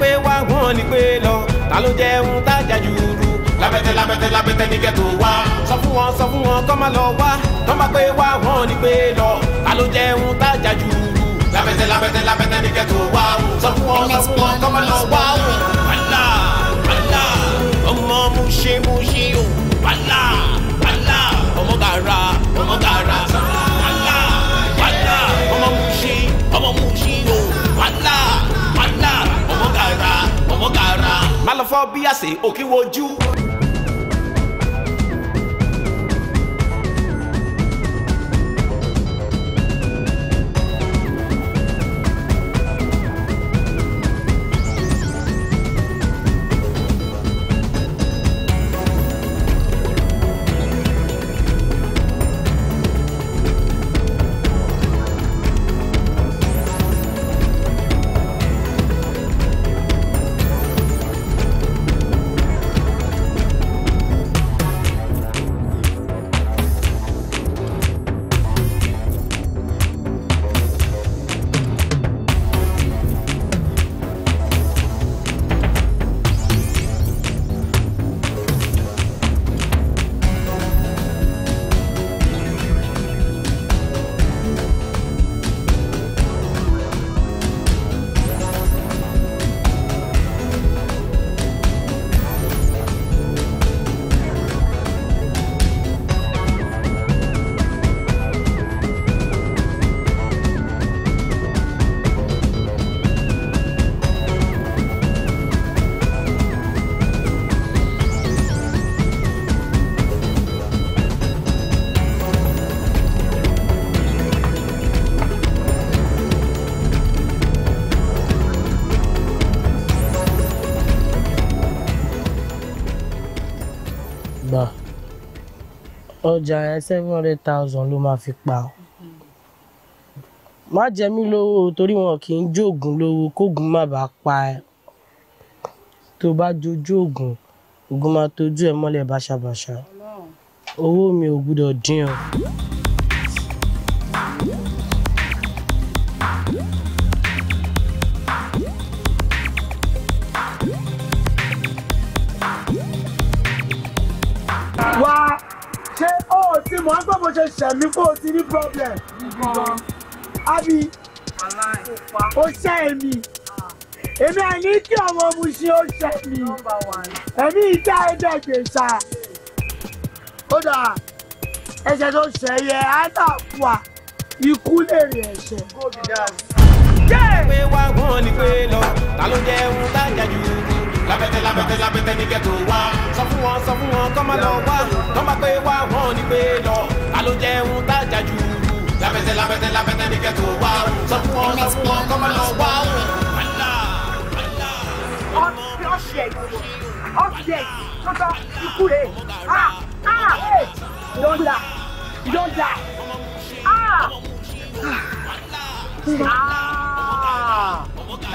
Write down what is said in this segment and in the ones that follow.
pé wá wọ́n ní pé lọ ta ló jẹun tájà jùrù. lábẹ́tẹ̀ lábẹ́tẹ̀ lábẹ́tẹ̀ ní kẹ́tò wá. sọ fún wọn sọ fún wọn kọ́ máa lọ wá tọ́ máa pé wá wọ́n ní pé lọ ta ló jẹun tájà jùrù. lábẹ́tẹ̀ lábẹ́tẹ̀ lábẹ́tẹ̀ ní kẹ́tò wá. sọ fún wọn sọ fún wọn kọ́ máa lọ wá. wàhálà wàhálà ọmọ mú ṣe mú ṣe o wàhálà wàhálà ọmọ gàrà ọmọ gàrà. má lọ fọ́ bí àṣẹ òkè wojú. ọjà yẹn seven hundred thousand ló máa fi pa ọ́ má jẹ mí lówó torí wọn kì í jóògùn lówó kóògùn má bàa pa ẹ tó bá jojú ògùn ògùn máa tójú ẹ mọ́lẹ̀ báṣabàṣa owó mi ò gbúdọ̀ dín o. ṣe ṣẹ̀mí kó o ti ní problem. àbí o ṣẹ́ èmi èmi àní kí ọmọ mu ṣe ó ṣẹ́ mi ẹ̀mí ìta ẹ̀ẹ́dẹ́gbèsà ó dà ẹ̀ṣẹ̀ tó ṣẹ̀ yẹ á dà ikú lèrè ẹ̀ṣẹ̀. pé wá wọ́n ní pé lọ ta ló jẹ́ ohun tá jà jù lábẹ́tẹ́ lábẹ́tẹ́ lábẹ́tẹ́ ní ghetto wa. sọ fún wọn sọ fún wọn kọ́ máa lọ wá kọ́ máa pé wá wọn ò ní pé lọ ta ló jẹ́ ń tajà jù. lábẹ́tẹ́ lábẹ́tẹ́ lábẹ́tẹ́ ní ghetto wa. sọ fún wọn sọ fún wọn kọ́ máa lọ wá. ọ̀ṣẹ̀ ọ̀ṣẹ̀ tọ́tọ́ ikú rẹ̀ ah ah hey you don die you don ah ah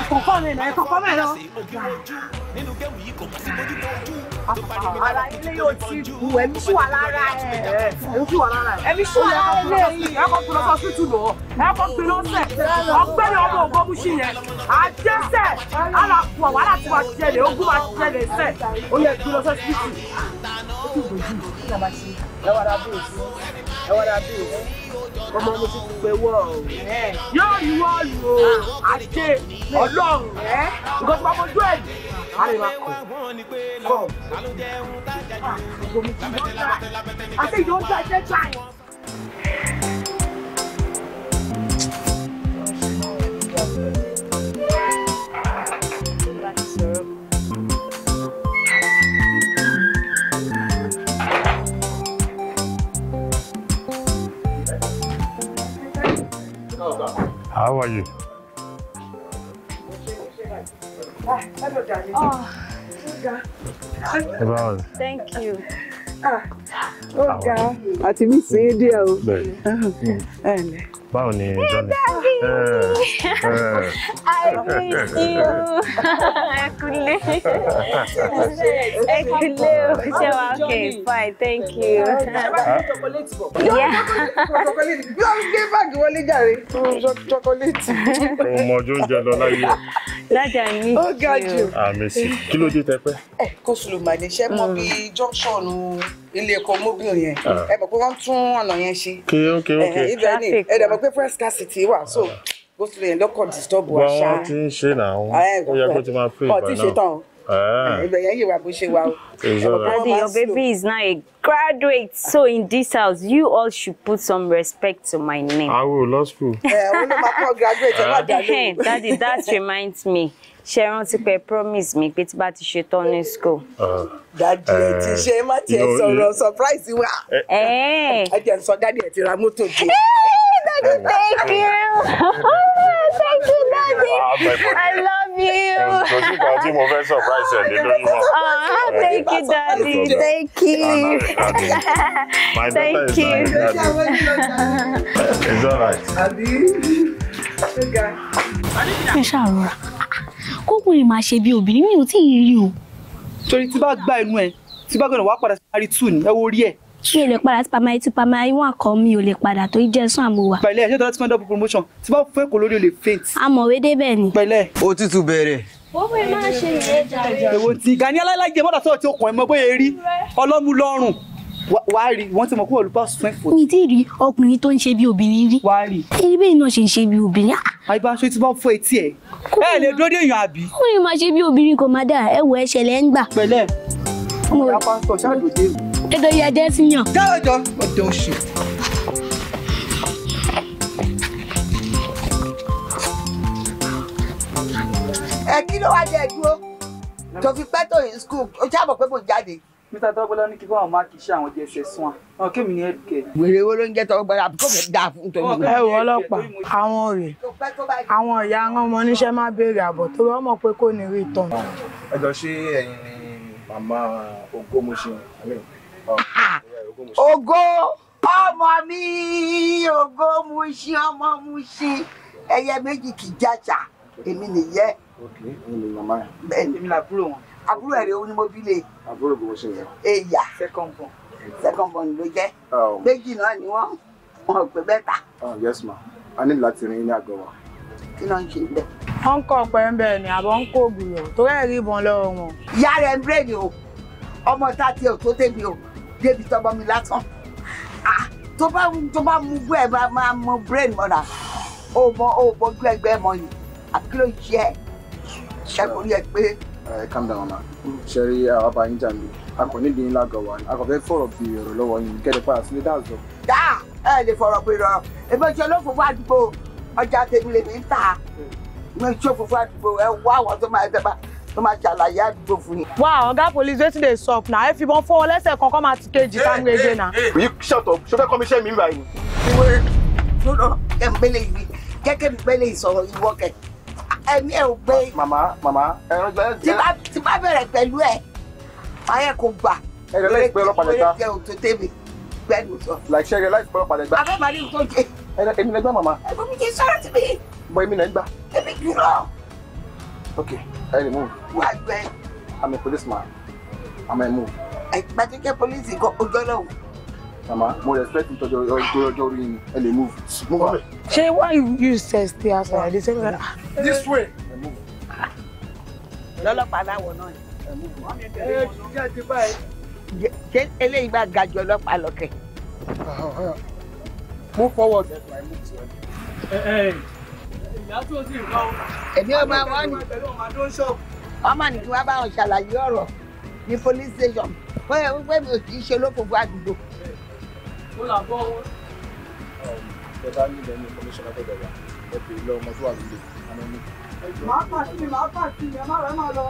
ẹ̀kọ̀fọ́ mi nà ẹ̀kọ̀fọ́ mi nà. nínú gẹ́mù yìí kò pàṣẹ bójú tó ojú. ara ilé yóò ti bu ẹ̀mí sùn alára ẹ̀ ẹ̀mí sùn alára ẹ̀ ẹ̀mí sùn alára ilé yìí ẹ̀kọ́ pinnu ọkọ̀ tútù lọ ẹ̀kọ́ pinnu ọ̀sẹ̀ ọ̀gbẹ́ni ọmọ ògbómùsì yẹn àjẹsẹ̀ alàpọ̀ wàhálà tí wàá jẹlẹ̀ ogún wàá jẹlẹ̀ sẹ̀ ó yẹ pinnu ọ̀sẹ̀ tútù. ó ti gbòjú ẹ̀ wàrà bí òfin ẹ̀ wàrà bí òfin ọmọ mo ti pè wọ yóò rí wọ́ọ̀lù o àṣẹ ọlọ́run nǹkan tó bá mojú ẹ̀ á lè máa kọ kọ ah, àgbo mi ti wọ́n ta àti ìdí wọ́n ta ẹ̀jẹ̀ ta. How are you? Hello, darling. Oh. Thank you. Ah, ọ̀gá àti mi sí díẹ̀ o. Bẹ́ẹ̀ni báwo ni jọ́lẹ̀. Eh, eh. oh, I miss you. Eh, ẹ kúlé ẹ kúlé o thank you. bí wọ́n gbé chocolate. mo mọ ọjọ́ oúnjẹ lọ láyé. lájà mi ó tẹpẹ. ẹ kó sùlùmọ̀ ní sẹ́mọ́ bíi junction ilé epo mobil yẹn ah. ẹ mọ̀ pé wọ́n tún ọ̀nà yẹn ṣe ibẹ̀ ni ẹ dẹ̀ mọ̀ pé price scarcity wà so ah. bó tilẹ̀ yẹn lọ́kọ̀ disturb wa ṣá. wọ́n ti ń ṣe náà ó ah, yẹ kó ti máa pè bá náà. Ibẹ̀ yẹn yìí wà bó ṣe wà o. Adi, your baby is now a graduate, so in this house, you all should put some respect to my name. I will law school. Ẹ, olùmọ̀kọ́ graduate ẹ̀ wá dà lóhùn. Daddy, that reminds me ṣe rántí pé promise mi pé tí bá ti ṣe tán ní school. Ah. dadi ẹ ti eh, ṣe má tiẹ̀ sọ̀rọ̀ eh, surprise wa eh, ẹ jẹ́ sọ dadi ẹ ti ra mọ́tò jù. dadi thank you oh, thank you dadi ah, i love you. kò tí mo fẹ́ surprise ẹ̀ lé lórí mọ́. Ah, thank you dadi thank you thank you. it's alright. ẹ ṣàrora kókùnrin máa ṣe bí obìnrin mi ò tí ì rí o. torí tí bá gbá inú ẹ tí bá gbọ́dọ̀ wá padà sí parí two ni ẹ wo orí ẹ. mi ò lè padà sí pamari two pamari one kan mi ò lè padà torí jẹ́ sún àmúwà. pẹ̀lẹ́ ṣé tọ́lá ti máa double promotion tí bá fún èkó lórí o lè faint. amọ̀wé débẹ̀ ni. pẹ̀lẹ́. òtútù bẹ̀rẹ̀. owó ẹ máa ṣe ìrẹ́jà rẹ̀. èwo ti gani aláìlájẹ mọ́tà sọ̀rọ̀ tí ó kàn ẹ́ mọ́ bóyá erí ọlọ́mú lọ́rùn wá rí wọ́n ti mọ̀ kó olùpá sún fò. mi ti rí ọkùnrin tó ń ṣe bí obìnrin rí. wá rí. eré bẹ́ẹ̀ náà ṣe ń ṣe bí obìnrin. Ah! àyíbá aṣọ tí wọ́n fọ etí ẹ̀. ẹ lè dúró dé èèyàn àbí. kó lè máa ṣe bí obìnrin kò máa dà ẹ wọ ẹsẹ̀ lẹ́ ń gbà. pẹ̀lẹ́ ọmọ ìyá pásítọ̀ ṣáàdùdé. ẹ̀dọ̀ ìyá jẹ́ sí yàn. dáwọ́jọ́ ọ̀dọ̀ òṣì. ẹ kí ló wá jẹ dúró tó fi pẹ́ tó yìí skul ó ṣàbọ̀ pé mo jáde mr tọ́gbọ́lá ní kíkọ́ àwọn máàkì iṣẹ́ àwọn jẹ́sẹ̀ sún àwọn kémi ní ẹ̀dùkẹ́. wèrè owó ló ń jẹ́ tọ́gbọ́lá àbíkó fẹ́ dáa fún tòun. ẹ wọ ọlọ́pàá àwọn rè àwọn ìyá àwọn ọmọ oníṣẹ́ máa béèrè àbọ̀ tó rọ́ mọ̀ pé kò ní rí tán. ẹ jọ ṣé ẹ̀yin ni màmá Ògómúṣin um, ògo ọmọ mi Ògómúṣin ọmọ Múṣin ẹyẹ méjì kì í jájà èmi nìyẹ. ok èmi ni màmá yẹn. bẹ́ẹ̀ni èmi làbúrò wọn àbúrò ẹ̀rẹ̀ òun ni mo bí lè. àbúrò bò ó ṣe yẹn. èyà second born second born ló jẹ́ ah, méjì náà ni wọ́n wọn pè mẹ́ta. Ah, yes ma a ní láti rin ní àgọ́ wa. kí ló ń ṣe bẹ́ẹ̀. wọ́n ń kọ́ pẹ́ńbẹ́ ni àbọ̀ ń kó ògùyọ̀ tó rẹ̀ rí ìbọn lọ́wọ́ wọn. ìyá rẹ̀ ń bèrè o ọmọ tá a ti ò tó tèmi o débi tọ́gbọ́n mi lásán tó ah, bá tó bá mú gbé ẹ máa mọ brain mọ́ra ó mọ ó bójú ẹgbẹ́ mọ́ ni àkílò iṣẹ́ ṣẹ́gun rí pé ẹ calm down ma ṣe rí àwọn ọba yín jàǹdù akọ nídìí ńlá gọwà ni akọ fẹ́ fọ̀rọ̀ bí èrò lọ́wọ́ yín kẹdẹ pa àsìlẹ dáàzọ. dá ẹ lè fọ̀rọ̀ pé rọ èmi ṣe ló fòfò àdúgbò ọjà tèmi lèmi ń tà mi ṣe fòfò àdúgbò ẹ wá àwọn tó máa dẹba tó máa ṣàlàyé àdúgbò fún yín. Wow, ọ̀gá police wetin dey sup na ẹ fi bọn fọwọ́ lẹ́sẹ̀ kankan máa ti kejì táwọn ege na. èyí ṣàtọ̀ ṣo fẹ́ kọ́míṣẹ́ mi báyìí. ìwé ìṣúná kẹ́mi gbẹ́lẹ̀ yìí kẹ́kẹ́ mi gbẹ́lẹ̀ ẹ̀mí ẹ̀ ò gbé. màmá màmá ẹ̀rọ jẹ́. tí bá tí bá bẹ̀rẹ̀ pẹ̀lú ẹ̀ máa yẹ kó gbà. ẹ̀rọ láì pẹ́ ọlọ́pàá lẹ́gbà. ẹ̀rọ jẹ́ òtún tèmi pẹ̀lú sọ. làìsí ẹ̀rọ láì pẹ́ ọlọ́pàá lẹ́gbà. abẹ́ màá ní jẹ. ẹ̀rọ èmi lẹ́gbà màmá. ẹ̀gbọ́n mi kì í sọ̀rọ̀ sí mi. bọ èmi lẹ́gbà. èmi dúró. ok ẹ Mama, mo respect you to your ring and they move. Move away. Shay, why you, you say stay outside? They say, ah. This way. Move. Lọ́lọ́pàá náà. Ẹ jáde báyìí. Ṣé eléyìí bá ga ju ọlọ́pàá lọ kẹ̀? Move Ìyá tó sì ń bá wọn. Èmi ọba wọn ni. Ọmọ nìkan wá bá wọn ṣàlàyé ọ̀rọ̀ ní police station. Bóyá wípé mi ò kì í ṣe olókùnkùn àdúgbò ó ẹ bá nílò ẹni kọmíṣánná tó dọ̀wà ẹ bèèrè lọ ọmọ tó wà nílé àmọ́ ní. màá pa sí mi màá pa sí mi ẹ má rẹ má lọ.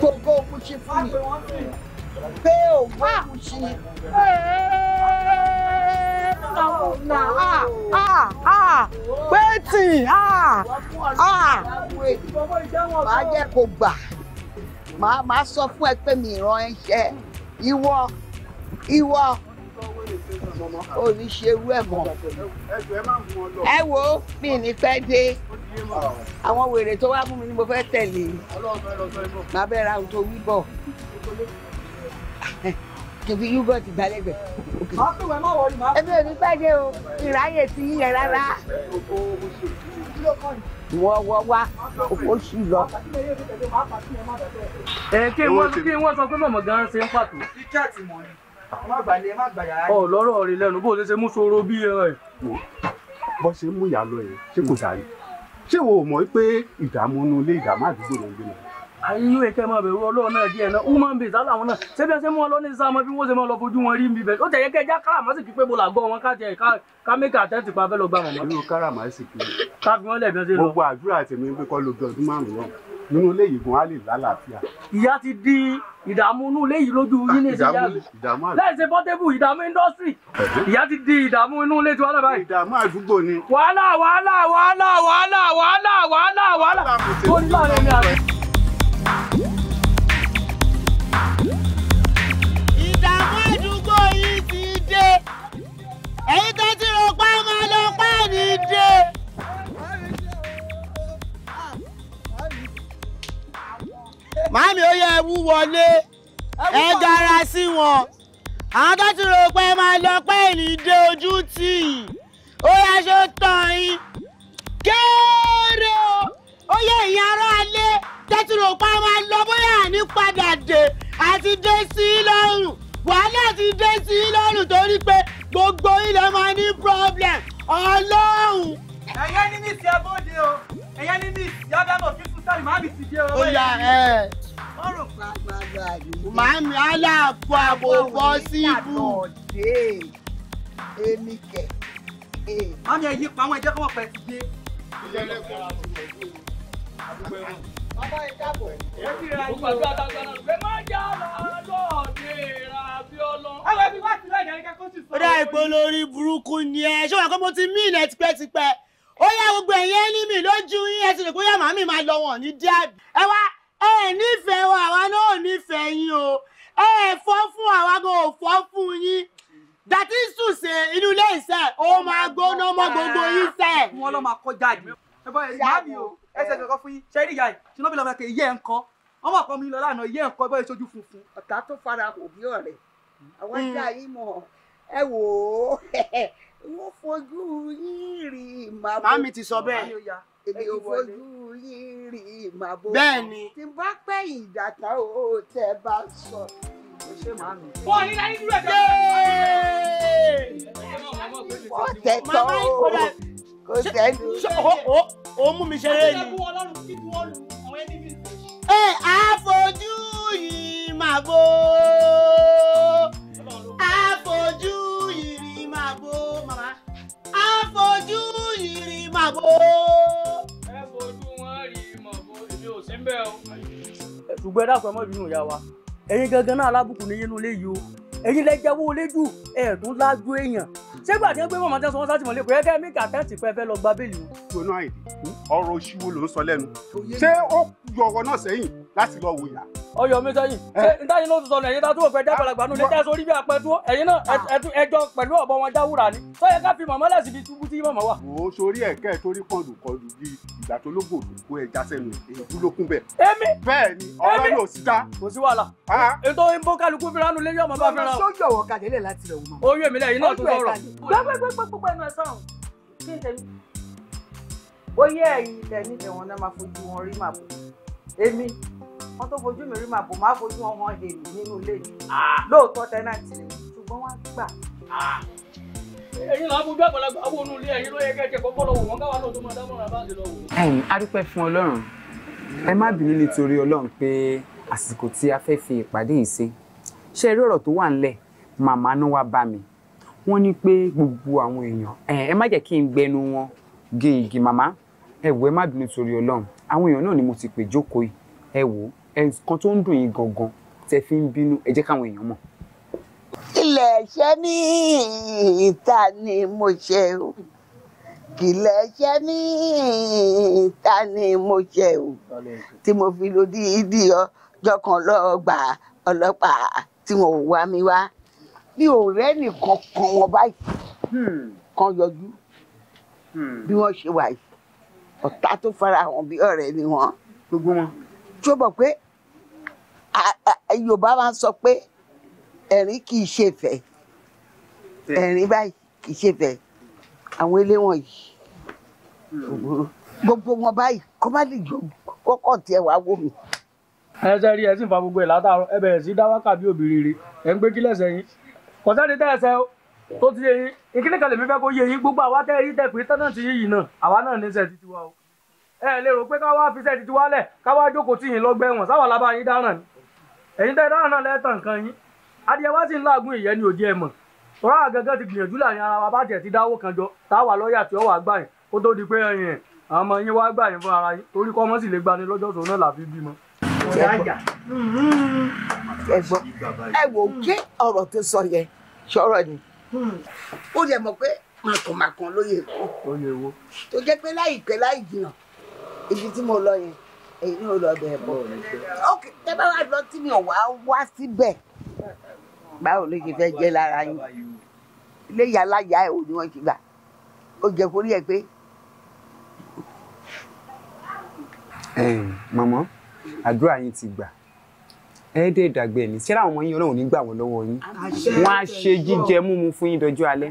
gbogbo òkùnṣe fún mi pé òwò òkùnṣe. Pétì máa jẹ́ kó gbà máa sọ fún ẹ pé mi ìran ẹ ṣe ìwọ ìwọ ò ní ṣe ewu ẹ̀ mọ́ ẹ wo mi ní fẹ́ dé àwọn wèrè tó wá fún mi ni mo fẹ́ tẹ̀lé màá bẹ́ẹ̀ ra ohun tó wí bọ̀ tòbí yúgọ̀ ti gbálẹ́gbẹ̀. ẹbí ò ní gbẹ́jẹ́ o ìráyè ti yẹ rárá. wọ́n wọ́ wá oṣù lọ. ẹ kí wọ́n sọ pé mọ̀mọ́ gan-an ṣe ń pàtó ọ lọ́rọ̀ rẹ lẹ́nu bó ṣe ṣe mú soro bí ẹran ẹ̀. bó ṣe mú ìyá lọ yẹn ṣé kò dárí ṣé wo mọ̀ pé ìdààmú inú ilé ìdààmú àdúgbò ló ń gbé náà. ayé ẹ̀kẹ́ máa bẹ̀rù ọlọ́run náà díẹ̀ náà human being sálà náà ṣé bí wọ́n ṣe mú wọn lọ ní sáà mọ́ bí wọ́n ṣe máa lọ fojú wọn rí mi bẹ̀ ó tẹ̀ yẹ kẹjá káràmásìkì pé mo là gbọ́ wọn káàtì ẹ̀ ká mẹ́kà àtẹ́tì pa fẹ́ lọ gbà wọn. irú káràmásìkì. ká fi wọn lẹ̀ inú ilé yìí gan á lè lálàáfíà. ìyá ti di ìdààmú inú ilé yìí lójú yín ní ìsìnyá rẹ láìsí pọ́tébù ìdààmú indọ́sírì ìyá ti di ìdààmú inú ilé tiwa náà báyìí. ìdààmú àdúgbò ni. wàhálà wàhálà wàhálà wàhálà wàhálà wàhálà wàhálà tó ní láàrin mi àti. ìdààmú àdúgbò yìí ti dé èyí tó ti rò pa máa lọ pa ní dé. màámi ó yẹ ẹwú wọlé ẹ gara sí wọn àwọn tó ti rò pé máa lọ pé ìnìdé ojú tì í ó yẹ ṣe tàn yín kéèrè ó yẹ ìyá ara lé tẹ́tí rò pé máa lọ bóyá àní padà dé àti dé sí lọ́rùn wàhálà ti dé sí lọ́rùn torí pé gbogbo ilẹ̀ máa ní problem ọlọ́run. ẹ̀yẹ́ ní miss abóde o ẹ̀yẹ́ ní miss yábẹ́mọ̀ fífún ó yà ẹ. màámi aláàbò àbò bọ́ sí ibù. èmi kẹ̀. màámi ẹ yí pa àwọn ẹjẹ kọ́mọ̀ pẹ̀ ti dé. Bàbá ẹ dábọ̀ Ó ti ra ìwé. Ó gbàgbé àtàgbà náà. Ẹ má jà lọ́dọ̀ọ́dẹ ra Abíọ́lá. Àwọn ẹbí wá sílẹ̀ ìdáríkà kó sì sọ. Ó dá ìpolórí burúkú ni ẹ. Ṣé wàá kọ́ mo ti mí ìnà tipẹ́tipẹ́? ó yá gbogbo ẹ̀yìn ẹni mi lójú yín ẹ ti rò bóyá màmí máa lọ wọn ní díàbí. ẹ wá ẹ nífẹ̀ẹ́ wa àwa náà nífẹ̀ẹ́ yín o ẹ fọ́ fún àwa gan ò fọ́ fún yín dàtí sùsè inú ilé ìṣe ó máa gbóná mọ́ gbogbo yín sẹ́. wọn lọ máa kọ jáde ẹ bọ màmí o ẹ ṣe kankan fún yín ṣe rí ìyá yìí ṣùgbọ́n bí lọ́mọ kẹ iye ẹ̀ ń kọ́ ọmọ ọ̀pọ̀ mi lọ lánàá iye ẹ̀ ń kọ́ ẹ bọ́ ìṣojú funfun. ọ̀tá tó fara òbí ọ̀rẹ́ àwọn ìyá hmm. yìí mọ̀ ẹ wò ó wọ́n fojú yín rí màbò. màmí ti sọ bẹ́ẹ̀. èmi ò fojú yín rí màbò. bẹ́ẹ̀ ni. tí n bá pẹ́ ìdàtà o tẹ́ bá sọ. Bọ́ ní láyé dúró ẹ̀dá. Ó tẹ̀tọ̀ o. Kò sẹ́ni. Ó mú mi ṣeré ni. Ẹ àfojú yìí màbò. Àfojú màbó màmá àfojú ìrìn màbó. ẹ fojú wọn rí màbó èmi ò sí bẹ́ẹ̀ o. ṣùgbọ́n ẹ dákun ẹ mọ́ ìbínú ìyá wa ẹ̀yin gangan náà alábùkù ní yín nulẹ̀ yìí o ẹ̀yin lẹ jẹ́wọ́ lẹ́jù ẹ̀ẹ́dún lájú èèyàn ṣégbà tí wọ́n gbé mọ̀mọ́tẹ́ sọ wọ́n sátìmọ́lé kò yẹ kẹ́ mí kàtẹ́ǹtì pẹ́ fẹ́ lọ gba bẹ́ẹ̀lì o. gbóná àìdí ọ̀rọ̀ òṣìwò ló ń sọ lẹ́nu ṣé ó ju ọ̀rọ̀ náà sẹ́yìn láti lọ wòyà ọyọ mi sẹ́yìn ntẹyin ló ti sọnù ẹyin tatu òfẹ jábalàgbà nù létí ẹsọ orí bí apẹtú ẹyin náà ẹjọ pẹ̀lú ọbọ wọn jáwúra ni sọyẹ ká fi mọmọ lẹsìn fi túbú tí mọmọ wà. o sori ẹkẹ torí kọdù kọdù bíi ìgbà tó lóògùn òdòdó ẹja sẹ́nu èyí ló kún bẹ́ẹ̀. èmi bẹ́ẹ̀ni ọ̀rọ̀ yóò sí dá. kò sí wàhálà ètò ìbò kálukú fira nù lẹ́yìn ọmọ bá fẹ́ràn. sọ́jọ́ ọ̀wọ́ kàdélé láti rẹ̀ wọ́n. oyún èmi lẹ́yìn náà tó sọ̀rọ̀. gbẹ́gbẹ́gbẹ́gbẹ́gbẹ́ ẹnu ẹ̀sán kí n tẹ̀mí. ó yẹ ẹ̀yin tẹ̀ ní tẹ̀wọ̀n náà máa fojú wọn rí màbọ̀. èmi wọ́n tó fojú mi rí màá bò má fojú wọn hàn èmi nínú ilé mi lóòótọ́ tẹ́nàtì rẹ̀ ṣùgbọ́n wọ́n gbà. ẹ̀yin làá fojú àgbàlagbà wo inú ilé ẹ̀yin ló yẹ kẹ́kẹ́ kọ́kọ́ lọ wò wọ́n káwọn náà tó máa dámọ̀ràn bá ti lọ wò. ẹ̀yin adúpẹ́ fún Ọlọ́run ẹ má bínú nítorí Ọlọ́run pé àsìkò tí a fẹ́ fi ìpàdé yìí ṣe ṣe eré ọ̀rọ̀ tó wà ńlẹ̀ màmá náà wá bá mi wọ́n ní pé gbogbo àwọn èèyàn ẹ má jẹ́ kí n gbẹnu wọn gé igi màmá ẹ wò ẹ má bínú torí Ọlọ́run àwọn èèyàn náà ni mo ti pè jókòó ẹ wò ó nǹkan tó ń dùn yín gangan tẹ fi ń bínú ẹ jẹ́ káwọn èèyàn mọ̀. ilẹ̀ ní ìta ni mo ṣe o kìlẹ̀ ṣẹ́ ní ìta ni mo ṣe o tí mo fi lo dídí ọjọ́ kan lọ́gbà ọlọ́pàá tí wọn wá mi wá bí ọ̀rẹ́ nìkan kan wọn báyìí hmm. kan yọjú hmm. bí wọ́n ṣe wà yìí ọ̀tá tó fara hàn bí ọ̀rẹ́ ni wọ́n. gbogbo wọn. tó bọ̀ pé yorùbá máa ń sọ pé ẹ̀rín kì í ṣe fẹ́ ẹ̀rín báyìí kì í ṣe fẹ́ àwọn eléwọ̀n yìí gbogbo wọn báyìí kọ́ má lè jọ kọ́kọ́ tiẹ̀ wá wò mí. ẹ rí ẹ fa gbogbo ẹ látàárọ̀ ẹ bẹ̀rẹ̀ sí dáwákà bí obìnrin rè ẹ ń gbé kílẹ̀ sẹ́yìn kò sẹ́ni tẹ́ ẹ o tó ti yé yín ìkíni kan lèmi fẹ́ kó yé yín gbogbo àwa tẹ́ ẹ rí tẹ̀ pé náà àwa náà ní sẹ́ẹ̀ titi wa o ẹ lè rò pé káwá fi sẹ́ẹ̀ titi wa lẹ̀ káwá jókòó tì yín lọ́gbẹ̀ẹ́wọ̀n sáwọn alábàáyín dáràn ni ẹ̀yin tẹ́ dáhùn náà lẹ́tàn nǹkan yín adìẹ wá sí ń láàgùn ìyẹn ni òdi ẹ̀ mọ̀ tọ́lá àgẹ́gẹ́ ti gbìyànjú láàrin ara wa bàjẹ́ ti dáwó kan jọ táwa lọ́ọ̀yà tí ó wà gbà yín kó tó di pé ẹ̀yìn àwọn ọmọ yín wá gbà yín fún ara yín torí kọ́ ọmọ sì lè gbani lọ́jọ́ tó náà làbí bímọ. ẹ wò ó gé ọ̀rọ̀ tó sọ yẹn sọ̀rọ̀ ni ó yẹ mọ̀ pé màkànmákàn ló yẹ kó tó jẹ́ pé láìpẹ́ láì jìnnà ibi tí mo lọ yẹn èyí ni ó lọ bẹ̀ bọ̀ ókè tẹ́ bá wà lọ tí mi ò wá wá síbẹ̀ báwo ló ṣe fẹ́ jẹ́ lára yín ilé ìyá aláya ẹ̀ ò ní wọ́n ti gbà ó jẹ kórí ẹ pé. màmá àdúrà yín ti gbà ẹ̀ẹ́dẹ̀ ìdàgbẹ́ ni ṣé láwọn ọmọ yín ọlọ́run ní gbà wọ́n lọ́wọ́ yín wọ́n á ṣe jíjẹ múmu fún yín dọjọ́ alẹ́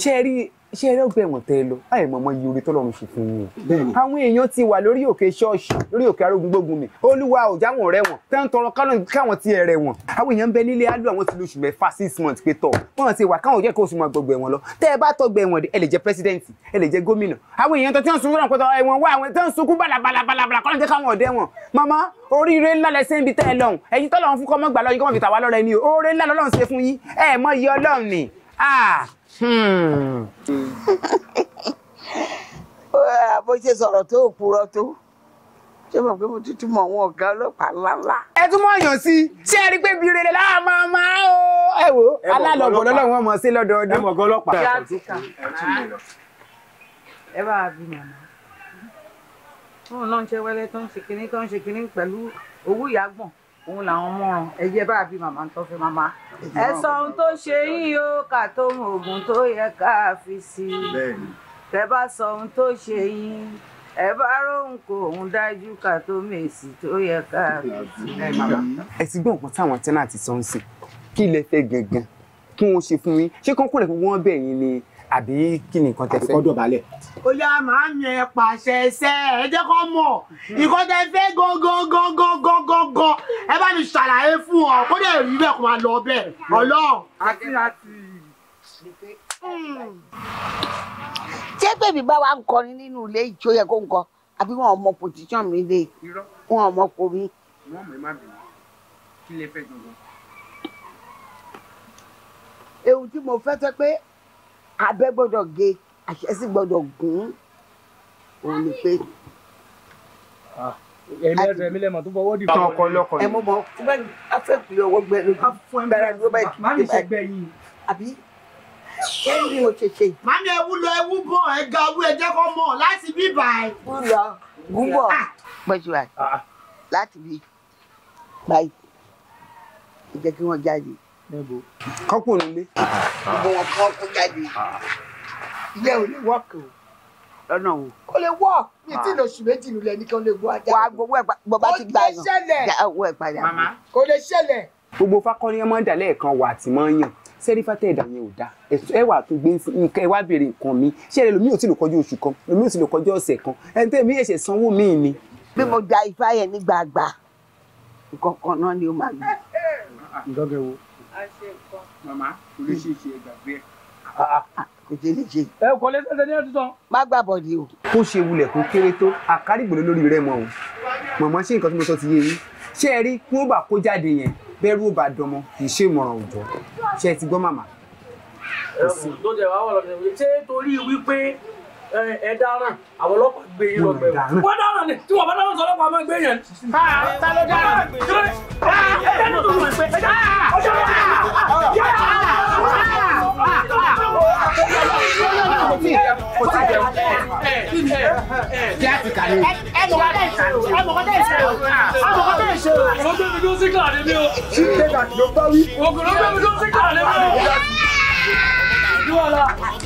ṣé ẹ rí ṣé eré ògbẹ́ ẹ̀wọ̀n tẹ́ ẹ lọ láì mọ̀ ọmọ iye orí tọ́lọ́run ṣe fún yín. àwọn èèyàn ti wà lórí òkè ṣọ́ọ̀ṣì lórí òkè arógun gbógun mi olúwa ọ̀já wọn rẹ̀ wọ̀n tẹ́ ń tọrọ káwọn ti ẹ̀rẹ̀ wọ̀n. àwọn èèyàn ń bẹ nílé alu àwọn ti lu oṣù mẹ́fà six months pé tọ̀ wọ́n ti wà káwọn jẹ́ kó oṣù máa gbọgbọ ẹ̀wọ̀n lọ tẹ́ ẹ bá tọgbẹ ẹ̀wọ̀n dé ẹ lè jẹ́ president ẹ lè jẹ́ gómìnà àwọn èèyàn tó ti ń sunkún náà pẹ̀tọ́ ẹ̀wọ̀n wá àwọn tó ń sunkún bàlàbàlàbàlà kọ́ńtà jẹ́ káwọn ọ̀dẹ́ wọn màmá oríire ńlá lẹ ṣe ń bi tẹ́ ẹ lọ́hùn ẹ̀yin tọ́lọ́run fún kọ́mọ́gbà lọ́yìn kọ́mọ́ fi tàwa lọ́rẹ́ ni o oore ńlá lọ́lọ́run ṣe fún yín ẹ̀ mọ iye ọlọ́run ni Hmm. Ah, bó ṣe sọ̀rọ̀ tó òpùrọ̀ tó ṣé mọ̀ pé mo tuntun mọ̀ àwọn ọ̀gá ọlọ́pàá ńláńlá. ẹ tún mọ̀ yàn sí ṣé ẹ rí i pé bíi rere láà máa máa ó ẹ wò alálọ̀bọ̀ lọ́lọ́wọ́n mọ̀ sí lọ́dọọdún. ẹ mọ̀ gan ọlọ́pàá. ẹ bá a bí màmá tóun náà ń ṣe wẹ́lẹ́ tó ń ṣe kínní tó ń ṣe kínní pẹ̀lú owó ìyá gbọ̀n òun làwọn mọ̀ràn ẹ jẹ́ bá bí màmá tó fi màmá ẹ sọ ohun tó ṣe yín o ká tó mọ oògùn tó yẹ ká fi sí i tẹ bá sọ ohun tó ṣe yín ẹ bá róhùn kó òun dájú ká tó mèsì tó yẹ ká fi sí i. ẹ ti gbọ́ nǹkan táwọn tẹ́nàtì sọ ń sìn kí ilẹ̀ fẹ́ gangan kí wọ́n ṣe fún yín ṣé kọ́ńkọ́rẹ́ kí wọ́n bẹ̀ yín ni àbí kí ni nǹkan tẹ fẹ́. àbíkọ́ dọ̀bálẹ̀ ó yá màá mi ẹ pàṣẹ ẹsẹ ẹ jẹ́ kó mọ̀ nǹkan tẹ fẹ́ gọgọgọgọgọgọ ẹ bá mi ṣàlàyé fún ọ kó dẹ rí bẹ́ẹ̀ kó máa lọ bẹ́ẹ̀ Ọlọ́run. àti àti. ṣé bèbí bá wa ń kọrin nínú ilé ìjó yẹ kó ń kọ àbí wọn ò mọ pòtíṣàn mi lé wọn ò mọ pò mí. wọn mọ ẹ má bẹ̀rẹ̀ kí lè fẹ́ gangan ewu tí mo fẹ́ sọ pé abẹ́ gbọ́dọ̀ ge àṣẹsí gbọ́dọ̀ gún òun ni pé. èmi ẹsẹ mi lẹmọ tó fọwọ́ dì fún ọkọ lọkọ yìí. ẹ mọ mọ tí bá a fẹ́ pè ọwọ́ gbẹ lójú gbára ló bá yìí. má lè ṣe gbẹ yìí. àbí ṣé ń bí mo ṣe ṣe. má ní ewu lọ ewu bọ ẹ ga owó ẹ jẹ kó mọ láti bí báyìí. wọ́n lọ gúnbọ̀ pẹ̀jù wa ah, ah. láti bí báyìí ìjẹ́ kí wọ́n jáde. kọ́kùnrin lé. gbogbo wọn jáde. Ah, ìyẹn ò lè wọ́ọ̀kì o lọ́nà o. kò lè wọ́ọ̀ mi tí ah. lóṣù méjì nílẹ̀ ní kí wọ́n lè wọ ajá. wà á gbowó bàbá ti gbà yàn owó ẹ̀ padà. o lè ṣẹlẹ̀. gbogbo fakọ́ni ẹ máa ń dà lẹ́ẹ̀kan wà tí máa ń yàn sẹ́rífà tẹ̀ ẹ̀dà yẹn ò dáa ẹ wà tó gbé nǹkan ẹ wá béèrè nǹkan mi ṣé ẹ lómi ò tí lò kọjú oṣù kan lómi ò tí lò kọjú ọ̀sẹ̀ kan ẹni tẹ́ mi ẹ̀ṣẹ̀ sanwó mi ni. bí mo gba ifá yẹn ní gbàgbà nǹkan kan náà ni ó máa gbà. ǹjọ́ gẹ̀ wo. a ṣe nǹkan. màmá oríṣiríṣi ẹgbàgbé ẹ̀. Ah, ah kò jẹ́ ẹ kò lè ṣẹṣẹ ní ọdún tán. má gbà bọ̀dì o. kó ṣe wulẹ̀ kó kéré tó àkárìgbòló lórí rẹ mọ o mọ̀mọ́ ṣé nǹkan tí mo sọ ti yé yín ṣé ẹ rí kí wọ́n bá kó jáde yẹn bẹ́rù ó bá dọmọ kì í ṣe ìmọ̀ràn òjò ṣé ti gbọ́ màmá. ẹ ẹ àwọn ọlọ́pàá gbé yín lọ wọn. wọ́n dáràn ni tí wọ́n bá dáràn sọ ọlọ́pàá máa gbé yẹn. ta ló dára ẹ jẹ́ nínú ìwé pé ẹ jẹ́ ọjọ́ Ìwọ̀n kò ló gbé mi tó sí kàlẹ́ mi o. Ìwọ̀n la.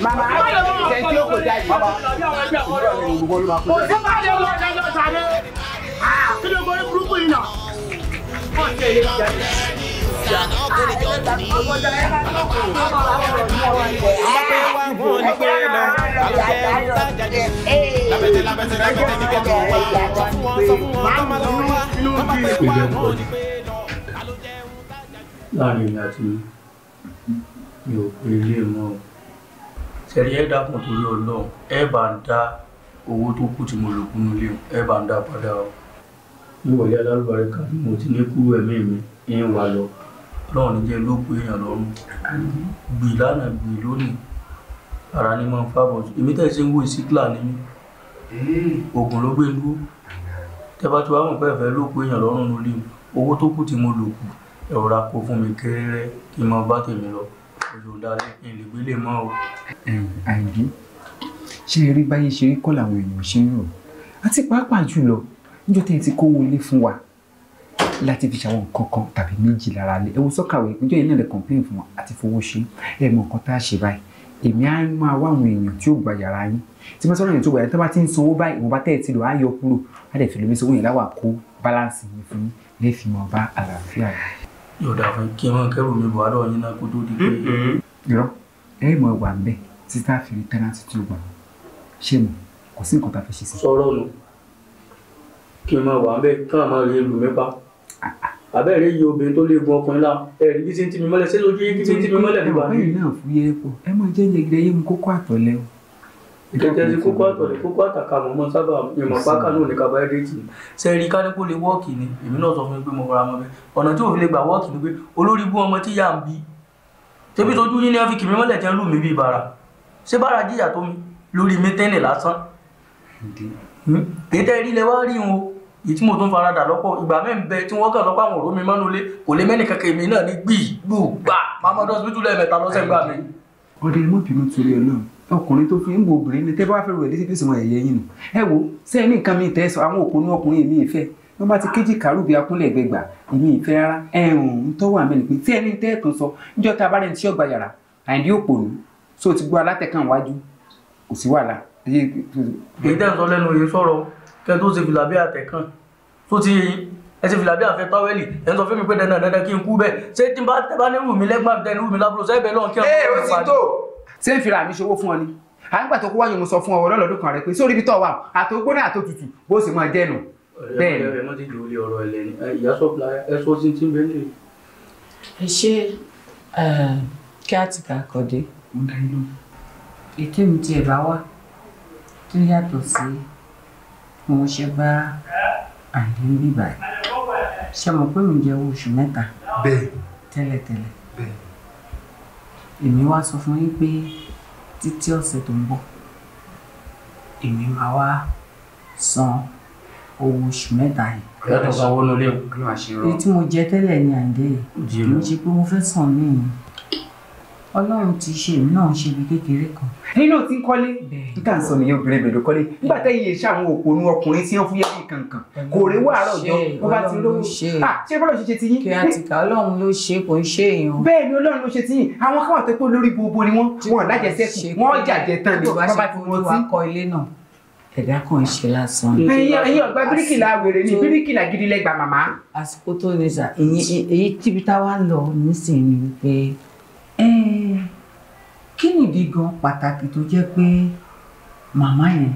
màmá tẹ̀sí òkò jáde. bàbá kò sí bá lè wọ ọ̀dájọ́ sáré kí ló borí burúkú yìí nà. Ọpẹ́ wa ń wo ni pé lọ, àlùfẹ́ ń tajà jẹ. Labẹ́tẹ̀ labẹ́tẹ̀ rẹ̀ gẹ́gẹ́ ní gẹ́gẹ́ wá. Láàrin ìrìn àti mi pè é lé mọ́ o. sẹ́rí ẹ dákun torí ọlọ́run ẹ bá ń dá owó tó kù tí mo lò kúnnú lé ẹ bá ń dá padà o kan mo ti ní ẹ̀mí mi ń wà lọ ọlọ́run ní ló pé èèyàn lọ́rùn gbì lánàá gbì lónìí ara nime máa ń fábọ̀ jù èmi tẹ̀sí ń wo ìsíkìlà ní mi oògùn ló gbé dúró tẹ́bá tí wàá mọ̀ pé ẹ̀fẹ́ ló pé èrò dalẹ̀ kí n lè gbélé mọ́ o. àìbí ṣé eré báyé ṣe rí kọ́ làwọn èèyàn ṣe ń rò àti pàápàá jùlọ níjọ́ tẹ́ ẹ ti kówó ilé fún wa láti fi ṣàwọn nǹkan kan tàbí méjì lára lé ẹ wo sọ́kàwé níjọ́ yìí náà lè kọ̀ǹpléìn fún wa àti fowó ṣe ẹ mọ nǹkan tá a ṣe báyìí èmi á máa wá àwọn èèyàn tí ó gba yàrá yín tí wọ́n sọ̀rọ̀ èèyàn tó gba yàrá tó bá ti ń sanwó báyìí ìwọ̀nba tẹ́ ẹ ti lò á yọ kúrò á dẹ̀ fi lómi sówó yẹn láwà kó báláǹsì yẹn fún yín lè fi mọ̀ bá àlàáfíà yóò fún kí wọn kẹrù mi bọ àdó yín náà kó tó di pé. Mm-hmm. yọ ẹ mọ wà ń bẹ títí a fi rí tẹnanti tí o gbà wọn ṣé mo kò sí nǹkan tá a fi ṣe sí. sọ̀rọ̀ nù kí n máa wà ń bẹ kí máa rí lù mí pa àbẹ́rẹ́ yìí obìnrin tó lé gun ọkùnrin la ẹ̀rí bí ti ń tì mí mọ́lẹ̀ ṣé lójú yín bí ti ń tì mí mọ́lẹ̀ nígbà. ẹ̀rọ bẹ́ẹ̀ náà fúyẹ́ pọ̀ ẹ máa jẹ́ jẹgẹdẹ yé mu kókó àtọ̀lẹ́ o ìtẹ̀tẹ̀sí kókó àtọ̀lẹ̀ kókó àtàkà mọ̀mọ́ sábà ìmọ̀ pákà náà ní carbohydrate sẹ́ẹ̀rì kádẹ́pò lè wọ́ọ̀kì ni èmi náà sọ fún mi pé mo fara mọ́ bẹ́ẹ̀ ọ̀nà tí òfin lè gbà wọ́ọ̀kì ni pé olórí bú ọmọ tí yà ń bi tẹ́bí tójú yín ní ẹ́fíkì mi mọ́lẹ̀ tẹ́ ń lù mí bíi bàrà ṣé bàrà jìyà tó mi lórí mi tẹ́lẹ̀ lásán hmm? tètè rí lẹ wá rí wọn ìtí mo tún farada lọ́pọ̀ ìgbà mẹ́rin bẹ tí wọ́n kàn lọ́pọ̀ àwọn òró mi mọ́nu lé kò lè mẹ́nì kankan èmi náà ní gbì gbà mamadu hospital lẹ́ẹ̀mẹ́ta lọ́sẹ̀ gbà mí. ọ̀dẹ̀ mọ̀ bínú torí ẹ náà ọkùnrin tó fi ń wo obìnrin ni tẹ́ bá fẹ́ rò ẹ̀ létí pèsè wọn ẹ̀yẹ yín nù ẹ wo ṣé ẹ ní nǹkan mi tẹ́ sọ àwọn òpònú ọkùnrin mi ìfẹ́ wọ́n bá ti kéjì kàrúbi akúnlẹ̀ ẹ̀gbẹ̀gbà èmi ìfẹ́ rárá ẹ̀rùn ń tọ́wọ́ àmì nìpín tí ẹni tẹ́ ẹ̀tàn sọ níjọ́ tá a bá rẹ̀ tí ọgbà yàrá àìndí òpònú só ti gbọ́ alátẹ̀kàn wájú kò sí wàhálà. èyí tẹ́ ń sọ lẹ́nu yìí sọ̀rọ̀ kẹ́ tó ṣe fìlà bí àtẹ̀kàn tó ti ẹ ti fìlà bí àfẹ tọwẹlì ẹ ń sọ fún mi pé dandan dandan kí n kú bẹ́ẹ̀ ṣé tí n bá tẹ bá ní ṣé ń fira mi ṣòwò fún ọ ni àgbà tó kó wáyé mo sọ fún ọ lọ́lọ́dún kan rẹ pé sórí ibi tó wà àtògbóná àtòtútù bó sì máa jẹ́nu. bẹ́ẹ̀ ni ọ̀rẹ́ mọ́tì jù ú lé ọ̀rọ̀ ẹlẹ́ni ìyá sọ́pla ẹ̀sọ́ sí ti ń bẹ́ẹ̀ lè. ẹ ṣe kí á ti kà kọ́dé ètò mi tiẹ̀ bá wà tó yàtọ̀ sí mo ṣe bá àǹdí ń bíbà ṣe mọ̀ pé mi jẹ́ oṣù mẹ́ta tẹ́lẹ̀tẹ́lẹ̀ èmi wá sọ fún yín pé títí ọ̀sẹ̀ tó ń bọ̀ èmi máa wá san owó oṣù mẹ́ta yìí. ọ̀yọ́ tó bá wọnú lé kí ló máa ṣe rọ. èyí tí mo jẹ tẹ́lẹ̀ ni àǹdẹ́ yìí kì í ṣe pé mo fẹ́ sàn níyìn ọlọ́run ti ṣe èmi náà ń ṣe ibi kékeré kan. ẹ̀yin náà ti ń kọ́lé nígbà ń sọ nìyẹn obìnrin bèlò kọ́lé nígbà tẹ́yìn lè ṣe àwọn òpònú ọkùnrin tí wọ́n fúyẹ́ bí kankan kò rè wá àárọ̀ jọ bó bá ti lówó ṣé bọ́lá ṣe ṣe ti yín. kìátìkà ọlọ́run ló ṣe kò ń ṣe èèyàn. bẹ́ẹ̀ ni ọlọ́run ló ṣe ti yín àwọn káwọn tó pé lórí gbogbo ni wọ́n wọn lájẹsẹ́kù wọ́n jàjẹ tán ni bọ́lá ti wọ́n ti ẹ̀dá kan ṣe lásán. ẹyin ọgbà bíríkìlà wèrè ni bíríkìlà gidi lẹgbà màmá. àsìkò tó ní sà èyí tíbi táwa lọ nísìnyí pé kí nìdí gan pàtàkì tó jẹ́ pé màmá yẹn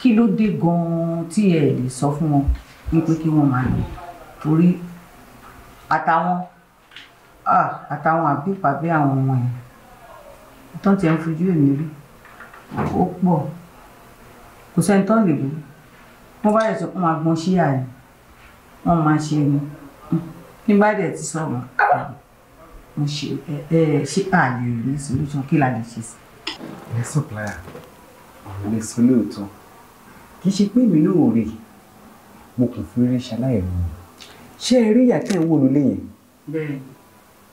kí ló dé gan-an tí ẹ lè sọ fún wọn wípé kí wọ́n máa lọ torí àtàwọn àtàwọn àbípàbí àwọn ọmọ yẹn tán ti ẹ̀ ń fojú èmi rí ó pọ̀ kò sẹ́ni tán lè wú wọ́n bá yẹ sọ wọ́n máa gbọ́n ṣíyà ni wọ́n máa ṣe ni ní dẹ̀ ti sọ̀rọ̀ mo ṣe ẹ ẹ ṣé à lè rí solution kí la lè ṣe sí. ẹ supplier ọ̀rọ̀ lè sọ lóòótọ́ kì í ṣe pé mi náà ò rè mo kàn fi rí ṣaláìrò ṣé ẹ rí ìyá tẹ́ ń wò lólè yẹn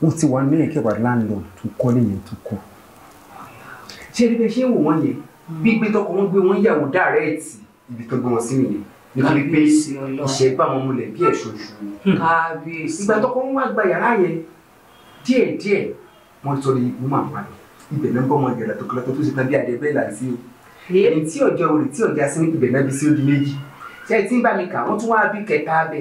wọ́n ti wà nílẹ̀ kẹwàá láńlọ́ọ̀ tó kọ́lé yẹn tó kọ́ ṣé ẹ rí bẹ́ẹ̀ ṣé wò wọ́n yẹn gbígbé tọkọ wọn gbé wọn yàwó dàrẹ́ẹ̀tì ibi tó gbé wọn sí nìyẹn nítorí pé ìṣẹ́ bá wọn múlẹ̀ bí ẹ̀ṣọ́ ṣùgbọ́n ìgbà tọkọ wọn wá gba yàrá yẹn díẹ̀ díẹ̀ wọ́n sọ ní ikú máa wà lọ ibẹ̀ náà ń bọ́ ọmọ ìjọba tó kọlọ́tọ̀ tó ṣe tán bí adé bẹ́ẹ̀ là ń sí o ẹni tí ọjọ́ orí tí ọjà sí ibẹ̀ náà bí sí odi méjì ṣe ti ń bá mi kà wọ́n tún wá bí kẹta abẹ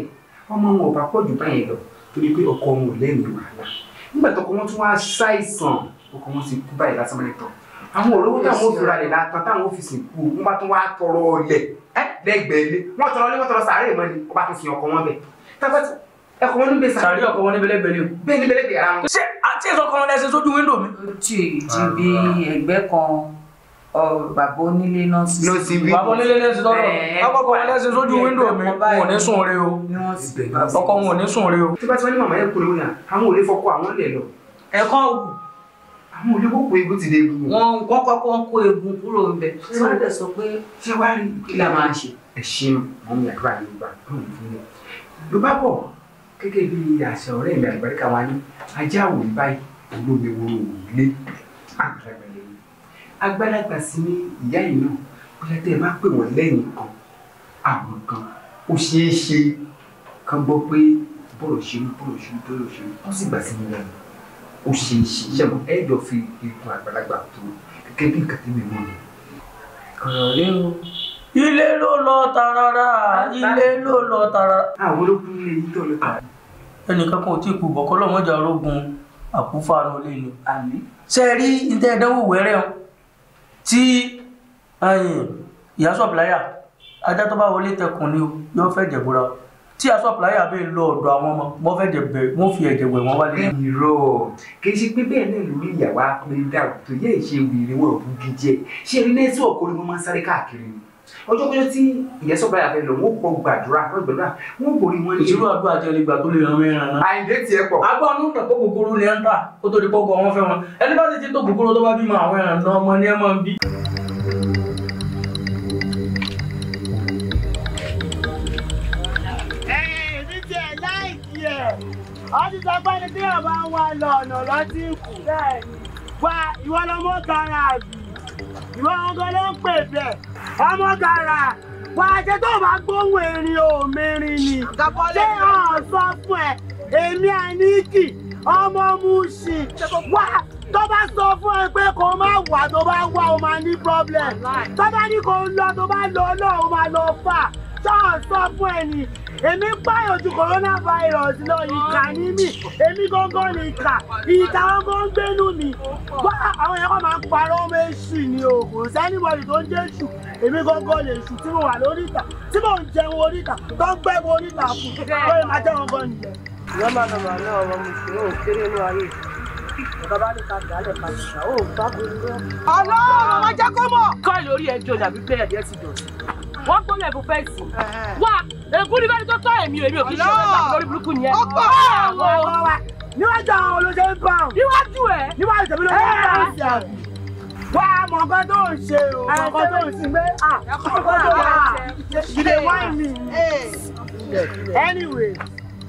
ọmọ wọn ò bá pọ̀ jù báyẹn lọ torí pé ọkọ wọn ò lẹ́nu wàhálà nígbà tọkọ wọn tún wá ṣàìsàn ọkọ wọn ti kú báyìí lásán mẹ́rin tán àwọn olówó táwọn òfin ralẹ̀ látàn táwọn òfin sìnkú wọn bá tún wá tọrọ ọlẹ̀ lẹ́gbẹ̀ẹ́ lé wọ́n tọrọ lé wọ́n tọrọ sàárè mọ́ni wọ́n bá tún fi ọkọ wọn bẹ̀ ẹ kọ wọn ní bẹsẹ. sàrí ọkọ wọn ní bẹlẹbẹlẹ o. bẹ́ẹ̀ ni bẹlẹbẹlẹ ara wọn. ṣé àti èso kan lẹsẹ sójú wíńdò mi. ó ti èjì bí ẹgbẹ́ kan bàbá onílé náà sì bí. bàbá onílé náà sì ọkọ kan lẹsẹ sójú wíńdò mi wọn ò ní sùn re o ọkọ wọn ò ní sùn re o. tí bá ti wá ní màmá yẹn kúrò yàn àwọn ò lè fọkọ àwọn lè lọ. ẹ̀kọ́ wù. àwọn ò lè kó egbò ti dé egun. wọn kọ́ kọ́kọ́ kó egun kúrò ń bẹ. ṣé wàá dẹ̀ sọ pé ṣé wàá rí gẹ́gẹ́ bí àṣà ọ̀rẹ́ ìlú àgbàríkà wa ní ajá òun báyìí olómi wo òrùlé àgbàlagbà lẹ́yìn àgbàlagbà sí ní ìyá yìí náà bóyá tẹ́ ẹ bá pè wọ́n lẹ́yìn kan àwọn kan ó ṣeé ṣe kán gbọ́ pé bọ́ọ̀lù ṣerú bọ́ọ̀lù ṣerú bọ́ọ̀lù ṣerú wọ́n sì gbà sí mi lẹ́nu ó ṣeé ṣe ṣẹ́gun ẹ̀ẹ́dọ̀ fi ikùn àgbàlagbà tó gẹ́gẹ́ bí nǹkan tí mi mú ni. ọ̀rọ̀ rẹ o ilé ló lọ tarara ilé ló lọ tarara. àwọn olókùn ilé yìí tó lọ tà. ẹnìkan kan ò tí ì kú bọ̀kọ́ lọ́mọdé arógun àkúfàánú ilé ni. ṣe é rí níta ẹ̀dánwò wẹ́rẹ́ o tí ìyá sọ̀pìláyà ajá tó bá wọlé tẹkùn ni yóò fẹ́ jẹ̀búra o tí asọ́pìláyà bẹ́ẹ̀ lọ ọ̀dọ̀ àwọn ọmọ wọn fẹ́ jẹ̀bẹ̀ wọn fi ẹ̀jẹ̀ wẹ̀ wọn wálé. irọ́ kì í ṣe pé bẹ́ẹ̀ náà lórí ìyàwó apẹ̀lẹ́dà tó yẹ ìṣe wìrì wọn ò bú gíjẹ ṣé ilé tí ọkọ ni mo máa ń sáré káàkiri ni ọjọ́ pé tí ìyẹn sọ́gbà yàtọ̀ lò wọ́n kọ gbàdúrà wọ́n gbàdúrà wọ́n borí wọn. irú àdúrà jẹ́ olè gbà tó lè ràn mẹ́rin náà. àyìndé tiẹ̀ pọ̀. agbọ́n ní ìtàn kó kòkòrò ni ẹ ń tà kó tó di pọ́kọ wọn fẹ́ wọn ẹni bá ti ti tó kòkòrò tó bá bímọ àwọn ẹ̀ràn náà ọmọ ni ẹ máa ń bí. ọ ti sọ pé ní bí ọba ni wá ìwọ lọmọ ọmọ gàrà wàjẹ tó bá gbóhùn erin òmìnirin ni ṣé hàn sọ fún ẹ èmi àníkì ọmọ Mushin wá tó bá sọ fún ẹ pé kó má wà tó bá wà ó máa ní problem tó bá ní kó lọ tó bá lọ náà ó máa lọ fà ṣáà sọ fún ẹ nìyí èmi páyọ̀ ju coronavirus lọ ìkà ní mí èmi gángan ni ìkà ìta gángan ń gbénú mi wá àwọn yẹn kọ́ máa ń parọ́ ọmọ èṣù ni o kò sẹ́nìbọ̀dì tó ń jẹ́ èṣù èmi gángan lè ṣù tí mo wà lóríta tí mo ń jẹun oríta tó ń gbẹ́ wo oríta fún ó lè máa jẹ́ gángan nìyẹn. ìyọ́mà nàmà náà ọmọ mùsùlùmí ò kéré inú ayé ọ̀gá ní ká dálẹ̀ ká ṣà ó gbàgbé lọ. ọlọ́run ọmọ jẹ́ kó mọ̀. kọ́ ìlórí ẹjọ́ dàbí pé ẹ̀jẹ̀ ti dọ̀tí wọ́n gbọ́ lẹ́bù fẹ́ǹsì wá ègún ni bẹ́ẹ̀ ni tó tọ́ èmi èmi ò kì í ṣe ọ̀rẹ́ lórí burúkú yẹn. ọ̀pọ̀ àwọn wa níwájú àwọn olóṣè ń bọ̀. níwájú ẹ̀. níwájú tẹ̀mí ló ń bá wọn. wá mọ̀gán tó ń ṣe o mọ̀gán tó ń sin pé mọ̀gán tó wà jìnnà wáìnì. anyway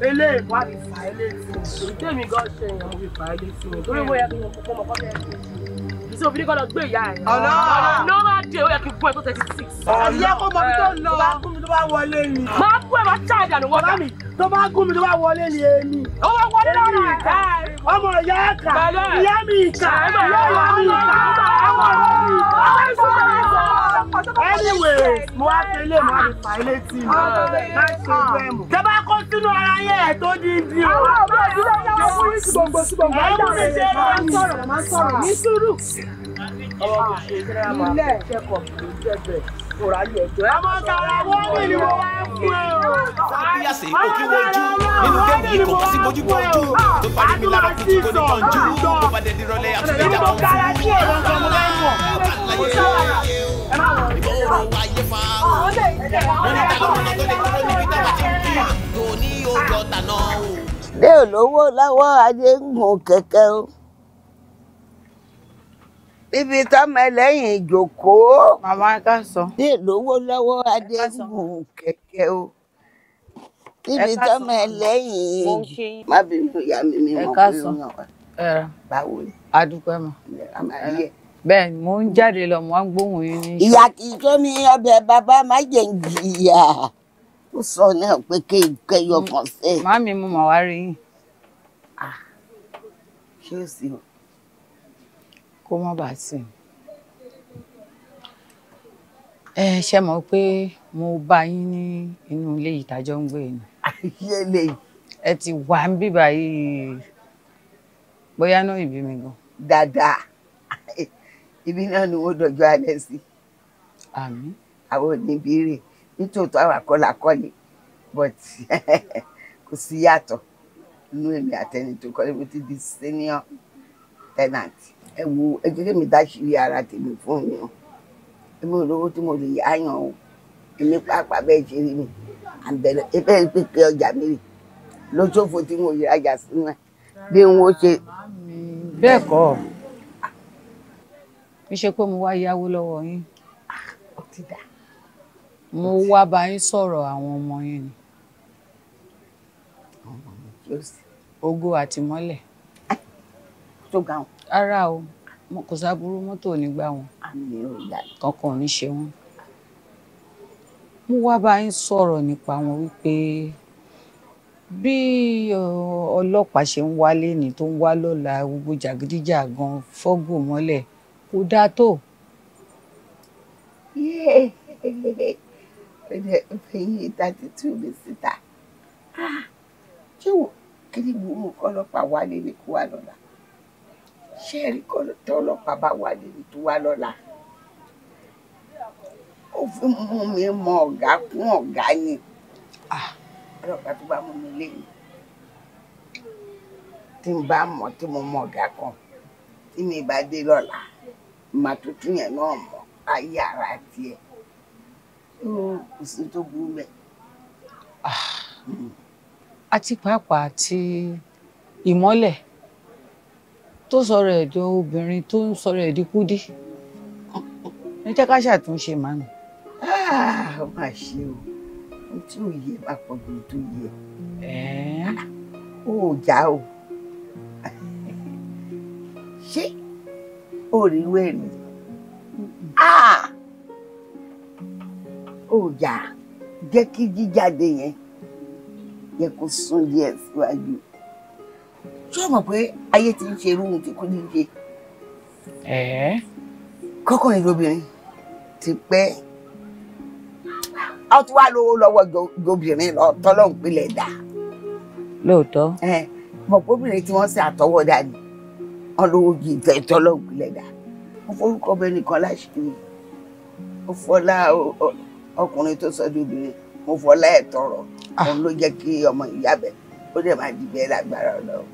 ilé ìwádìí fà ilé tí mi. èyí tèmi gan ṣe ìyàwó ìfà ilé tí mi. torí wọ́n yẹ kí wọ́n kọ́kọ́ mọ̀kọ́ bẹ́ẹ̀ tí mo fi ní gbé ìyá ẹ̀. ọ̀nà ọ̀nà máa di èwe kí n fún ẹ tó thirty six. àyè kó mọ bí tó lọ. tó bá gún mi tó bá wọlé ni. máa kú ẹ máa ṣáàjì àná wọ́n mi. tó bá gún mi tó bá wọlé ni èmi. ó wá wọlé lọ́rọ̀ ẹ̀ka. ọmọ ìyá ẹ̀ka ìyá mi ìka ìyá ìyá mi ìka ọmọ mi ìka. anyway mo wá pe ilé mo wá fi fà ilé tì mí. tẹ bá kó sínú ara yẹ ẹ tó di ibi o. ẹ mú mi ṣe é lọ́wọ́ sọ̀rọ̀ ní sùúrù ilé ìkẹ́kọ̀ọ́ ìjẹ́bẹ̀ òráyè ẹ̀jọ́. ọmọ tààrà wọ́n mi ni mo lọ́wọ́ ajé ń gun kẹ̀kẹ́ o bíbi tọ́mọ ẹlẹ́yìn ìjòkóó. màmá ká sọ. ní ìlówó lọ́wọ́ adéhùn kẹ̀kẹ́ o. bíbi tọ́mọ ẹlẹ́yìn ìjì. má bínú ìyá mi mi mọ̀ pé ó yàn wá. báwo ni. adúpẹ́ mọ̀. bẹ́ẹ̀ ni mò ń jáde lọ mò gbóhùn yín ní. ìyá kì í tó mi ọbẹ̀ bàbá má jẹ́ ń jìyà. ó sọ náà pé kéèké yọkàn mm. sẹ́ẹ̀. màmí mo mọ̀ wá rí yín. ṣé ah, o sì wọ̀ kó má bàa sìn ẹ ṣe mọ̀ pé mo bá yín ní inú ilé yìí tájọ ń gbé ni. ayé lè. ẹ ti wà ń bíbà yìí bóyá náà ìbí mi gan. dáadáa ibi náà ni wọ́n dọ̀jọ́ alẹ́ sí. àmín. àwọn ò ní nítòótọ́ àwọn àkọlàkọlẹ̀ but kò sí yàtọ̀ inú èmi àtẹni tó mo ti di senior tenant ẹ wo ẹ jẹ́ mi dá ṣírí ara tèmi fún yín èmi ò lówó tí mo lè yá yàn o èmi pàápàá bẹ́ẹ̀ ṣe rí mi àbẹ̀rẹ̀ ẹbẹ̀ pípẹ́ ọjà mi rè lóṣòfò tí mo yírajà sínú ẹ̀ bí n ó ṣe. bẹ́ẹ̀ kọ́ mi ṣe pé mo wá yáwó lọ́wọ́ yín mo wá bá yín sọ̀rọ̀ àwọn ọmọ yín ni ògo àtìmọ́lẹ̀. tó ga wọn rárá o kò sábúrú mọ́tò ò ní gbà wọ́n kankan ò ní ṣe wọ́n mo wá bá yín sọ̀rọ̀ nípa wọn wípé bí ọlọ́pàá ṣe ń wálé ní tó ń wá lọ́la gbogbo jàgídíjàgan fọ́gbò mọ́lẹ̀ kò dáa tó. fẹ̀yìn thirty two mi síta ah, ṣé wò kí ni mo mú ọlọ́pàá wálé ní kó wá lọ́la ṣé ẹ̀rí kọ́ tọ́lọ́pàá bá wà níbi tó wá lọ́la ó fún mú mi mọ ọ̀gá kún ọ̀gá ni ah, ọlọ́pàá tó bá mú mi léyìn tí n bá mọ̀ tí mo mọ ọ̀gá kan tí mi bá dé lọ́la màá tuntun yẹn náà mọ̀ ayé ara tiẹ̀ kò sí tó burú bẹ́ẹ̀. Ah, hmm. àti pàápàá ti ìmọ́lẹ̀ tó sọ̀rọ̀ ẹ̀dọ̀ obìnrin tó ń sọ̀rọ̀ ẹ̀dí kúdí ní jẹ́ ká ṣàtúnṣe màmí. Ah, ó mà ṣe o ohun tí ò yẹ bá pọ̀ bí tó yẹ ó já o ṣé ó rí wẹ́ẹ̀nì ah! ó já jẹ́ kí jíjáde yẹn yẹ kó sún díẹ̀ síwájú ṣé o mọ̀ pé ayé ti ń ṣe irú ohun tí kò ní ṣe. kọ́kànlélógún lóbìnrin ti pẹ́ a tún wá lówó lọ́wọ́ gobìnrin lọ tọ́lọ́hún pilẹ̀ dá. lóòótọ́. mọ̀ pé obìnrin tí wọ́n ṣe àtọwọ́dá ni wọ́n lówó ju ìfẹ́ tọ́lọ́hún pilẹ̀ dá. wọ́n forúkọ bẹ́ẹ̀ nìkan láṣìírí ó fọlá ọkùnrin tó sọ di obìnrin mo fọlá ẹ̀ tọrọ ah. òun ló jẹ́ kí ọmọ ìyá bẹ̀ ó dẹ̀ máa dìbẹ́ lágbára Ọlọ́run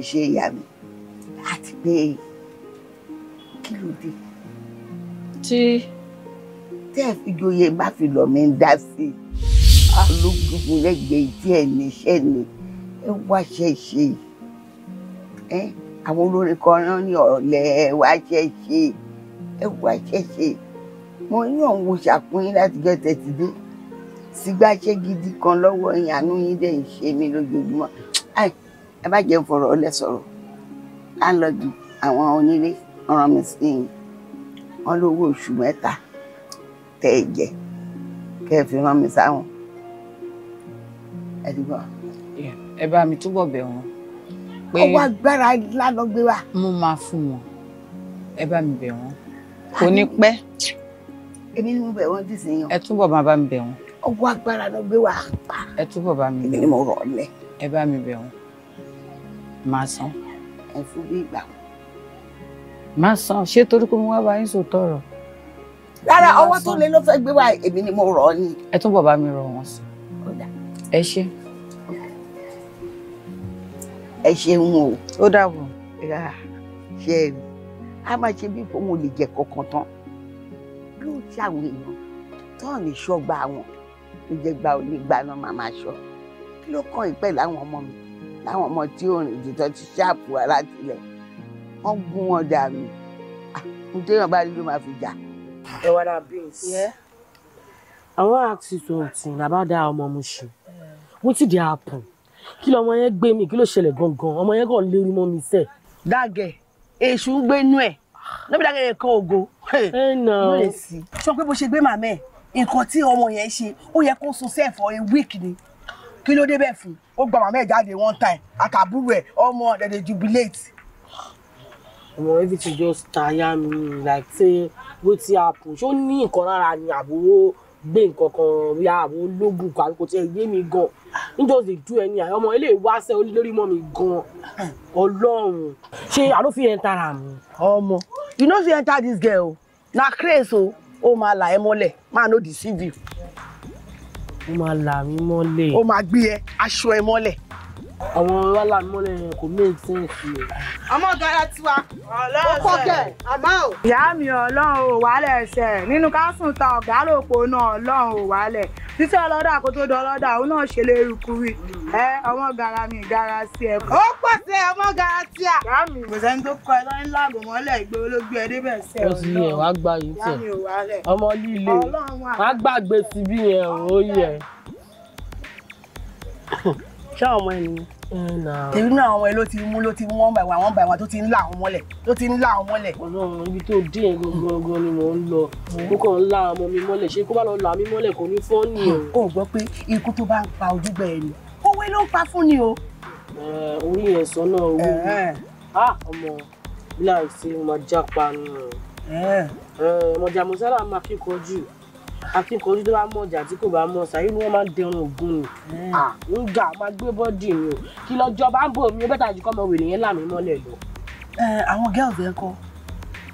ìṣe ìyá mi àti pé kí ló dé. tí. tẹ́ ẹ fi joyè má fi lọ mi ń dá sí i alógungun lẹ́gbẹ̀ẹ́ díẹ̀ níṣẹ́ ni ẹ wá ṣẹ̀ṣẹ̀ yìí ẹ àwọn olórin kan náà ní ọ̀lẹ́ ẹ wá ṣẹ̀ṣẹ̀ ẹ wá ṣẹ̀ṣẹ̀ mo ní òun wo ṣàkúnyín láti jọ tẹ̀sí dé sígbàṣẹ́ gidi kan lọ́wọ́ yín àánú yín dẹ̀ ń ṣe mí lójoojúmọ́ ẹ bá jẹ́ fọ̀rọ̀ ọlẹ́ sọ̀rọ̀ láńlọ́ọ̀dù àwọn onílé ọ̀ràn mi sí i wọ́n lówó oṣù mẹ́ta tẹ́ ẹ jẹ kẹ́ ẹ fi rán mi sáwọn ẹ dìbò. ẹ bá mi túbọ̀ bẹ̀ wọ́n. ọwọ́ agbára lálọ́gbé wa. mo máa fún wọn ẹ bá mi bẹ̀ wọ́n kò ní pẹ́. èmi ni mo bẹ̀ wọ́n dì sí yan. ẹ túbọ̀ máa bá mi bẹ̀ wọ́n. ọwọ́ agbára lọ́gbé wa. ẹ túbọ̀ bá mi bẹ̀ wọ́n. èmi ni mo rọ̀ ọ́ lẹ̀. ẹ bá mi bẹ̀ wọ́n. Má san. Ẹ fún bí ìgbà. Má san, ṣé torí pé mo wá bá yín sòótọ́ ọ̀rọ̀? Rárá, ọwọ́ tó lé ló fẹ́ gbé wá èmi ni mo rọ̀ ọ́ ni. Ẹ tún bàbá mi rọ̀ wọ́n sí. Ẹ ṣé. Ẹ ṣeun o. Ó dàbọ̀. Ṣé ẹ A máa ṣe bí fóun ò lè jẹ kankan tán. Yóò ṣe àwọn èèyàn tán lè ṣọ́gbà wọn tó jẹ́ gba ò lè gbaná màmá ṣọ. Kí ló kàn ìpẹ́ láwọn ọmọ mi? táwọn ọmọ tí ò rìn jìtọ́ ti ṣáàpù wa láti ilẹ̀ wọ́n gún wọn dànù ah, n téèyàn bá rí ló máa fi jà. ẹ wá náà beans. I wan ask you something about that ọmọ Mushin wetin dey happen kí lọmọ yẹn gbé mi kí ló ṣẹlẹ̀ gangan ọmọ yẹn kàn lérí mọ́ mi sẹ́ẹ̀. dàgẹ̀ èṣù ń gbénú ẹ̀ lọ́bí dàgẹ̀ yẹn kọ́ ògo. ẹ nà ó sọ pé bó ṣe gbé màmá ẹ̀ nǹkan tí ọmọ yẹn ṣe ó yẹ kó sun sẹ́ẹ̀fọ̀ a week ni kí ló dé bẹ́ẹ̀ fún ó gba màmá ẹ̀ jáde one time àkàbúrò ẹ̀ ọmọ dem dey jubilate. ọmọ everything just tire me like say wetin happen ṣó ní nǹkan lára ni àbúrò gbé nǹkan kan bí àbò lóògùn kan kò tiẹ̀ yé mi gan n just dey do ẹni àyọ ọmọ eléyìí wá sẹ́ lórí mọ́ mi gan ọlọ́run ṣé àló fi enter am. ọmọ you no fit enter dis girl o na craze o ó máa là ẹ mọ́lẹ̀ máa no deceive you ó máa là mí mọ́lẹ̀. ó máa gbé ẹ aṣọ ẹ mọ́lẹ̀ àwọn rọ́là mọ́lẹ̀ yẹn kò make sense ni. ọmọ gara tiwa kókó kẹ àmọ́ ò. ìyá mi ọlọ́run ò wálẹ̀ ẹsẹ̀ nínú káṣùn ta ọ̀gá lòpó náà ọlọ́run ò wálẹ̀ títí ọlọ́dà kó tó dán ọlọ́dà òun náà ṣe lè rúkúrú ẹ ọmọ gara mi gara sí ẹ. ó pọ̀ sí ẹ ọmọ gara tí a. ìyá mi kò sẹ́ni tó kọ ẹ lọ́yìn láàbò mọ́lẹ̀ ìgbé olóògbé ẹ débẹ̀ sẹ́ ọ. ó ti wàá gba yìí tẹ ọmọ líle wàá gbàgbé síbí yẹn ó ṣé àwọn ọmọ ẹ nìyẹn. èmi náà àwọn ẹ ló ti mú ló ti mú wọn báyìí wọn báyìí wọn tó ti ń là wọn mọ́lẹ̀ tó ti ń là wọn mọ́lẹ̀. Ọlọ́run ibi tó dé yẹn gangan ni mò ń lọ mo kàn ń la ọmọ mi mọ́lẹ̀ ṣé kó bá lọ là mí mọ́lẹ̀ kò ní fọ́ ni o. o gbọ́ pé ikú tó bá ń pa ojúgbà ẹ̀ ni owó ló ń pa fún ni o. orí ẹ̀ sọ náà owó ọmọ bíláì sí ọmọ jápa ni ọmọ jàmùsálà máa kíkọ jù akíkanjú tó bá mọ ọjà tí kò bá mọ ṣàyè ni wọ́n máa ń dẹrùn ògùn ni ah. Ah, ń gà máa gbé bọ́dì mi o kí lọ́jọ́ bá ń bò mí ó bẹ́tà jù kọ́ ọmọ wèrè yẹn láàmì mọ́lẹ̀ lọ. àwọn girls ẹ kọ.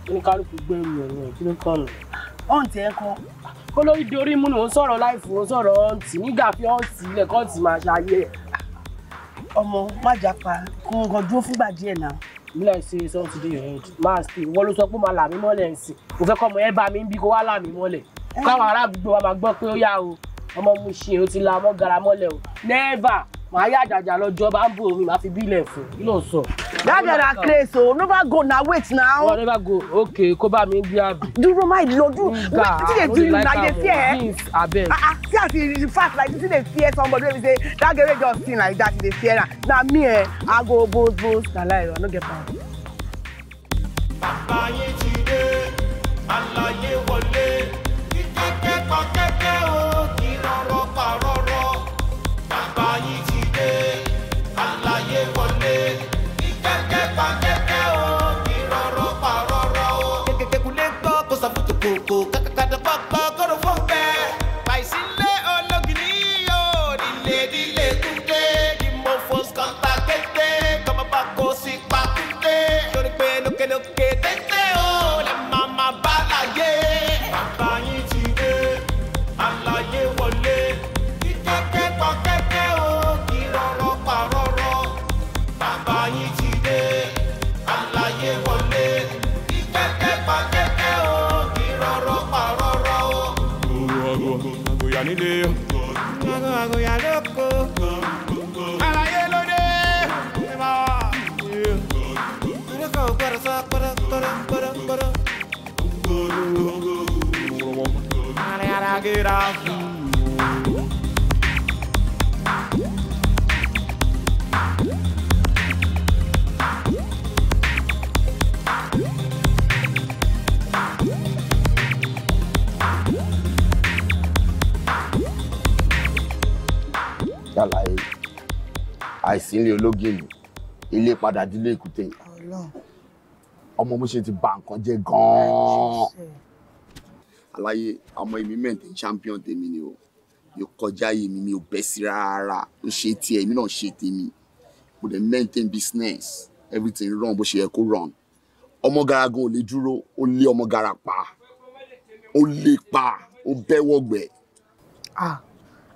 oníkálukú gbé mi ò rìn kí ló kọ́ mi. ọ̀ǹtì ẹ kọ. kó ah, lórí dorí múnú ó sọ̀rọ̀ láìfò ó sọ̀rọ̀ ọ̀ǹtì nígbà fi ọ̀ǹtì ilẹ̀ kọ́ọ̀tì máa ṣayé ẹ̀. ọmọ májàpá kò ń gọdúró fúngbà díẹ̀ náà mílẹ̀ ṣe sọ́ọ̀tì dé yẹn máa ṣe ìwọ ló sọ pé máa là mọ́lẹ̀ ń kò fẹ́ kọ́ ọmọ ẹ bá mi ń bí kó wá là mọ́lẹ̀ káwọn ará wa máa gbọ́ pé ó yá o ọmọ mu ṣe o ti la ọmọ gara mọ́lẹ̀ o never màá yá àjàjà lọ́jọ́ bá ń bò mí màá fi bílẹ̀ fún kí ló sọ. that girl na craze o never go na wait now. wọ́n never go okay kó bá mi bí àbí. dúró máa lọ dúró wetin dey do you na dey fear. abeg see as eh? you ah, ah, fast like this you dey fear somebody wey be say that girl wey just sing like that you dey fear am na me eh i go boz boz na lie eh, o i no get power. àlàyé ti dé àlàyé wọlé. get off. Ṣàlàyé àìsí ilé ológìnì ilé padà dílé èkúté ọmọ bó ṣe ti bà nǹkan jẹ́ gan-an aláyé ọmọ èmi mẹ́ǹtẹ̀ champion tèmi ni o yóò kọjá yé mi mi ò bẹ́ sí rárá ó ṣe tiẹ̀ èmi náà ṣe tèmi mo dẹ̀ maintain business everything run bó ṣe yẹ kó run ọmọ gara gan ò lè dúró ó lé ọmọ gara pa ó lè pa ó bẹ́wọ̀ gbẹ. ah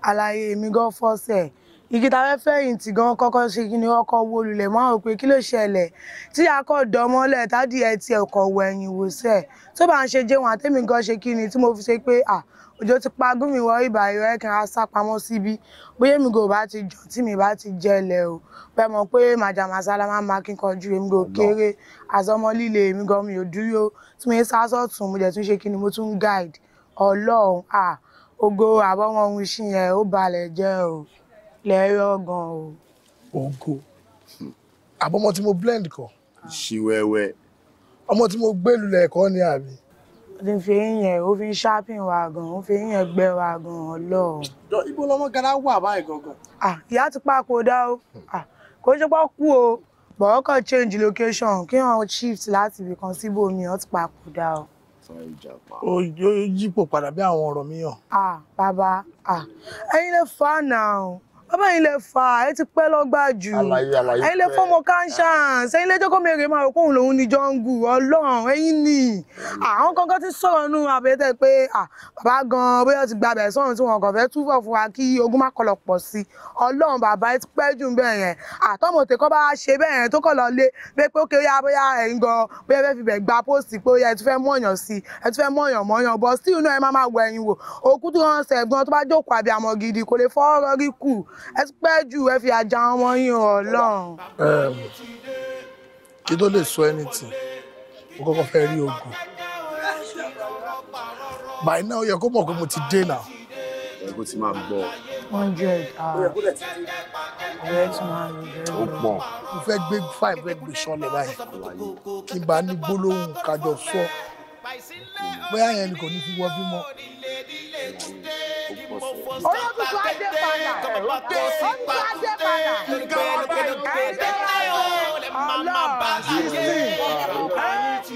àlàyé mi gan fọ́sẹ̀ igi tá a fẹ́ fẹ̀yìntì gan kọ́kọ́ ṣe kí ni ọkọ̀ wo lulẹ̀ máa rò pé kí ló ṣẹlẹ̀ tí a kọ́ dánmọ́lẹ̀ tádìí ẹ ti ọkọ̀ wọ ẹ̀yìn wò sẹ̀ tó bá ń ṣe jẹun àtẹ́mi gan ṣe kí ni tí mo fi ṣe pé à òjò ti pa gómìn wọ ìrọ̀ ẹ̀kan á pamọ́ síbí bóyá èmi gò bá ti jọ tí mi bá ti jẹlẹ̀ o bẹ́ mọ̀ pé màjà màsálà máa ń ma kí n kọjú èmi gò kéré àzọmọ líle èmi gan mi ò dúró tí mo ń sá mo dẹ̀ tún ṣe kí ni mo tún guide ọlọ́run à ògo ohun iṣẹ́ ó balẹ̀ jẹ́ o lẹ́rọ gan o. ògo àbọ̀mọ́ tí mo blend kọ́. ṣì wẹ́wẹ́. ọmọ tí mo gbé lulẹ̀ kọ́ ni àbí. ó ti fi yẹn ó fi ń ṣáàpìn wa gan ó fi yẹn gbẹ wa gan ọlọ́ọ̀. ibo lọmọ gara wà báyìí gangan. ìyá ti pàkódà o kò ń ṣe pọ́ kú o bọ̀wọ́ kan change location kí wọ́n shift láti ibì kan síbò mi ọ́ ti pàkódà o ó yípo padà bí àwọn ọ̀rọ̀ mi hàn. bàbá ẹ̀yin lè fa náà bàbá yìí lè fà ẹ ti pẹ́ lọ́gbà jù ẹ̀yin lè fọ́mọ conscience ẹ̀yin lè jókòó mèrè máa rò pé òun lòun ní jọ́ngù ọlọ́run ẹ̀yin ni àwọn kankan ti sọ̀rọ̀ nù àbẹ̀tẹ̀ pé bàbá gan bóyá ti gbàbẹ̀ sọ̀rọ̀ tí wọn kàn fẹ́ túbọ̀ fún wa kí ogun má kọlọ̀ pọ̀ sí ọlọ́run bàbá ẹ ti pẹ́ jù bẹ́ẹ̀ yẹn àtọ́mọ̀tẹ́ kọ́ bá ṣe bẹ́ẹ̀ yẹn tó kọ̀ lọ lé pé ókè yá bóyá ẹ̀yin gan bóyá fẹ́ fi bẹ̀ gba póòsì pé ẹ ti fẹ́ mọ̀yàn sí ẹ ti fẹ́ mọ̀yàn mọ̀yàn bọ́ still náà ẹ má má wọ ẹ̀yin wò òkú tó hàn sẹ̀ gan tó bá jókòó àbí àmọ̀ gidi kò lè fọ́ ọ̀rọ̀ rí kù ẹ pẹ́ jù ẹ fi àjà ọmọ yín ọlọ́run. kí tó lè sọ anything mo kọ́kọ́ fẹ́ rí oògùn by now ó yẹ kó mọ̀ pé mo ti dé náà. ẹ kó ti máa gbọ́. hundred ọ̀rẹ́ tí máa ń rẹ̀ ó pọ̀. mo fẹ́ gbé five fẹ́ gbé sọ́ọ̀lẹ̀ báyìí kí n bá ní gbólóhùn kájọ sọ bóyá yẹn ni kò ní fi wọ́ bímọ olóòtú tó ajé padà olóòtú tó ajé padà ọlọ́ọ̀ sísìn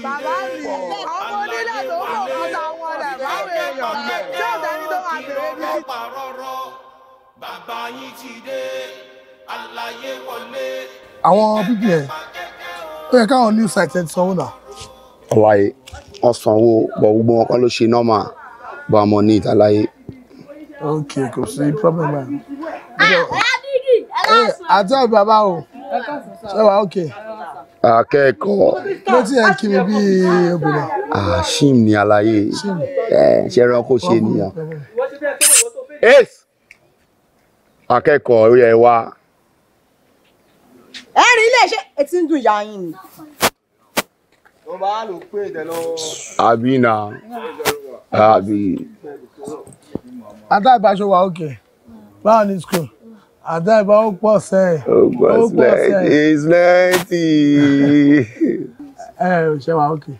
bàbá mi ọmọ onílé tó ń bọ̀ wọ́n táwọn rẹ̀ báwọn èèyàn tí ó àwọn bíbí ẹ ó yẹ káwọn new site ẹ ti sanwó náà. ọ̀wáyé wọ́n sanwó bọ̀ gbogbo wọn kọ́ ló ṣe normal bọ́ àmọ́ ní ìtàláyé ok kò sí pọ́blẹ́mù ẹ̀ àti ọ̀bí bàbá o ṣé wàá ok. akẹ́kọ̀ọ́. ló ti yẹ kí mi bí obìnrin. ṣim ah, ni àlàyé ṣe ẹranko ṣe nìyàn. ace akẹ́kọ̀ọ́ ó yẹ wá. ẹ̀rín ilé iṣẹ́ etí ń dùn ìyá yín ni. àbí na àbí àtàìbá ṣe wà òkè báwo ni school àtàìbá ó pọ̀ sẹ́ẹ̀ ó pọ̀ sẹ́ẹ̀ is ninety. ẹ ẹ ṣe wà òkè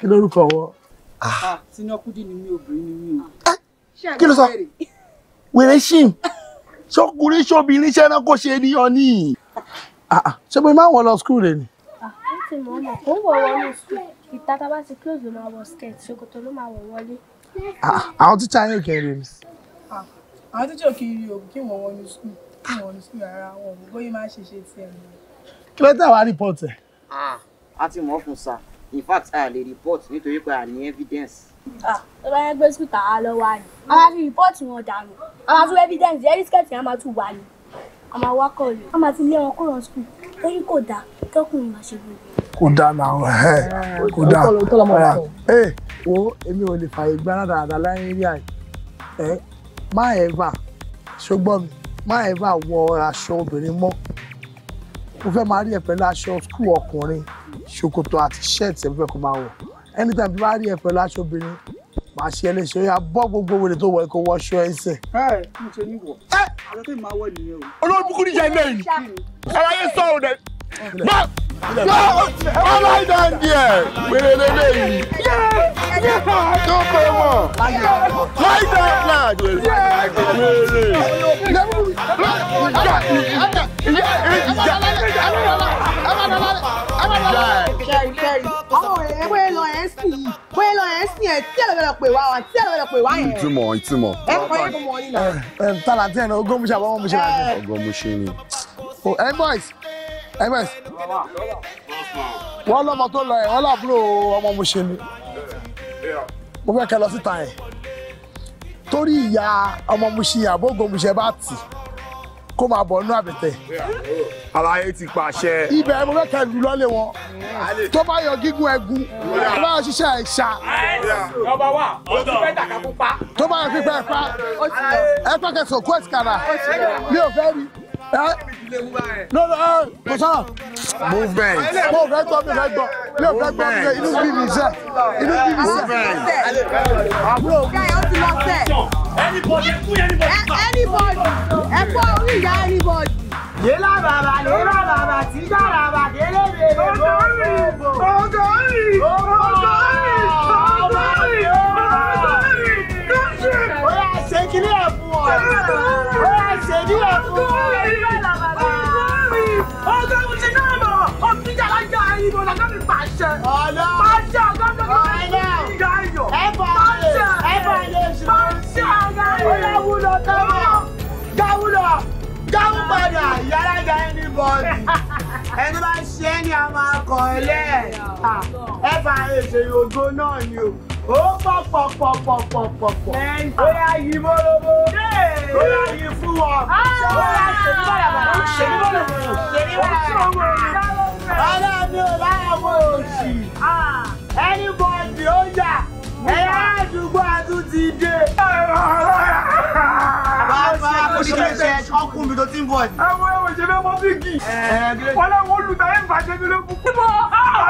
kí lórúkọ wọ. sínú ah, kúdí ni mi obìnrin ni mi o. Ah, kí ló sọ wèrè ṣìm ṣọkùnrin ṣobìnrin ṣẹ́ná kó ṣe ènìyàn ní. Ah, ṣé pé máa wọ lọ school rẹ ni. ó ti mọ̀ ọ́n mọ̀ kó wọ̀ wọlé ìta tá a bá ti close ló máa wọ skirt ṣòkòtò ló máa wọ̀ wọlé àwọn tíṣà yóò kẹrin mi. àwọn tíṣà ò kì í rí o kí wọ́n wọnú skul kí wọ́n wọnú skul rárá wọn ò gbóyè máa ṣe ṣe tiẹ̀ nù. kí ló dé àwa rìpọ́ọ̀tì ẹ̀. a ti mọ̀ fún sa in fact a lè report nítorí pé a ní evidence. Ah, bá yẹn gbé skul tà á lọ́wọ́ àná a máa fi report wọn dànù a máa tún evidence yẹ́rì skẹ̀tì yẹn a máa tún wà ní a máa wá kọ́ọ̀lù a máa ti lé wọn kúrò skul ó ní kò dáa tọkùnrin máa ṣe gbogbo. kò dáa náà ẹ eh, eh, kò dáa ẹ eh, wo èmi ò lè fààyè gbá rádaràdà láyé ẹ má ẹ bà ṣùgbọ́n mi má ẹ bà wọ aṣọ obìnrin mọ́ mo fẹ́ máa rí ẹ pẹ̀lú aṣọ skul ọkùnrin ṣòkòtò àti ṣẹ́ẹ̀tì ẹ fẹ́ kó máa wọ̀ anytime bí wàá rí ẹ pẹ̀lú aṣọ obìnrin màá ṣe ẹlẹ́ṣẹ̀ ó yà bọ́ gbogbo wèrè tó wọ ẹ kó wọṣọ ẹ ẹ àlọ́ tẹ̀ máa wọ nìyẹn yìí. ẹ wáyé sọ̀rọ̀ dẹ̀ ọlá down there wèrè lélẹ́yìí tó pé wọn lie down lad wèrè ìtumọ̀ ìtumọ̀. ẹ kọ́ ẹ kọ́ mọ́ ní náà. ẹ ẹ tala tẹ́ ẹ náà ogún musa bọ́ ogún musa. ogún musa ni. oh hey boys ẹgbẹ́ wọ́n lọ́mọ tó lọ ẹ̀ wọ́n láàbúrò ọmọ mo ṣe ni mo fẹ́ kẹ́ lọ síta yẹn torí ìyá ọmọ mo ṣe àbógo mo ṣe bá tì kó máa bọ̀ nínú àbẹ̀tẹ̀. aláyé ti pàṣẹ. ibẹ̀ mo fẹ́ kẹ́ lù lọ́lẹ̀ wọn tó bá yọ gígùn ẹ̀gún tó bá yọ ṣíṣe ẹ̀ṣà. ọba wa o ti fẹ́ dàkà pupa. tó bá yọ pípẹ́ ẹ̀pá ẹ̀pá kẹsàn-án kó ẹ̀sìkàrà mi ò fẹ́ rí no no kò sọ. movement. mo fẹ́ gbọ́ mi fẹ́ gbọ́ mi ò fẹ́ gbọ́ mi inú bí mi sẹ́ inú bí mi sẹ́. àbúrò mi. anybody ẹ kú anybody. ẹ kọ́ orí ìyá anybody. yélà bàbá yélà bàbá tíjà bàbá délé délé. ọgọ́rì ọgọ́rì ọgọ́rì ọgọ́rì ọgọ́rì. ó yà ṣe kiri ẹ̀ fún ọ nàìjíríà kú. ọgá mo ṣe náà mọ̀ ọ̀gbìnjà Oh ìbò làjọ́ mi pàṣẹ. ọ̀nà pàṣẹ àgọ́dọ̀ kí wọ́n ti ìyá ayọ̀. ẹ̀fọ́ ayé ẹ̀fọ́ ayé ṣe. pàṣẹ àgá ayọ̀. ó yẹ wúlò tẹ́wọ̀ gáwúlò gáwú padà yàrá ìjà ẹni bọ́ọ̀lù ẹni bá ṣe é ní a máa kọ̀ ẹ́ lẹ́ẹ̀ ẹ̀fọ́ ayé ṣe ògo náà ni o ó pọ̀ pọ̀ pọ̀ pọ̀ pọ̀ pọ̀ pọ̀ ó yà yí mọ́lọ́mọ́ ó yà yí fún wa ó yà ṣèlú bàdàbà ṣèlú bàdàbà ṣèlú bàdàbà ọlọ́run ò láyà wọ òṣì ah! anybody ó yà ẹ̀yà àdúgbò àtún ti dé. bàbá oníkẹ́sẹ̀ ọkùnrin mi tó ti ń bọ̀ ni. àwọn ẹ̀wọ̀n ṣe fẹ́ mọ́ bíkì. wọ́n lé wọ́n lùtà ẹ̀ ń bàjẹ́ mi lókun. bíbọ̀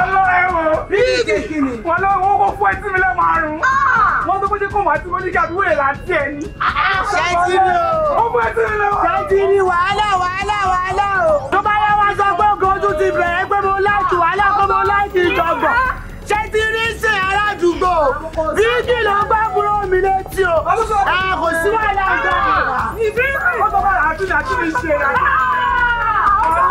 ọlọ́ ẹ̀wọ̀n. bíkì kìíní. wọ́n lé wọ́n kó fún ẹtí mi lẹ́ márùn-ún. Ah! wọ́n tó kọjá kó màá tí mo ní kí àdúgbò yẹn láti ẹ̀ ni. Ah, ṣẹ́ẹ́tì ni o. ó fún ẹtí mi lẹ́ márùn-ún. ṣẹ́ẹ́tì ni wàhálà wàhálà wàhálà o. tó bá yá wá sọ pé ogun ojú ti bẹ̀rẹ̀ pé mo láìkì wàhálà pé mo láìkì ìjọgbọ̀n àdúgbò bíríkì ló ń gbàgbúrò mi létí o a kò sí wàhálà ìgbà. ìbí ọmọ bàbá àtúndà kí ni ṣe rà.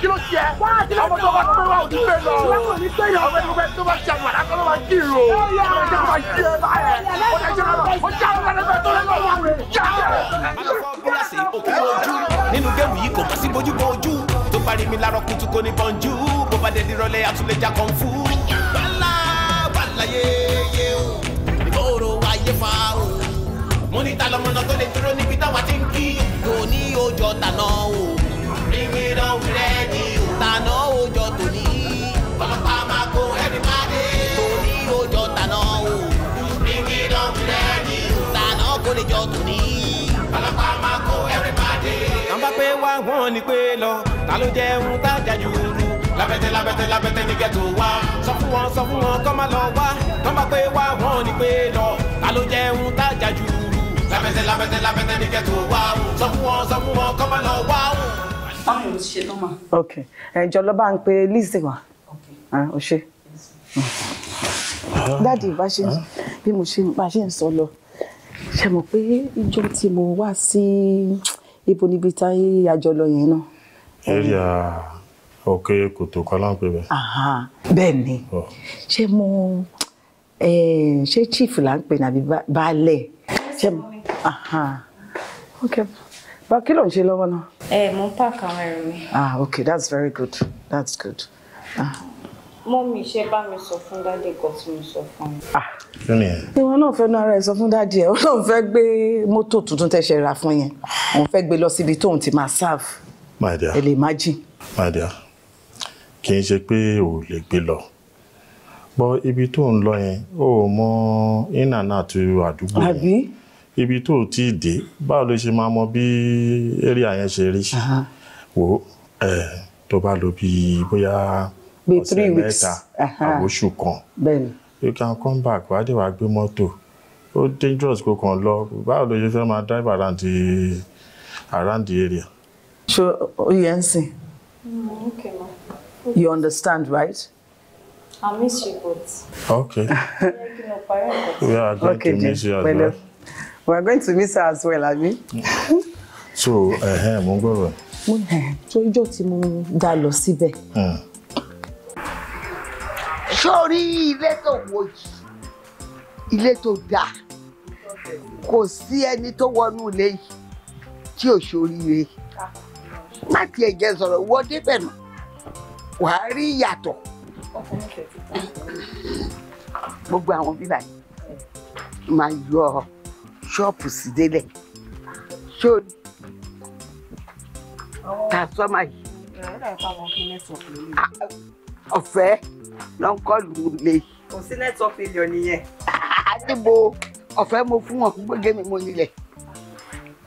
kí ló jẹ ọmọ tó bá pé wa ò ní pé lọ ọmọ ìgbẹ́ tó bá ṣe àwọn àdákọ́ ló máa kí ìrò ọmọ ìjọba máa yí ẹ báyẹn ó dẹ̀ jẹ́ ọ já ọ lẹ́gbẹ̀ẹ́ tó lẹ́gbẹ̀ẹ́ wà rẹ̀ já nínú géèmù yìí kò mọ̀ sí bójú bọ ojú tó parí mi lárọ kutu kò ní bọ́njú bó bá dé nírọ̀lẹ́ àtúnlẹ̀já kan fún. wàhálà wàhálà yéye o ìgbòòrò wáyé fa o mo ní ta lọmọ náà tó lè dúró níbi táwa ti ń kí. kò ní ojú ọ̀tà náà o búrẹ́dì o. tànà òòjọ́ tòní. ọlọ́pàá máa kó ẹni máa dé. tòní òòjọ́ tànà o. bíkí lọ búrẹ́dì o. tànà kò lè jọ tòní. ọlọ́pàá máa kó ẹni máa dé. nàmbá pé wá wọn ni pé lọ ta ló jẹ ohun tá a jà jù rú. lábẹ́tẹ̀ lábẹ́tẹ̀ lábẹ́tẹ̀ ní gẹ̀tò wa. sọ fún wọn sọ fún wọn kọ́ máa lọ wá. nàmbá pé wá wọn ni pé lọ ta ló jẹ ohun tá a jà jù rú. lábẹ́tẹ̀ lábẹ́tẹ̀ lábẹ́tẹ̀ ní gẹ̀tò wa. sọ fún wọn sọ fún wọn kọ́ máa lọ wá okay, ló ṣe lọ́mà. ok ẹjọ ló bá ń pe Lizzy wá ó ṣe. dáàdi bá ṣe bí mo ṣe bá ṣe ń sọ lọ ṣe mọ̀ pé ìjọ tí mo wá sí ibo níbi tá àjọ lọ yẹn náà. area òkè kòtò kan láǹpẹ bẹ́ẹ̀. bẹ́ẹ̀ ni ṣé mo ṣé chief là ń pè ní àbí baálẹ̀ ṣé mo. ok. Ba kí ló ń ṣe lọ́wọ́ náà. ẹ mo ń pààkì àwọn ẹrù mi. ah okay that's very good that's good. Ah. mọ́mì ṣe bá mi sọ fún dáàdì kan tí mo sọ fún mi. Ah. ìwọ náà fẹ́ nu ara ẹ̀ sọ fún dáàdì ẹ̀ ó lóun fẹ́ gbé mọ́tò tuntun tẹ́ ṣe fún yẹn òun fẹ́ gbé lọ síbi tóun ti máa serve. my dear ẹ lè má jì. my dear kì í ṣe pé ò lè gbé lọ bọ ibi tó ń lọ yẹn ó mọ in and out àdúgbò yẹn. àbí ibi tó ti dé báwo ló ṣe máa mọ bí area yẹn ṣe rí wò ẹ tó bá lò bí bóyá ọ̀sẹ̀ mẹ́ta àbóṣù kan you can come back wàá dé wàá gbé mọ́tò ó dangerous kó kàn lọ báwo ló ṣe fẹ́ máa drive around the around the area. So, ó yẹ ń sìn. okay ma. you understand right. I miss you both. Okay. we are going okay, to miss you as well we are going to miss her as well abi. so mo ń gbọ́rọ̀. mo ní So, ijó tí mo dá lọ síbẹ̀. sórí hmm. ilé tó wò yìí ilé tó dáa kò sí ẹni tó wọnú ilé yìí tí ò ṣoríire má tiẹ̀ jẹ́ sọ̀rọ̀ wọ́n débẹ̀ nù wàá rí ìyàtọ̀ gbogbo àwọn bíbá yìí máa yọ ọ ṣọ́ọ̀pù sí délẹ̀ ṣó ta sọ́mà yìí. ọ̀fẹ́ ló ń kọ́lù lè. kò sí network failure nìyẹn. àdìbò ah, ọ̀fẹ́ mo fún wọn gbégé mi mo nílẹ̀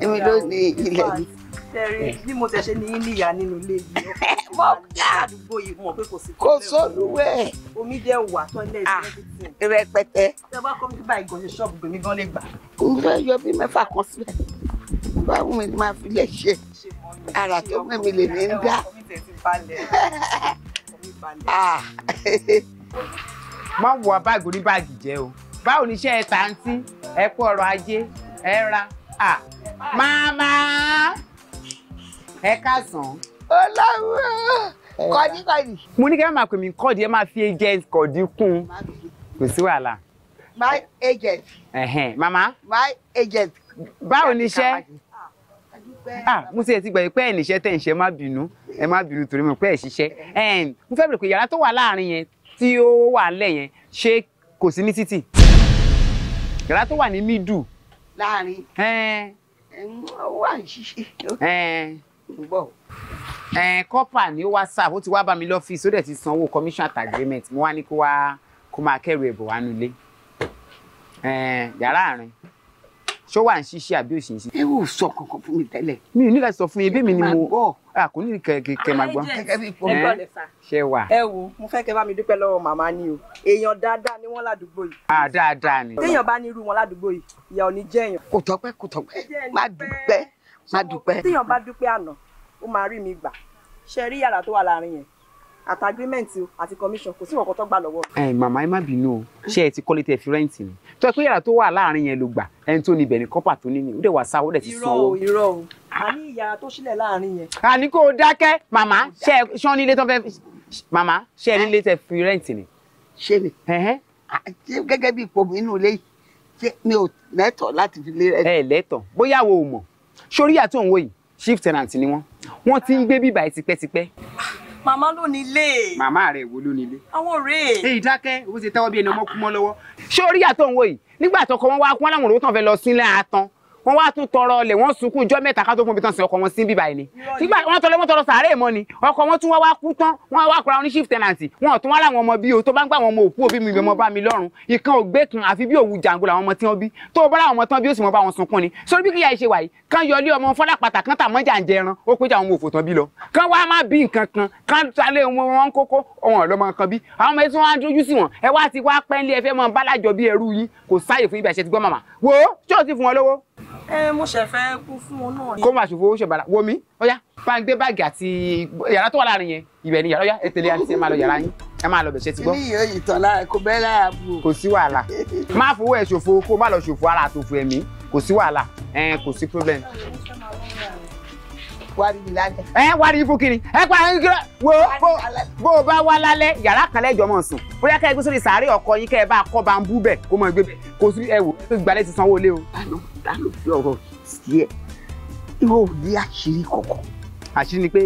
èmi ló ní ilẹ̀ yìí ṣẹ́rí eh. bí mo ṣẹ̀ṣẹ̀ ní níyà nínú ilé yìí ọkọ̀ àdúgbò yìí mọ̀ pé kò sí kò sọ́lúwẹ̀ omi jẹ́ wà tọ́lẹ̀ ah, rẹpẹtẹ tí a bá kọ́ mi báyìí gan ṣe ṣọ́ọ̀bù gbèmí gan lè gbà. n fẹ́ yọ bí mẹ́fà kan sílẹ̀ báwo mi máa fi lè ṣe ara tó mẹ́ mi lè ní dá. Ah. má wo abá ìgòrí báàgì jẹ o báwo ni iṣẹ́ ẹ tàǹtí ẹ kú ọrọ̀ ajé ẹ ra. Ah, mama! ẹ káàsán. ọlọ́run kọ́dí kọ́dí. mo ní kí ẹ máa pè mí kọ́dí ẹ máa fi agent kọ́dí kún un kò sí wàhálà. my agent. ẹ̀hẹ̀n mama. my agent. báwo ni iṣẹ́ ah mo ṣe ti gbàgbé pé ẹ̀ níṣẹ́ tẹ̀ ń ṣe má bínú ẹ má bínú torí mo pé ẹ̀ ṣiṣẹ́ mo fẹ́ bèrè pé yàrá tó wà láàrin yẹn tí ó wà ńlẹ̀ yẹn ṣé kò sí ní títì yàrá tó wà ní mídù. láàrin. ó wà ní ṣíṣe ń bọ̀. kọ́pà ní whatsapp ó ti wá bá mi lọ́fíìsì ó dẹ̀ ti sanwó commission at agreement mo wá ní kó wá kó máa kẹ́rù ẹ̀bùn wá nulẹ̀ yàrá àárín ṣó wà ń ṣiṣẹ́ àbí ò ṣì ń ṣiṣẹ́. ẹ ò sọ kankan fún mi tẹ́lẹ̀. mi ò ní láti sọ fún yín bí mi ni mo kò ní kẹ̀kẹ́ máa gbọ́. ṣé wà. ẹ wo mo fẹ́ kẹ́ bá mi dúpẹ́ lọ́wọ́ màmá ni o èèyàn dáadáa ni wọ́n ládùúgbò yìí. a ah, dáadáa ni. téèyàn bá ní irú wọn ládùúgbò yìí ìyà ò ní jẹ́ èèyàn. kò tọ́pẹ́ kò tọ́pẹ́ má dúpẹ́ má dúpẹ́. tíyàn bá dúpẹ́ àná ó máa rí mi gbà ṣe rí yàrá tó wà láàrin yẹn àti agreement àti commission kò sí nǹkan tó gbà lọ́wọ́. ẹ màmá ẹ má bínú o ṣé ẹ ti kọ́lé tẹ fi rẹ́ǹtì ni tó ẹ pé yàrá tó wà láàrin yẹn ló gbà ẹni tó ní ibẹ̀ ní kọ́pà tó ní ni ó dẹ̀ wá sáwọ́ dẹ̀ ti sanwó. irọ́ o irọ́ o a ní yàrá tó sílẹ̀ láàrin yẹn. àní kò dákẹ́ màmá ṣe ẹ ṣán nílé tó fẹ́ màmá ṣe fi rẹ́ǹtì ni. ṣé mi gẹ́gẹ́ bí ipò mi inú ilé mi ò lẹ́tọ̀ọ́ láti fi lé rẹ́ǹtì. ẹ lẹ́tọ̀ọ́ wo ò sórí yà tó ń wò yìí chief tenant ni wọ́n wọ́n ti ń gbé bíbà ẹ̀ tipẹ́tipẹ́. màmá ló ní ilé. màmá rẹ̀ wo ló ní ilé. àwọn ọ̀rẹ́. èyí dákẹ́ owó ti tẹ́wọ́ bí ẹni ọmọ kú mọ́ lọ́wọ́. sórí yà tó ń wò yìí nígbà tọkọ wọn wá kún wọn láwọn òróró tán fẹ́ lọ sílẹ̀ àtàn wọ́n wá tún tọrọ ọlẹ̀ wọ́n sunkún ijọ́ mẹ́ta ká tó fún mi tán sí ọkọ̀ wọn sí bíbá ẹni nígbà wọ́n tọrọ wọ́n tọrọ sàárè mọ́ ni ọkọ̀ wọn tún wá wá kú tán wọ́n wá kura wọn ní shift tenant wọn tún wá láwọn ọmọ bí o tó bá ń gbà wọn ọmọ òkú òbí mi ìbẹ̀mọ bá mi lọ́rùn ìkan ògbé kan àfi bí òwú jàǹgó làwọn ọmọ tí wọ́n bí tó bá láwọn ọmọ tán bí ó sì mọ bá wọn sunkún ni sórí bí kíyà ìṣe wà yìí kan yọlé ọmọ fọlápàtà kan tàmọ́ jàǹjẹ ẹran ó péjọ àwọn òfò tán bí lọ kan wá má bí nǹkan kan kan talé wọn ń kókó wọn lọmọ kan bí àwọn ọmọ ẹtún wọn á dójú sí wọn ẹ wá ti wá pẹ́ńlé ẹ fẹ́ mọ bá lájọ bí ẹrú yín kò sáyè fún ibà ìṣẹ́ ti gbọ́ màmá wo tí ò ti fún wọn lówó ẹ mo ṣe fẹ́ kú fún un náà. kó má ṣòfò ó ṣe bàrà wo mi ọyá pàǹdé báàgì àti yàrá tó wà láàrin yẹn ibẹ̀ ni yàrá ọyá ẹ tẹ̀lé àti ẹ máa lọ yàrá yín ẹ máa lọ bẹ̀ṣẹ̀ ti gbọ́. ilé yìí tán lára kò bẹ́ẹ̀ lára bù. kò sí wàhálà má fowó ẹ ṣòfò kó má lọ ṣòfò ara àtòfò ẹ̀mí kò sí wàhálà kò sí wárí mi lálẹ́. ẹ wárí yín fún kiri ẹ pa ẹ kiri wo bó o bá wá lálẹ́ yàrá kan lẹ́jọ́ mọ̀ sùn bóyá kẹ́ gbé sórí sàárè ọkọ yín kẹ́ bá kọ́ bá ń bú bẹ̀ kó mọ̀ gbé bẹ̀ kó sí ẹ wò ó gbalẹ̀ ti sanwó lé o. dáná dáná bí ọ̀rọ̀ sí ẹ ìwọ ò àṣírí kọ̀kọ̀. àṣírí ni pé.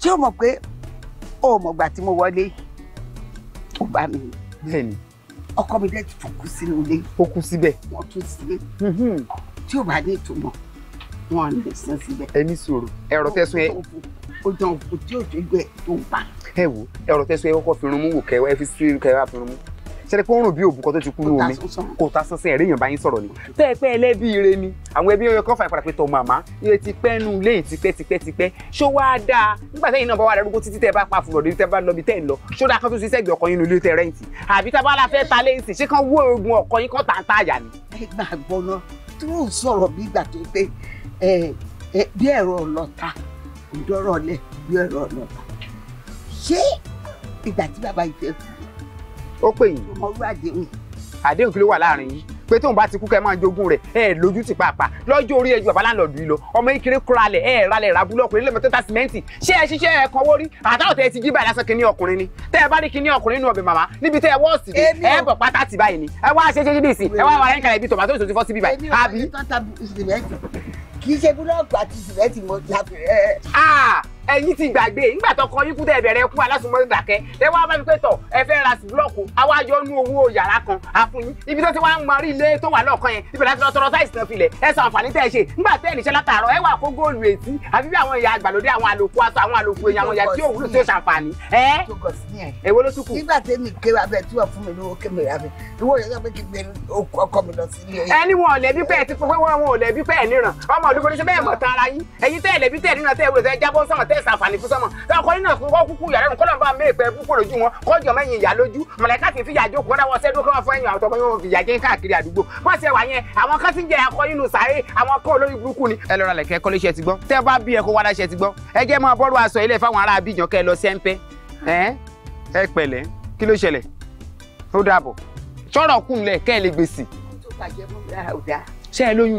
ṣé o mọ̀ pé o mọ̀ gbà tí mo wọlé o bá mi. bẹ́ẹ̀ni. ọkọ mi dẹ́ ti fòkú sínú ilé. ó kú síbẹ̀. wọ́n tún sílé. tí o bá ní ìtumọ̀ wọn ní sàn síbẹ̀. ẹ ní sòrò ẹ̀rọ tẹsán ẹ. ó jọ òkú o, òjò gbẹ tó ń bà. ẹ wo ẹ̀rọ tẹsán ẹ kọ́kọ́ fi irun mú wò kẹwàá ẹ fi sí kẹwàá fi irun mú ṣẹlẹ pé ó rùn bí òbúkọ tó ti kúrú omi kò ta sánsán ẹ̀rí èèyàn bá yín sọ̀rọ̀ ni tẹ́ ẹ pẹ́ ẹlẹ́bí ire ni àwọn ẹbí ọyọ kan fà ìpadà pé tọ màmá ilé ti pẹ́ nu lẹ́yìn tipẹ́ tipẹ́ tipẹ́ ṣó wáá dáa nígbà tẹ́yìn náà bá wà darúgbó títí tẹ́ bá pa fùrọ̀ lórí tẹ́ bá lọ bí tẹ́ ẹ lọ ṣó dáa kan tó ṣiṣẹ́ gbé ọkọ yín nílé tẹ́ rẹ́ǹtì àbí tá a bá la fẹ́ ta lẹ́yìn ṣé kan wó ogun ọkọ yín kan tà ń tà àyà ni. ẹ gbàgbọ́ náà tó sọ̀rọ̀ bí gbà tó pé bí ẹ̀rọ ọlọ́ta ìdọ́rọ̀ lẹ̀ bí ẹ̀rọ ọlọ́ta ṣé ìgbà tí bàbá ìfẹ́ kú. ó pè yín. ọmọ orú àdéhùn. àdéhùn kí ló wà láàrin yín pé tóun bá ti kú kẹ́ máa jogún rẹ̀ ẹ lójú ti pàápàá lọ́jọ́ orí ẹjọ́ bàbá láńlọ́ọ̀dù yìí lọ ọmọ ìkéré kúralẹ̀ ẹ ralẹ̀ ra búlọ́ọ̀kù nílẹ̀ mọ́tẹ́ta símẹ́ǹtì ṣé ẹ ṣiṣẹ́ ẹ kan wórí àtàwọn tẹ ẹ ti jí báyìí lásán kínní ọkùnrin ni tẹ ẹ bá rí kínní ọkùnrin nínú ọbẹ̀ màmá níbi tẹ ẹ wọ́ sí ẹ bọ̀ pátá ti báyìí ni ẹ wá ṣe ṣe ṣe bí ìsìn ẹ wá wà rẹ́ńkà kì í ṣe búlọ́ọ̀kù àti sìmẹ́ǹtì mo la ah! fi ẹ̀yin ti gbàgbé nígbà tó kọ yín kú tẹ bẹ̀rẹ̀ kú alásùnmọ dàkẹ ẹ wá bá mi pé tọ ẹ fẹ́ ra sí búlọọkù àwa yọ nú owó yàrá kan àfún yín ibi tó ti wá ń mọrí ilé tó wà lọọkan yẹn ibẹ̀ láti lọ tọrọ táìsì náà filẹ̀ ẹ sọ àǹfààní tẹ ẹ ṣe nígbà tẹ ẹ níṣẹ́ látàárọ̀ ẹ wà kó góòlù ètí àbí bí àwọn ìyá àgbàlódé àwọn àlòkù aṣọ àwọn àlòkù èèyàn àwọn ìyá tí ò wúlò tí ò ṣàǹfààní. ẹ èwo ló túkù. nígbà tí mi ké abẹ tí wọn fún mi lówó ké mi rà mi ìwọ yẹn sọ pé kí n gbé ọkọ mi lọ sí ilé. ẹni wọn ò lẹbi pé ẹ ti pé wọn ò lẹbi pé ẹ níran ọmọ olùkọ́ni ṣe bẹ́ẹ̀ mọ̀ tán ara yín ẹ̀yin tẹ́ ẹ lẹbi tẹ́ fẹ́ ṣàǹfààní fún sọ́mọ̀ tí ọkọ iná kún kúkú yàrá nǹkan náà bá mé ìpẹ́ púpọ̀ lójú wọn kọ́jọ mẹ́yìn ìyá lójú mọ̀lẹ́ká ti fìyà jókòó kọ́dà wọ́n sẹ́dúró káwọn fún ẹ̀yìn àwọn yóò fìyà jẹ́ káàkiri àdúgbò wọ́n ṣe wà yẹn àwọn kan ti jẹ akọ inú sàárè àwọn kan olórí burúkú ni. ẹ lọ́ra lẹ̀kẹ́ kọ́lé iṣẹ́ ti gbọ́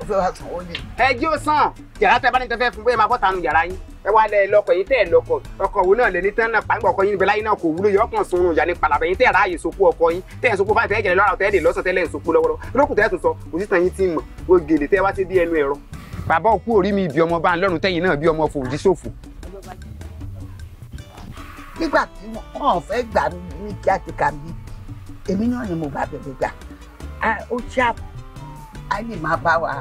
ó fẹ́ wá sanwó lè. ẹ jí ó sàn yàrá tẹ bá ní tẹfẹ fún bóyá máa bọ́ tanu yàrá yín ẹ wá lẹ lọkọ yín tẹ ẹ lọkọ ọkọ wo náà lẹ ní tán náà pàǹgbà ọkọ yín níbẹ̀ láyé náà kò wúlò yọ ọkàn sunrun ìyá ní palabẹ yín tẹ ẹ ráàyè sopó ọkọ yín tẹ ẹ sopó báyìí tẹ ẹ jẹrẹ lọ́ra tẹ ẹ lè lọ́sọ̀ tẹ́lẹ̀ sopó lọ́wọ́rọ́ lókùn tẹ ẹ tún sọ òtítàn yín ti mọ̀ ògèlè tẹ ẹ wá sí bí ẹnu ẹ̀rọ. bàbá òkú orí mi ibi ọmọ bá ń lọ́rùn tẹ́yìn náà bí ọmọ fò òjì sófò. nígbà tí wọn fẹ́ gbà mí ní kíákíkà mi èmi náà ni mo bá bẹ̀rẹ̀ gbà ó ṣáàpù á lè máa bá wa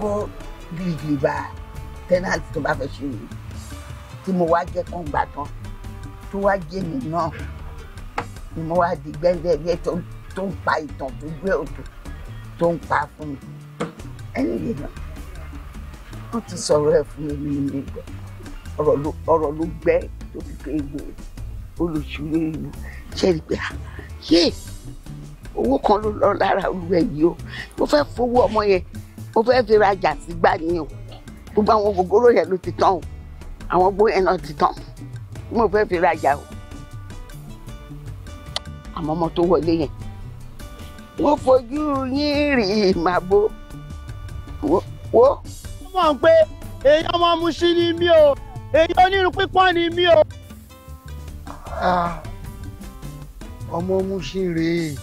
kó bìlìbìlì bá tẹ́nàtì tó bá fẹ́ ṣe yìí tí mo wá jẹ́ kán gbà tán tó wá jẹ́ mi náà ni mo wá di gbẹ́ngbẹ́ngbẹ́ tó ń pa ìtàn tó gbé òtò tó ń pa fún mi ẹni yìí náà wọ́n ti sọ̀rọ̀ ẹ̀ fún mi ní ìgbẹ́ ọ̀rọ̀ ló gbẹ́ tó fi pé olùsúlẹ̀ ìlú ṣe é rí owó kan ló lọ lára olúwẹ yìí o mo fẹ́ fowó ọmọ yẹn mo fẹ́ fi rajà sí gbà ni o gbogbo àwọn gògóró yẹn ló ti tán o àwọn gbó yẹn náà ti tán mo fẹ́ fi rajà o àmọ́ ọmọ tó wọlé yẹn mo fojú yín rí màbo wo. ó mọ̀ pé èyí ọmọ musin ni mí o èyí onírun pípọ́n ni mí o. Ah, ọmọ musin rèé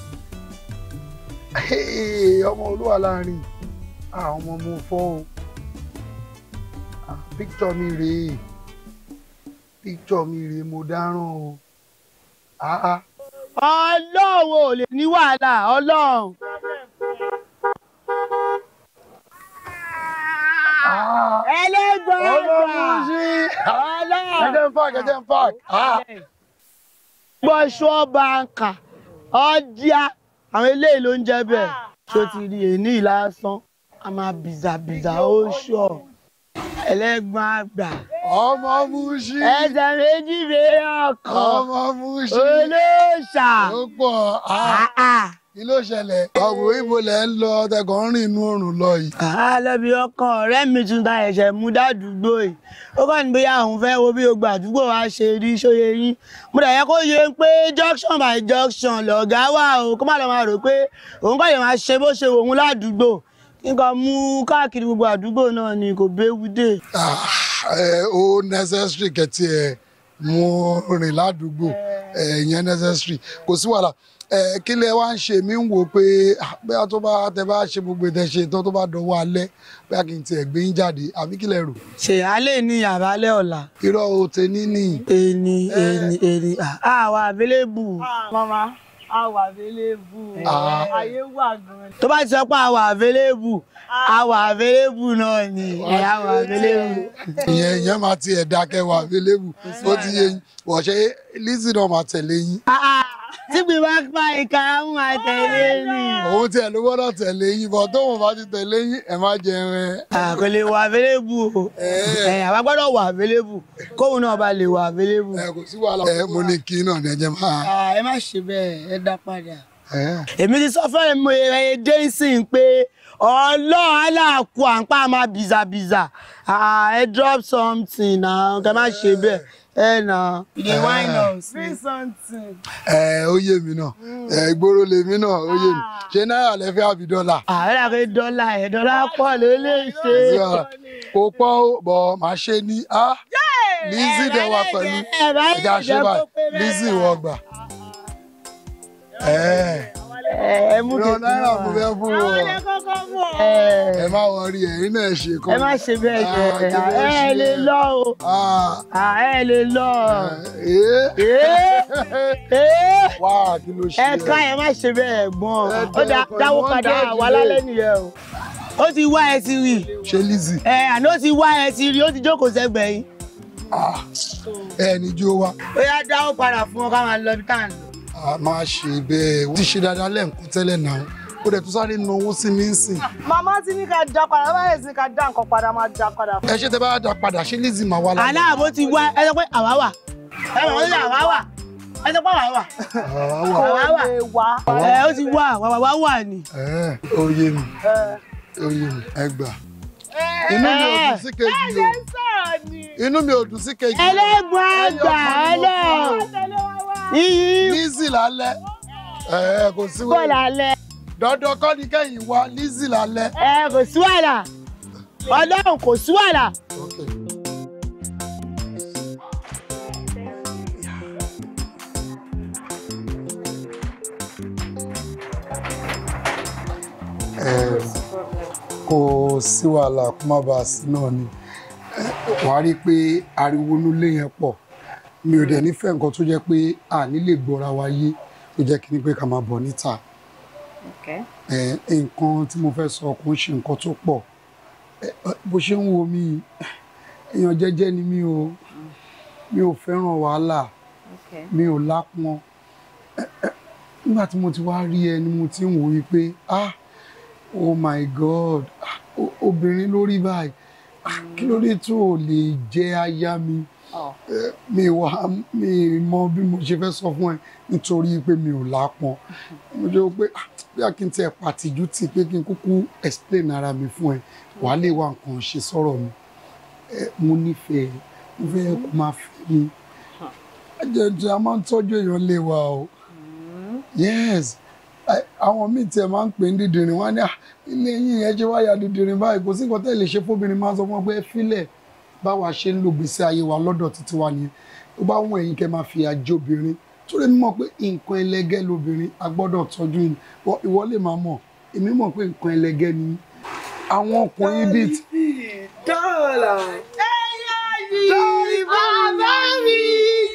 ọmọ olúwa láàrin àwọn ọmọ mo fọ́ o píktọ̀ mi rèé píktọ̀ mi rèé mo dáràn o. ọlọ́run ò lè ní wàhálà ọlọ́run. ẹlẹ́gbọ̀n ọlọ́run sí ọlọ́run. kẹ̀kẹ́ ń park kẹ̀kẹ́ ń park. gbọ́sọ̀ bàǹkà ọjà àwọn eléyìí ló ń jẹ́ bẹ́ẹ̀ tó ah, ti rí èní ìlàsán a máa bìzàbìzà ó ṣọ ẹlẹ́gbọ́n àgbà. ọmọ mushi. ẹsẹ̀ méjì bẹ́ẹ̀ ọkọ̀. ọmọ mushi. olóòṣà. ó pọ̀ á. Ah. Ah, kí ló ṣẹlẹ̀ ọ̀gbìn ibo lẹ̀ ń lọ ọ̀tẹ̀kọ̀ ń rìn inú oòrùn lọ yìí. àlọ́bí ọkàn ọ̀rẹ́ mi tún ta ẹ̀ṣẹ̀ mú dádùúgbò yìí ó kàn ní bóyá òun fẹ́ wo bí gbogbo àdúgbò wa ṣe rí ṣóye yín mo dẹ̀ kó yẹ pé junction by junction lọ̀gá wà o kó má lọ máa rò pé òun kọ́ lè máa ṣe bó ṣe wò òun ládùúgbò nǹkan mú káàkiri gbogbo àdúgbò náà ni kò béwu dé. ó necessary kẹ́tì ẹ̀ mo rìn ládùúgbò ẹ̀yẹn necessary kò sí wàhálà kí lẹ wá ń ṣe mí ń wò pé bóyá tó bá tẹ bá ṣe gbogbo ìtẹ ṣe tán tó bá dọwọ́ alẹ́ bóyá kí n tiẹ̀ gbé yín jáde àbí kí lẹ rò. ṣèyálé ni àbálẹ̀ ọ̀la. irọ́ o tèmi ni. èni èni èni àwa àbélébù. mama àwa àbélébù. ayé wà gan. tó bá ti sọ pé àwa àbélébù àwa àbélébù náà ni àwa àbélébù. ìyẹn ìyẹn máa ti ẹ̀dá kẹwàá àbélébù ó ti yé yín wọ̀ṣẹ́ Lizzy náà máa tẹ̀lé yín tí mi bá pa ìka ń máa tẹ̀lé oh mi. òun tiẹ̀ ló gbọ́dọ̀ tẹ̀lé yín bọ̀ tóun bá ti tẹ̀lé yín ẹ̀ má jẹ rẹ. kò lè wà available o eh. Eh, àwa gbọ́dọ̀ wà available kóun náà bá lè wà available. ẹ eh, kò sí wàhálà. ẹ mo ní kí náà ní ẹjẹ máa. ẹ má ṣe bẹ́ẹ̀ ẹ dá padà. èmi ti sọ fún ẹ̀mọ ẹ̀yẹ dẹ́sìn pé ọlọ́run aláàkú à ń pa máa bìzàbìzà ẹ drop something náà kẹ má ṣe bẹ́ẹ̀ ẹ na. you dey wine us. bring something. ẹ ó yé mi náà ẹ gbóró lèmi náà ó yé mi ah. ṣé náírà lè fẹ́ àbí dọ́là. Ah, àárẹ̀ pé dọ́là ẹ̀ dọ́là pọ̀ ló lè ṣe. kò pọ̀ ó bọ̀ máa ṣe ní a Lizzy dẹ̀ wá pẹ̀lú ẹ̀dá ṣe báyìí Lizzy wọ́n gbà. Eh, ẹ mú kékeré náírà mo fẹ́ fún ọ ẹ má wọrí ẹ̀yin náà ṣe kọ́ ẹ má ṣe bẹ́ẹ̀ ah, jẹ ah, ah. ẹ lè lọ o ẹ lè lọ ẹ ká ẹ má ṣe bẹ́ẹ̀ gbọ́n ó dáwó padà wà lálẹ́ nìyẹn o ó ti wá ẹ ti rí ṣe Lizzy ẹ àná ó ti wá ẹ ti rí ó ti jókòó sẹ́gbẹ̀ẹ́ yìí ẹni jó wa. ó yá dáwó padà fún ọ ká máa lọ bí tá à ń lọ a máa ṣe bẹ́ẹ̀ wọ́n ti ṣe dáadáa lẹ́ǹkan tẹ́lẹ̀ náà ó dẹ̀ tún sáré nu owó sí mi ń sìn. màmá ti ní ká da padà bá yẹn sí ká da nǹkan padà máa da padà. ẹ ṣe tẹ bá da padà ṣé Lizzy máa wá lára. aláàbò ti wá ẹ sọ pé àwa wà ẹ bàbá ní àwa wà ẹ sọ pé àwa wà. àwa wà ẹ ó ti wà wà wà wà ni. ẹ ó yé mi ó yé mi ẹ gbà. Eh, inú mi ò dùn sí kejì o inú mi ò dùn sí kejì o ẹlẹ́gbọ̀n àgbà ọlọ́ iyì Lizzy lálẹ́ ẹ eh, eh, kò sí wàhálà dandan kọ́ ni kẹ́yìn wa Lizzy lálẹ́ ẹ kò sí wàhálà ọlọ́run kò sí wàhálà. Yes kò sí wàhálà kó má bàa sí náà ni wà á rí i pé ariwo nílé yẹn pọ̀ mi ò dẹ̀ nífẹ̀ẹ́ nǹkan tó jẹ́ pé a nílè gbọ́ra wa yé tó jẹ́ kí ni pé ká máa bọ̀ níta nǹkan tí mo fẹ́ sọ kò ń ṣe nǹkan tó pọ̀ bó ṣe ń wo mi èèyàn jẹ́jẹ́ ni mi ò mi ò fẹ́ràn wàhálà mi ò lápọn nígbà tí mo ti wá rí ẹ ni mo ti ń wò wípé ah oh my god ah, obìnrin lórí báyìí ah, kí ló dé tó o lè jẹ aya mi oh. eh, mi wá mi mọ bí mo ṣe fẹ́ sọ fún ẹ nítorí pé mi ò lápọn mo jẹ́ pé ah, bí a kì í tẹ pàtìjú tì pé kí n kúkú explain ara mi fún ẹ wàá lè wá nǹkan ṣe sọ̀rọ̀ mi eh, mo nífẹ̀ẹ́ mo fẹ́ kó máa fẹ́ mi jẹjẹ a máa ń tọ́jú èèyàn lé wa o hmm. yes àwọn míì tiẹ̀ máa ń pè ní dídìrín wọn ní ah, ilé yín yẹn ṣe wáyà dídìrín báyìí kò sí nǹkan tẹ́ lè ṣe fóbìnrin máa sọ fún ọ pé fílẹ̀ báwa ṣe ń lo gbèsè ayé wa lọ́dọ̀ títí wa nìyẹn tó bá wọn ẹ̀yin kẹ́ máa fi àjẹ obìnrin tó lè mọ̀ pé nǹkan ẹlẹgẹ́ lobìnrin a gbọ́dọ̀ tọ́jú ìwọ lè máa mọ̀ èmi mọ̀ pé nǹkan ẹlẹgẹ́ ni àwọn ọkùnrin bíi. dọ́là ẹ̀yà yìí bàbá mi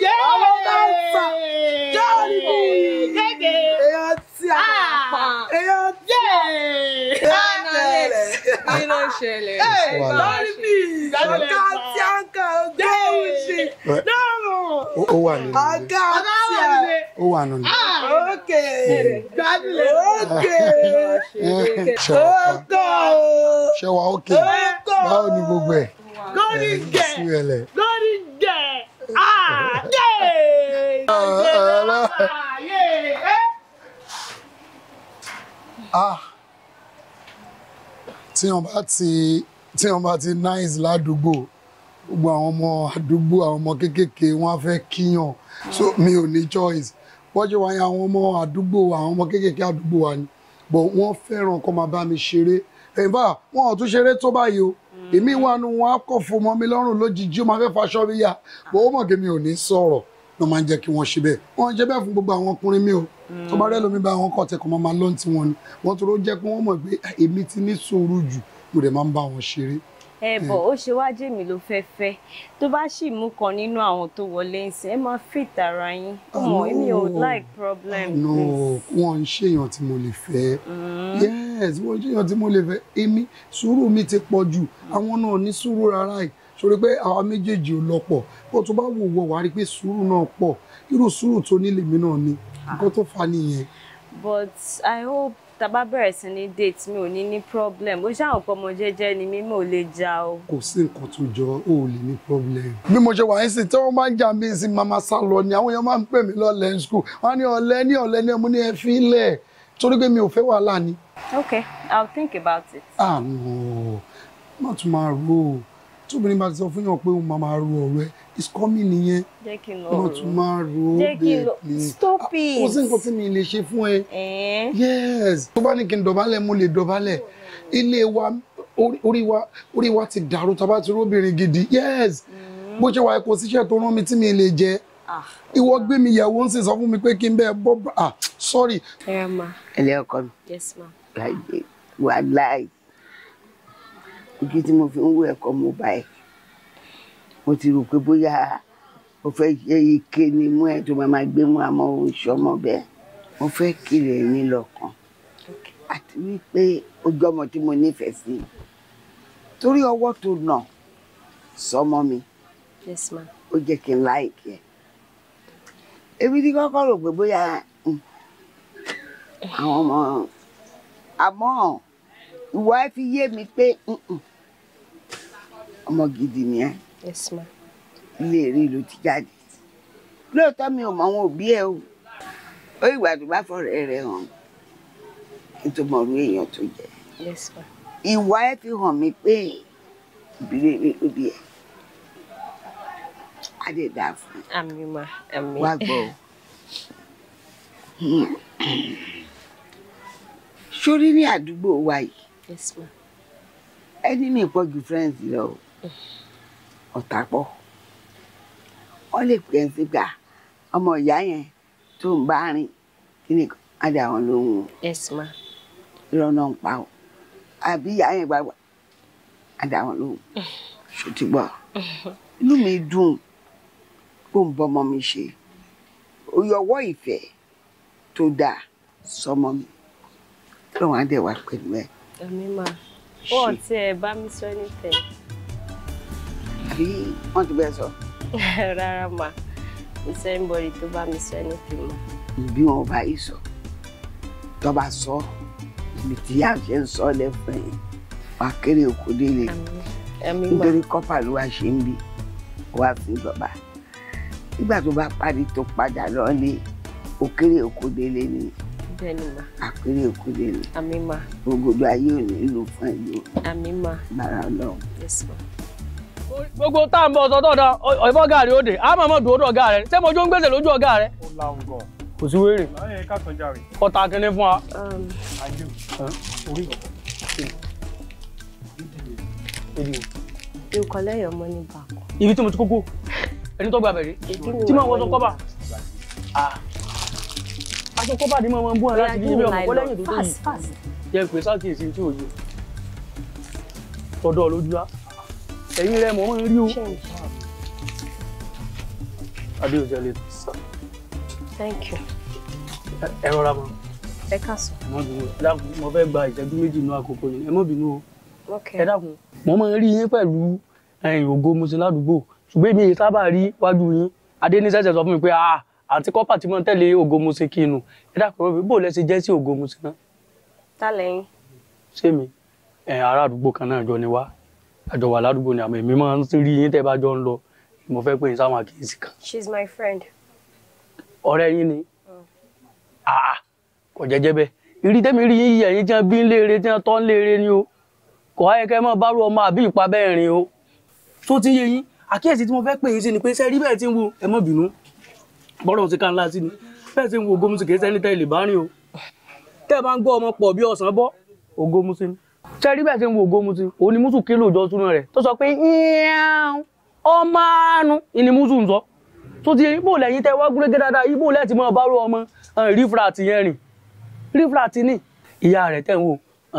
jẹ́ ọlọ́dà ń fà dọ́là mi jẹ́ sí àgbàpá èèyàn tí ẹ̀ẹ́dẹ̀rẹ̀ kí ló ṣẹlẹ̀ lórí mi ọ̀gá tí a kà ọ̀gá òṣì náà ó wà nínú ọ̀gá tí a ó wà nínú òkè gbàdúrà òkè ọkọ ṣẹwà òkè báwo ni gbogbo ẹ lórí gẹ lórí gẹ àdé. 耶！ah tí wọn bá ti tí wọn bá ti nice ládùúgbò gbogbo àwọn ọmọ àdúgbò àwọn ọmọ kéékèèké wọn á fẹ́ kíyàn so mi ò ní choice wọ́n jẹ́ wáyé àwọn ọmọ àdúgbò àwọn ọmọ kéékèèké àdúgbò wa ni but wọ́n fẹ́ràn kó máa bá mi ṣeré ẹ̀yìnbá wọn ò tún ṣeré tó báyìí o èmi wà nù wọn á kọ̀ fún ọmọ mi lọ́rùn lójijì ó máa fẹ́ faṣọ mi yá but ó mọ̀ kí mi ò ní sọ̀rọ̀ ló máa ń jẹ́ kí wọ́n ṣe bẹ́ẹ̀ wọ́n jẹ́ bẹ́ẹ̀ fún gbogbo àwọn ọkùnrin mi o hmm. tó bá rẹ́ lómi bá wọn kọ́ tẹkọ̀ máa lọ́n tí wọ́n ni wọ́n tó ló jẹ́ pé wọ́n mọ̀ pé ah, èmi ti ní sùúrù jù mo dẹ̀ máa ń bá wọn ṣeré. ẹ hmm. bọ ó ṣe wá jèmi ló fẹ́ fẹ́ tó bá sì mú kan nínú àwọn tó wọlé ń sìn ẹ máa fi tara yín ah, ọmọ èmi ò like problem. Ah, no wọn ń ṣèyàn tí mo lè fẹ́ hmm. yes wọn ń ṣèyàn tí mo lè fẹ́ èmi sùúrù mi ti pọ̀ jù àwọn náà ní sùúrù rárá yìí sórí pé àwa méjèèjì ò lọ́pọ̀ bó tó bá wò wọ wàá rí pé sùúrù náà pọ̀ irú sùúrù tó ní lèmi náà ni nǹkan tó fa nìyẹn. but i hope tàbá bẹ̀rẹ̀ sí ní date mi ò ní ní problem ó ṣáà ọ̀pọ̀ ọmọ jẹ́jẹ́ ni mi mi ò lè jà o. kò sí nǹkan tó jọ ò lè ní problem. bí mo ṣe wà ní sìn tí wọ́n máa ń jà mí sí mama sálọ ni àwọn èèyàn máa ń pè mí lọ́lẹ̀ ní school wọ́n ní ọ̀lẹ ní ọ̀lẹ ní ọmọ ní ẹ lẹ̀ torí pé mi ò fẹ́ wàhálà ni. okay i'll think about it. ah no má tún tóbìnrin bá ti sọ fún yàn pé òun máa máa ro ọ̀rọ̀ ẹ it's coming nìyẹn jẹ́ kí n lọ rò ó tún máa ro ó bẹ́ẹ̀ ni stop it ah, kò sí nǹkan tí mi lè ṣe fún ẹ yes tó bá ní kí n dọ̀bálẹ̀ mo lè dọ̀bálẹ̀ ilé wa orí wa orí wa ti dàrú tá a bá ti róbìnrin gidi yes mm-hmm. bó ṣe wà kò síṣẹ́ tó rán mi tí mi lè jẹ ah. ìwọ gbé mi yàwó ń sì sọ fún mi pé kí n bẹ́ẹ̀ bọ́ ah sorry. ẹ ẹ ma ẹ lé ọkọ mi. yes ma. wàhálà yìí igi tí mo fi ń wú ẹ̀kọ́ mo bá ẹ̀ mo ti rò pé bóyá mo fẹ́ jẹ́ ike ni mú ẹ̀ tó máa máa gbé mú àmọ́ oṣù ọmọ bẹ́ẹ̀ mo fẹ́ kiri ẹ̀ ní lọ́kàn àti wípé ojú ọmọ tí mo nífẹ̀ẹ́ sí torí ọwọ́ tó nà sọmọ mi yes ma ó jẹ́ kí n láìkí ẹ̀ èmi ti kọ́kọ́ rò pé bóyá hmm, àwọn ọmọ àmọ́ ìwà fi yé mi pé hmm, hmm, ọmọ gidi ni ẹ yes ma ilé èrè ló ti jáde lóòótọ́ mi ò mọ àwọn òbí ẹ o ó ìwà tó bá fọ̀rẹ́ rẹ hàn ètò mọ̀rú èèyàn tó jẹ yes ìwà ẹ fi hàn mí pé ìbílẹ̀ rẹ ló ẹ á lè dáa fún ẹ gbọ́ o sórí ní àdúgbò wa yìí yes ma ẹni mi pọ̀ ju friends lọ ọ̀tá pọ̀ wọ́n lè pè é sí gbà ọmọ ìyá yẹn tó ń bá rìn kí ni adé àwọn lóhùn o. ẹ sì máa. irọ́ náà ń pa o àbí ìyá yẹn gbàgbà adé àwọn lóhùn ṣùtìgbọ́ inú mi dùn kó ń bọ́ ọmọ mi ṣe oyè ọwọ́ ìfẹ́ tó dáa sọmọ mi lọ́wọ́n adé wa pẹ̀lú ẹ. ẹ̀mí máa ó ọ̀tí ẹ̀ bá mi sọ anything àbí wọ́n ti bẹ́ẹ̀ sọ. rárá mà ìsọ ìbọ̀rì tó bá mi sọ ẹni fi mọ́. bí wọn bá yìí sọ tó bá sọ ibi tí yá ṣe ń sọ lẹ́fẹ̀ẹ́ yìí wà kéré òkú délé nítorí kọ́pà ló wá ṣe ń bí wá fi bàbá nígbà tó bá parí tó padà lọ ní òkèrè òkú délé ni bẹ́ẹ̀ni ma. àpèrè òkú lè rí. àmì ma. gbogbo ayé ò ní lò fún ẹ̀yọ́. àmì ma. gbàrà Ọlọ́run. yes gbogbo tá à ń bọ̀ ọ̀sọ̀ tọ̀dọ̀ ọ̀yìnbọ̀ ọ̀gá rẹ̀ òde àmọ́ ọmọ dùn ó dọ̀gá rẹ̀ ṣé mo jó ń gbèsè lójú ọ̀gá rẹ̀. ó la ọgọ. kò sí wéèrè. kọta kínní fún wa. Um. ìkọ̀ lẹ́yìn ọmọ ní bàkọ́. ibi tí mo ti kókó ẹni tó gba bẹ̀rẹ̀ tí máa wọ́n tó kọ́ bá aṣọ kọ́bà ní bú ara ti bí ilé ọmọ lẹ́yìn tó tó yìí jẹ́ pé sákìsì tí òye tọ́dọ̀ lójú ẹ̀yin rẹ mọ̀ ń rí o. adé ò thank you. ẹ rọra mọ. ẹ káàsán. ẹ má bínú ẹ dákun mo fẹ́ gba ìṣẹ́jú méjì nínú àkókò yẹn ẹ má bínú o. ẹ dákun mo máa ń rí yín pẹ̀lú ògo mosin ládùúgbò ṣùgbọ́n èmi yìí sábà rí wájú yín adé ní sẹ́sẹ̀ sọ fún mi pé ah àti kọ́pà tí mo ń tẹ̀lé ògo mosin kinu ẹ dákun rẹ bó lẹ ṣe jẹ́ sí ògo mosin náà. ta lẹ́yìn. ṣé mi ẹ̀ ará àdúgbò kan náà jọ ni wá àjọ ládùúgbò ni àmọ́ èmi máa ń rí yín tẹ́ bá jọ ń lọ mo fẹ́ pè yín sáwọn àkíyèsí kan. she's my friend. ọ̀rẹ́ yín ni mm. ah, ah, kò jẹ́jẹ́ bẹ́ẹ̀ ìrí tẹ́mi rí yín yìí ẹ̀yin tí wọ́n bí ń léere tí wọ́n tọ́ ń léere ni o kò wáyé kẹ́ máa bárò ọmọ àbí ìpa bẹ́ẹ̀ rìn o. tó ti yé yín àkíyèsí tí mo fẹ́ pè yín sí ni pé sẹ́rí bẹ́ẹ̀ ti ń wo ẹ má bínú bọ́rọ̀ ti ká ńlá sí ni bẹ́ẹ̀ ti ń wo Ògómùsì kì í sẹ́ni tẹ́ ilé bá rìn o tẹ́ ẹ bá ń gbọ́ ọmọ pọ̀ bí ọ̀sán bọ́ Ògómùsì ni ṣẹ́rí bẹ́ẹ̀ ṣe ń wo ògo Mutí òun ni Mùsù ké lóòjọ́ súná rẹ̀ tó sọ pé yíyan ọmọ àánú ni ń sọ tó ti ibo lẹ́yìn tẹ́ wá gúrégé dáadáa ibo lẹ́ẹ̀ mọ́ bárò ọmọ rífra yẹn rìn rífra ní ìyá rẹ̀ tẹ̀ ń wò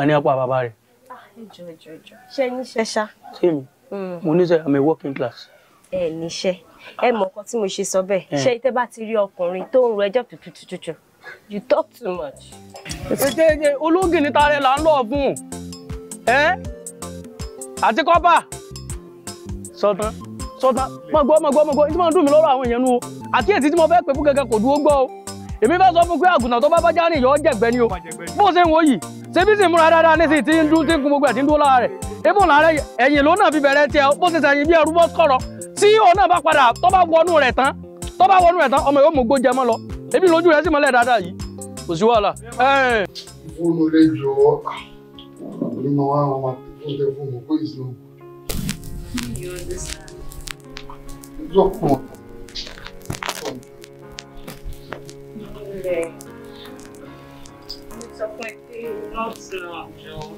ní apá bàbá rẹ̀. I'm a working class. ẹ níṣẹ́ ẹ mọ nǹkan tí mo ṣe sọ bẹ́ẹ̀ eh. ṣé tẹ́ bá ti rí ọkùnrin tó ń ro ẹjọ́ tutututu you talk too much. olóògì ní tarẹ̀ là ń lọ fún un. ẹ́ àti kọ́pà sọ̀tàn sọ̀tàn mọ̀ gbọ́ mọ̀ gbọ́ mọ̀ gbọ́ ní tí mo ń dùn mí lọ́rọ̀ àwọn èèyàn nu o àkíyèsí mo o emi fẹ́ sọ fún pé àgùntàn tó bá bá jáde yọ ọ́ ni o bó ṣe ń wo yìí ṣebí sì múra dáadáa ní ti ń dún ti ndu kun gbogbo ẹ̀ tí ń dúró lára rẹ̀ ebó làárẹ̀ ẹ̀yìn ló náà fi bẹ̀rẹ̀ tiẹ̀ bó ṣe torí mo wá wọn máa tẹ fún mi kó ìṣó. ojú ọ̀pọ̀ wọn. Not now, Joe.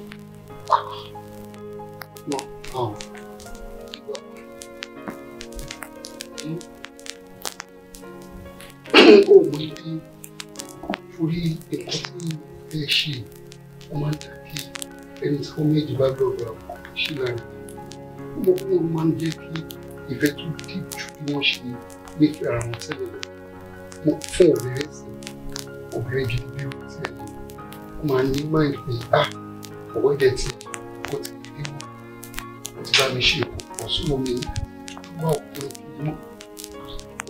No, no. ó mọ ibi orí ẹ̀kọ́ tí ẹ ṣe ẹni tí wọ́n méjì bá gbọ́dọ̀ àkókò sí láàrin wọn kó wọn máa ń jẹ́ kí ìfẹ́ tó dì ju bí wọ́n ṣe nífẹ̀ẹ́ ara wọn tẹ́lẹ̀ lọ mo fún obìnrin sí obìnrin gidi bí ó ti ẹ̀ lọ máa ní máa ń pè á ọ̀wọ́ ẹ̀dẹ̀ tí kò ti rí wọn kò ti bá mi ṣe ìkọ̀kọ̀ súnmọ́ mi wá ọkùnrin kìí mọ́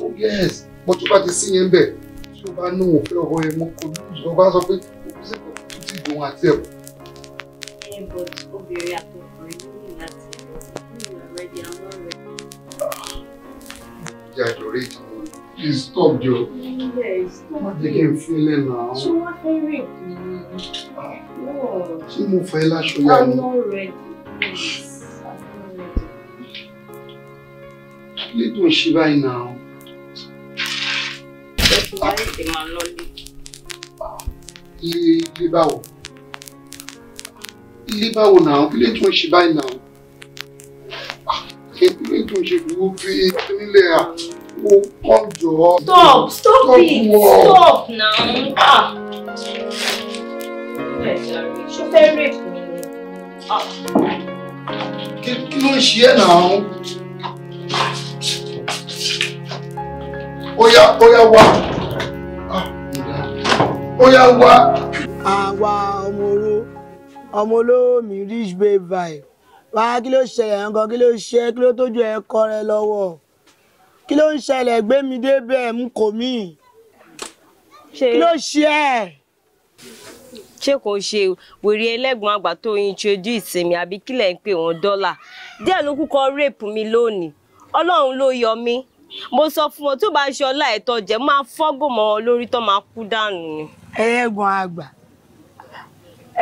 oh yes mo tún bá ti sí yẹn bẹ́ẹ̀ tí ó bá ní òun fẹ́ ọ̀rọ̀ ẹ̀ mọ́ kó lóòótọ́ bá sọ pé kò sí ìkọ̀kọ̀ tó obìnrin àtọkùnrin ní láti already I'm not ready. Jẹ́ ìtàn. Please stop jọ. Yes, stop. Má jẹ́ kí n fún ilé náà. Ṣé wọ́n fẹ́ rìn bí? Ṣé mo fẹ́ láṣọ yá ni? I'm not ready. Ilé tó ń ṣe báyìí náà. Ṣé o ti wá ìdè máa lọ Ilé ilé báwo? ilé báwo náà kí lè tún ṣe báyìí náà kí lè tún ṣe gbogbo bí nílẹ̀ à ó kàn jọ. stop stop it stop now. Ah. ṣó fẹ́ rape mi ni. Ah. kí ló ń ṣe ẹ́ náà. Oya ah, yá ó yá wá àwa ọmọ orí ọmọ olómi rich babe vibe wá kí ló ṣẹlẹ̀ nǹkan kí ló ṣe kí ló tójú ẹ kọ́ rẹ lọ́wọ́ kí ló ń ṣẹlẹ̀ gbé mi débẹ̀ mú kò mí kí ló ṣe ẹ̀. ṣé kò ṣe wèrè ẹlẹ́gbọ̀n àgbà tó introduce mi àbí kílẹ̀ ń pè wọ́n dọ́là díẹ̀ ló kúkọ rape mi lónìí ọlọ́run ló yọ mí mo sọ fún wọn tó bá ń ṣe ọlá ẹ̀tọ́ jẹ́ máa fọ́gùn mọ́ wọn lórí tó máa kú dànù ni. ẹlẹ́gbọ̀n àgbà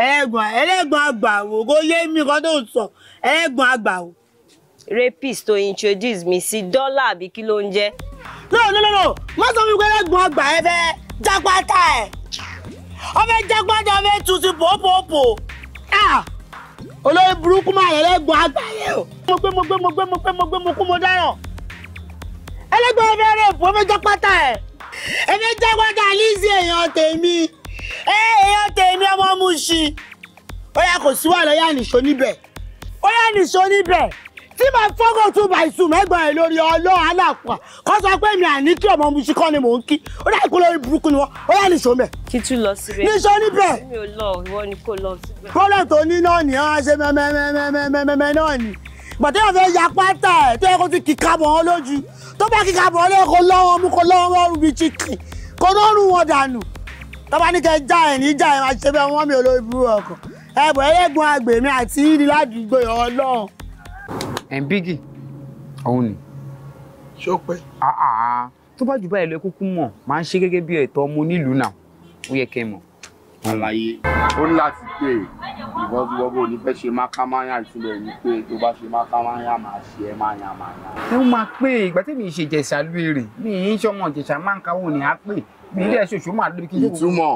ẹlẹ́gbọ̀n ẹlẹ́gbọ̀n àgbàwò kò yé mi kan tó sọ ẹlẹ́gbọ̀n àgbàwò. rapist tó introduce mi sí dọ́là àbí kí ló ń jẹ́. no no no no wọ́n sọ fún mi pé ẹlẹ́gbọ̀n àgbà ẹ fẹ́ jápátá ẹ̀ ọbẹ̀ jápátá ọbẹ̀ tuntun pòpòpò olórí burúkú máa yẹ ẹlẹ́gbọ̀n àgbà yẹ o. mo gbé mo gbé mo gbé mo gbé mo gbé mo kú mo dáràn ẹlẹ́gbọ̀n ọbẹ̀ rẹ̀ bọ́ fẹ́ jápátá ẹ̀ ẹ fẹ́ jápátá Lizzy èèyàn tèmi ẹ èèyàn tèmi ọmọ Mushin ó yà kò sí wàhálà ó yà nìṣó níbẹ̀ ó yà nìṣó níbẹ̀ tí màá fọ́gọ̀ tún bá ìsùn mẹ́gbọ̀n ẹ̀ lórí ọlọ́run aláàpá kọ́ sọ pé mi àní kí ọmọ Mushin kọ́ ni mò ń kí ó dà kú lórí burúkú ni wọ́n ó yà nìṣó mẹ́. kí tún lọ síbẹ̀ nìṣó níbẹ̀ mi ò lọ ìwọ ni kò lọ síbẹ̀. kọ́lọ̀ tó ní náà ni wọ́n ah, á ṣe mẹ́mẹ́mẹ́mẹ́mẹ́mẹ́ náà ni bàtẹ́ yóò fẹ́ ya pátá ẹ̀ tó yẹ kó ti kíkà bọ̀ ọ́ lójú tó bá kíkà bọ̀ ọ́ lẹ́yìn kó lọ́wọ́ mú kó lọ́wọ́ rú bíi chicken kó lọ́rùn wọn dànù tọ́ba ní kẹ́ já ẹ̀ ní já ẹ̀ máa ṣe bẹ́ẹ̀ wọ́n mi ò lórí burú ọkọ̀ ẹ̀bùn ẹlẹ́gùn agbèmí àti ìdí ládùúgbò ọlọ́run. ẹ̀ ń bígì ọ̀hún ni. ṣé ó pẹ́. Ah, ah, ah. tó bá jù báyìí lọ kúkú mọ̀ máa ń ṣe gẹ́gẹ́ bí ẹ̀tọ́ ọmọ onílùú náà ó yẹ kẹ́ mọ̀. àlàyé ó ní láti pé ìwọ tí wọ́n bó ní fẹ́ ṣe mákámáyà ìtúlẹ̀ ni pé tó bá ṣe mákámáyà máa ṣe ẹ máa yàn máa yàn. ẹ máa pé ìgbà tí mi ṣe jẹ̀sà lu mi ì mi ní ẹ̀ṣẹ̀ òṣù máa lóbi kí n jókòó. ìtumọ̀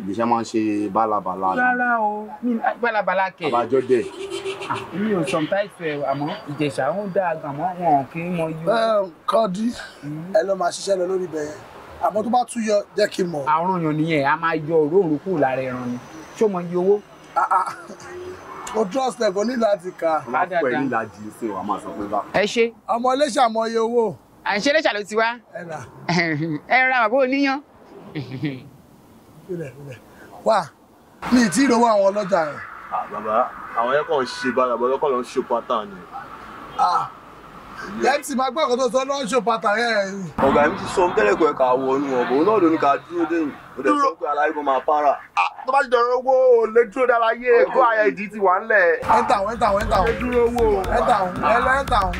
ìgbésẹ̀ máa ń ṣe bálabàla. rárá o mi bálabàla kẹ̀. àbájọ dẹ̀. Ah, mi ò sometimes fẹ́ àmọ́ ìjẹ̀ṣà ń dáa gan mọ́ wọn kì í mọ yú. kọ́ọ̀dì hmm. ẹ lọ máa ṣiṣẹ́ lọ lórí ibẹ̀ yẹn àmọ́ tó bá tún yọ jẹ́ kí n mọ̀. àrùn yàn nìyẹn a máa yọ òróòrò kù lára ẹran ni ṣó mọ iye owó. Ah, ah. o trust ẹ̀ kò ní láti kà. ọlọ́pàá ẹ̀ ní ìlàjì ṣe wàá máa sọ pé bá. ẹ ṣe. ọmọ iléṣà mọ iye owó à ń ṣeré ṣàlò tiwa ẹ rà bàbá oníyàn. wà mi ì tí ì rówó àwọn ọlọ́jà rẹ̀. Ah, bàbá àwọn ẹ̀kọ́ ń ṣe bára bọ́ lọ́kọ̀ ló ń ṣe pátá ni. Ah, lẹ́tì máa gbọ́ ọ̀kan tó sọ lọ́ọ́ ṣò pàtàkì ẹ̀. ọ̀gá mi ti sọ ń tẹ́lẹ̀ kọ́ ẹ̀ka wọ inú ọ̀bọ̀ náà ló ní ká dúró déyìn ó dẹ̀ sọ pé aláìbọn máa para. Ah, tó bá ti dọ̀rọ̀ owó ò lè dúró dára yé ẹ̀kọ́ ayé ìdí ti wà ńlẹ̀. ẹ̀ntà wọn ẹ̀ntà wọn ẹ̀ntà wọn ẹ̀dúró owó ẹ̀ntà wọn ẹ̀lẹ́ntà wọn.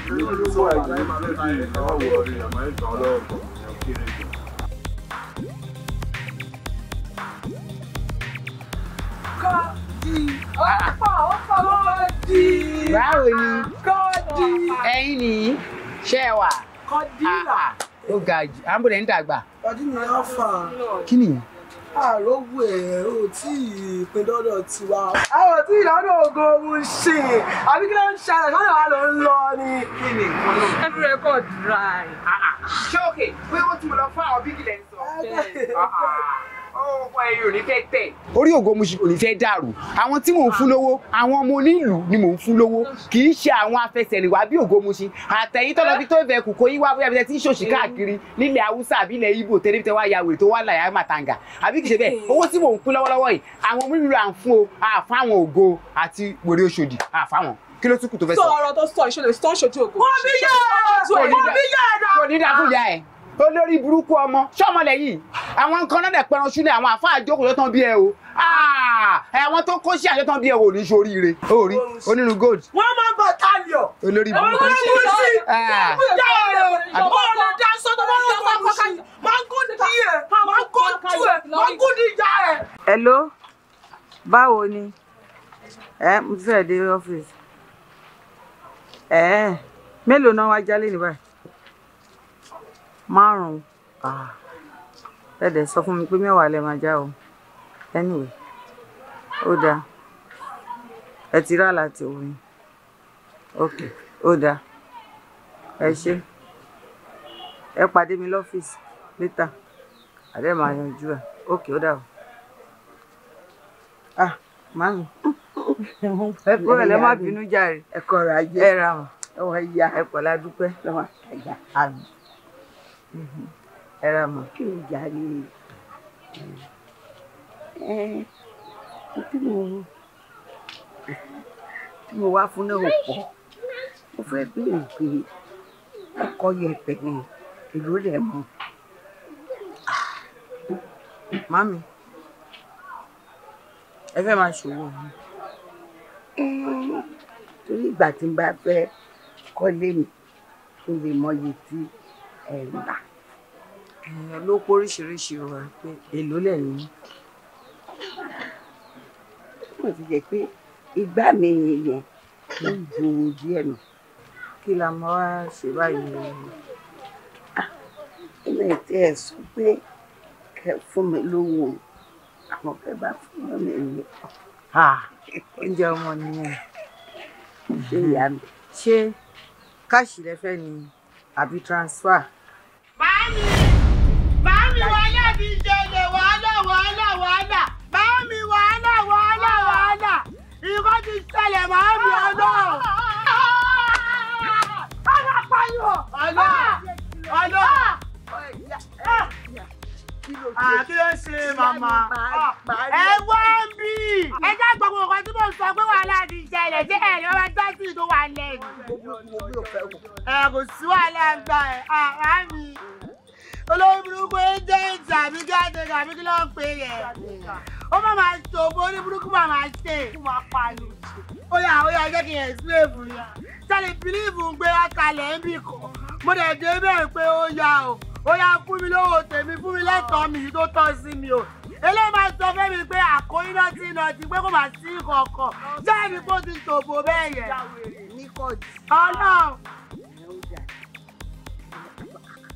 Come kọ́ọ̀dì báwo ni kọ́ọ̀dì ẹ̀yin nìyí ṣé ẹ wà kọ́dìrà ó ga jù àbúrò ń dàgbà. ọdí mi á fà á. kí ni. àròwò ẹ̀ ò tí ì pin dọ́dọ̀ tiwa. a ò tí ì lọ́dọ̀ ògo ohun ṣe àbí kí ló ń ṣẹlẹ̀ sọ́dọ̀ wa ló ń lọ ni. kí ni nǹkan náà. every record dry. Ah, ah. ṣé òkè pé ó ti mọ̀ lọ fún àwọn bígì lẹ́sọ̀ ọwọ́ ẹ̀yìn ò ní fẹ́ tẹ̀. orí ògo mo sì kò ní fẹ́ dàrú àwọn tí mò ń fún lówó àwọn ọmọ onílù ni mò ń fún lówó kì í ṣe àwọn afẹsẹ̀rìnwá bí ògo mo sì àtẹ̀yìn tọ́lọ́ fi tó ìfẹ́ kù kó yíwá bóyá bíi ti ń ṣòṣì káàkiri nílẹ̀ haúsá àbí ilẹ̀ ibo tẹ́lẹ̀ tẹ́ wá ya wèrè tó wá láyà màtàǹgà àbí kì í ṣe bẹ́ẹ̀ owó tí mò ń pín lọ́wọ́lọ́wọ́ yìí àwọn mímu là ń fún o àfáwọn ògo àti wèrè oṣòdì àfáwọn kí ló tún kù tó fẹ́ sọ. sọ ọ̀rọ̀ tó sọ ìṣòro ìṣòro ìṣòro ògo. mo bí yá ẹ̀ mo bí yá ẹ̀ dá. kò ní dá fún ìyá ẹ̀ olórí burúkú ọmọ ṣọmọ lẹ́yìn àwọn nǹkan náà dẹpẹran ṣúlẹ àwọn àfa àjókòó tán bí ẹ o ah! àwọn tó kó sí àjọtán bí ẹ wò ní sóríire orí onírú gold. wọn máa ń bọ tálíọ olórí burúkú sí i ọ̀rọ̀ dá sọ́dọ̀ wọn ló wà kọ́kọ́ máa ń kó di ẹ̀ máa ń kó hello báwo ni ẹ mo ti fẹ́ dé ọ́fíìsì ẹ mélòó náà wá jálè ní báyìí márùn-ún ah, ẹ̀ẹ́dẹ̀ sọ fún mi pé mẹ́wàá lẹ máa já o anyway ó dáa ẹ ti rà láti òun ok ó dáa ẹ ṣe ẹ pàdé mi lọ́fíìsì níta àdé máa yanjú ẹ ok ó dáa o ah màámi bóyá lẹ má bínú jàre ẹ kọrọ ajé ẹ ra wọn ẹ wọ ya ẹ pọ̀ ládùúpẹ́ àmì ẹ ra mọ. kí o jàre ẹ tí mo tí mo wá fún náà ò pọ̀ mo fẹ́ béèrè pé ọkọ yẹpẹ yẹn èló lẹ̀ mọ́ mami ẹ fẹ́ máa ṣòwò mi. torí ìgbà tí n bá fẹ́ kọ́lé mi kí n lè mọyì tí ẹ̀gbà èèyàn ló póríṣiríṣi ọ̀rọ̀ pé èlò lẹ́nu mo ti jẹ́ pé ìgbà mi yẹn ló gbòòrò díẹ̀ nù kí la mọ wá ṣe báyìí nínú ètò ẹ̀ sọ pé kẹ fún mi lówó àwọn kẹ bá fún mi lówó. oúnjẹ ọmọ nìyẹn ṣé ìyá mi. ṣé káàṣì lẹ fẹ́ ni àbí transfer. Báàmì báàmì wàhálà ti ṣẹlẹ̀ wàhálà wàhálà wàhálà báàmì wàhálà wàhálà wàhálà ìwọ ti ṣẹlẹ̀ báàmì ọlọ́run. Báàmì apayọ̀. Ọlọ́run ọlọ́run àkíyèsí ah. ah, màmá ẹ wá ń bí. ẹ jẹ́ gbogbo nǹkan tí mò ń sọ pé wàhálà ti ṣẹlẹ̀ tí ẹ̀ lọ́wọ́ ẹgbẹ́ sì tó wà lẹ́yìn. ẹ eh, kò sí wàhálà ń gbà ẹ̀ ah, àrá mi olórí burúkú agent àbí gàdégà àbí kí ló ń pè rẹ̀ ó má máa tó bó ní burúkú má máa ṣe. ó yá ó yá jẹ́ kí n explain fún yà sẹ́ni bílíìfù ń gbé akalẹ̀ ń bì kọ́ mo dẹ̀ dé bẹ́ẹ̀ pé ó yá o ó yá fún mi lówó tèmi fún mi lẹ́tọ̀ọ́ mi tó tọ́ sí mi o eléyìí máa sọ fún mi pé àkórí náà ti nà ti pé kò máa sí kankan jẹ́ ẹni kó ti tòbó bẹ́ẹ̀ yẹn. ọlọ́run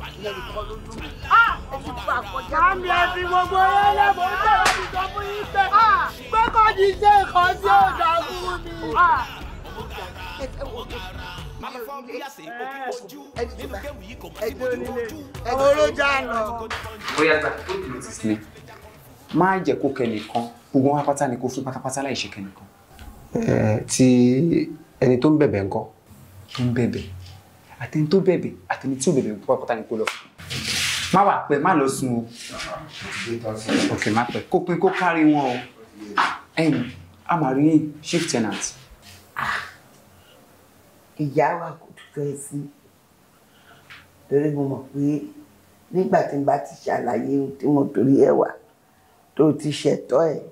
ìyẹn nìkan ló dùn mí. ẹ ti fà kọjá. àmì ẹ̀sìn gbogbo yẹn lẹ́mọ̀ ń tẹ̀lé mi sọ fún yín pé pé kò ní ṣe nǹkan tí ò dá fún mi. Olójà lọ. Bóyá gbà tó dùn ti sinmi, máa jẹ́ kó kẹ́ nìkan, gbogbo wọn pátá ni kò fún pátápátá láì ṣe kẹ́ nìkan. Ti ẹni tó ń bẹ̀bẹ̀ ńkọ́. Tó ń bẹ̀bẹ̀ àtẹni tó bẹ̀bẹ̀ àtẹni tí ò bẹ̀bẹ̀ pátápátá ni kò lọ. má wàá pẹ́ má lọ sùn o ok má pẹ́ kó pin kó kárí wọn o a máa rí chief tenant. Ah, ìyá wa kò fẹ́ sí torí mo mọ̀ pé nígbà tí n bá ti ṣàlàyé tí mo torí ẹ wà tó ti ṣẹ̀tọ́ ẹ̀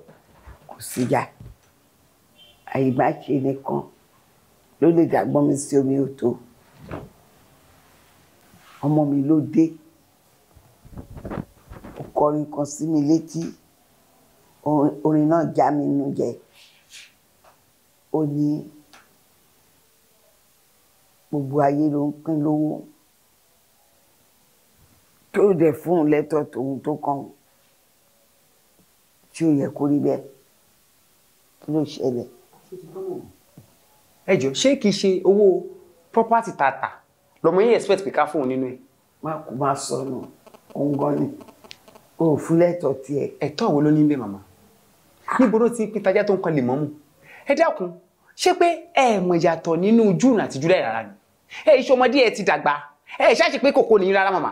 kò síyà àyè má ṣe nìkan ló lè dàgbọ́n mi sí omi ò tó ọmọ mi ló dé ó kọrin kan sí mi létí orin náà já mi nù jẹ ó ní gbogbo ayé ló ń pín lówó tó dẹ̀ fún un lẹ́tọ̀ tòun tó kàn tí ó yẹ kó rí bẹ́ẹ̀ kí ló ṣẹlẹ̀. ẹ jọ ṣé kìí ṣe owó property tààtà lọmọ yìí expect pé ká fóun nínú ẹ. má kó má sọnù òun gan ni o ò fún lẹ́tọ̀ọ́ tiẹ̀. ẹ̀tọ́ wo ló ní bẹ́ẹ̀ màmá níbo ló ti pín tajá tó ń kan lè mọ́mù ẹ dákun ṣé pé ẹ mọ̀ yàtọ̀ nínú june àti july rárá ni ẹ iṣẹ́ ọmọdé ẹ ti dàgbà ẹ ṣáàṣì pé kòkó nìyí rárá màmá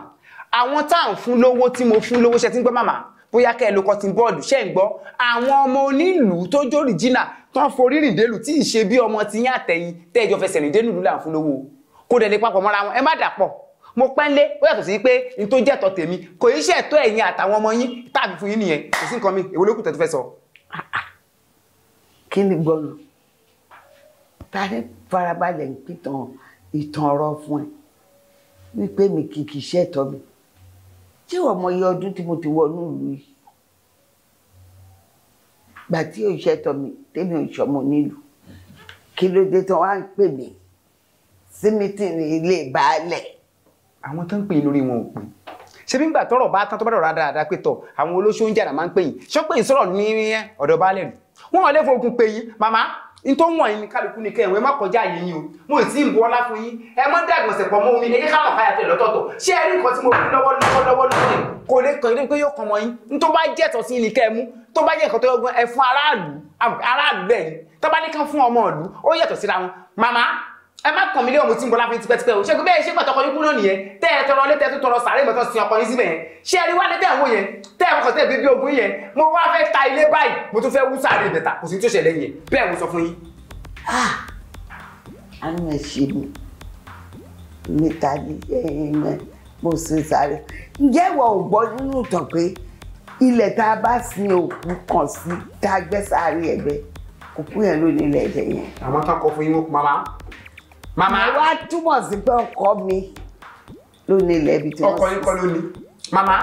àwọn tá à ń fún lówó tí mo fún lówó ṣe ti ń gbọ́ màmá bóyá kẹ́ ẹ lo cotton bọ́ọ̀lù ṣẹ́ ń gbọ́ àwọn ọmọ onílùú tó jórìjìnà tán forí rìndélù tí ì ṣe bí ọmọ ti yín àtẹ̀yìn tẹ́ẹ̀jọ fẹsẹ̀ rìndélù là kó dẹ̀ lè papọ̀ mọ́ra wọn ẹ má dàpọ̀ mo pẹ́ ń lé ó yàtọ̀ sí pé n tó jẹ́ ẹ̀tọ́ tèmi kò í ṣe ẹ̀tọ́ ẹ̀yin àtàwọn ọmọ yín tàbí fún yín nìyẹn kò sí nǹkan mi èwo ló kù tẹ́ tó fẹ́ sọ. kí ni gbọ́nà ta ni farabalẹ̀ ń pìtàn ìtàn ọ̀rọ̀ fún ẹ wípé mi kì í ṣẹ̀tọ́ mi tí ọmọ iye ọdún tí mo ti wọnú ìlú yìí gbà tí ò ṣẹ̀tọ́ mi tèmi ò ṣọmọ nílùú kí ló dé tán wá ń pè mí sí mítìnì ilé baálẹ̀. àwọn tó ń pè é lórí wọn ò pè ṣé nígbà tọrọ bá tán tó bá dọ̀rọ̀ dáadáa pé tọ àwọn olóṣù ń jàdá máa ń pè yín ṣọ́pẹ́ ìsọ̀rọ̀ ní ọ̀dọ̀ baálẹ̀ nù wọn ò lè fọkùn yín màmá n tó wọ̀nyí ni kálukú ni kẹwọ́n ẹ má kọjá yìí yín o mo ì tí ń bu ọlá fún yín ẹ má dàgbọ̀nsẹ̀ pọ̀ mọ́ omi ẹ yẹ ká mọ̀ fàyà tẹ̀ lọ́tọ̀ọ̀tọ̀ ṣé ẹ rí nǹkan tí mo fi lọ́wọ́ lọ́wọ́ lọ́wọ́ lọ́wọ́ kò lè kàn yín pé yóò kàn mọ́ yín n tó bá jẹ́ ẹ̀tọ́ sí ni kẹ́ ẹ mú tó bá jẹ́ nǹkan tó yọgbọ́n ẹ fún aráàlú aráàlú bẹ́ẹ̀ ni tó bá ní ká fún ọmọ ìlú ó yàtọ̀ síra wọn màmá ẹ má kàn mí lé ọmọ tí ń bọ́lá fi tipẹ́tipẹ́ o ṣẹ́gun bẹ́ẹ̀ ṣé gbà tọkọ yín kú náà nìyẹn tẹ́ ẹ tọrọ létẹ́ tó tọrọ sàárè mọ́tọ́ sin ọkọ yín síbẹ̀ yẹn ṣé ẹ rí wá létẹ́ àwọn yẹn tẹ́ ẹ mọ́kàn tẹ́ ẹ bíbí ogun yẹn mo wá fẹ́ ta ilé báyìí mo tún fẹ́ wú sàárè ìbẹ̀ta kò sí tó ṣẹlẹ̀ yẹn bẹ́ẹ̀ mo sọ fún yín. Ah! àánú ẹ ṣe mi mi ta ni mo ṣe sáré ǹjẹ́ ìwọ ò gbọ́ nínú ìtàn pé ilẹ̀ tá a bá sin òkú kàn sí tá a gbẹ́ sáré ẹ̀gbẹ́ òkú yẹn ló nílẹ̀ ẹ̀jẹ̀ yẹn. àwọn akẹ́kọ̀ọ́ fún yín ó pa màmá wá túmọ̀ sí pé ọkọ mi ló ní ilẹ̀ ibi tí wọ́n sì ọkọ yín kọ́ ló ní màmá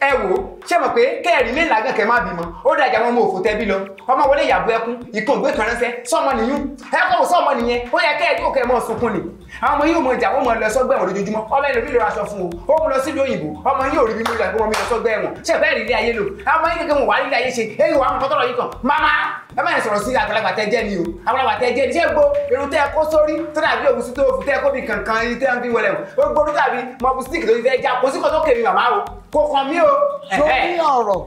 ẹ wò ṣé mọ̀ pé kẹ́ẹ̀rin lè lágàn kẹ́ má bímọ ó dájà wọn mú òfò tẹ́bí lọ ọmọ wọlé ìyàbọ̀ ẹkún ìkàngbé kan ránṣẹ́ sọmọ nìyún ẹ kọ́ sọmọ nìyẹn ó yẹ kẹ́ẹ̀rin ó kẹ́ mọ́ sunkún ni àwọn ọmọ yìí ò mọ ìjà wọn mọ lọ sọgbà ẹ̀wọ̀n lójoojúmọ́ ọmọ ẹni òbílẹ̀ aṣọ fún o ó mú lọ síbi òyìnbó ọmọ yìí ò rí bí mo lọ ọmọ mi lọ sọgbà ẹ̀wọ̀n ṣe bẹ́ẹ̀ rí ilé ayé lò àwọn yìí kékeré wọn wà nílé ayé ṣe èyí wà mọ̀kọ́ tọ̀rọ̀ yìí kan mama ẹ má yẹn sọ̀rọ̀ sí àgbàlagbà tẹ jẹ́ ni o àgbàlagbà tẹ jẹ́ ni ṣé gbo irun tẹ kó sórí tó dàbí òbí sító òfù tẹ kó bí kankan yìí tẹ ń fi wọlé o ó gbóró tàbí mọ̀bù síkì lórí fẹ́ já kó sí kọ́tọ́ kèmí màmá o kò kàn mí o. sórí ọ̀rọ̀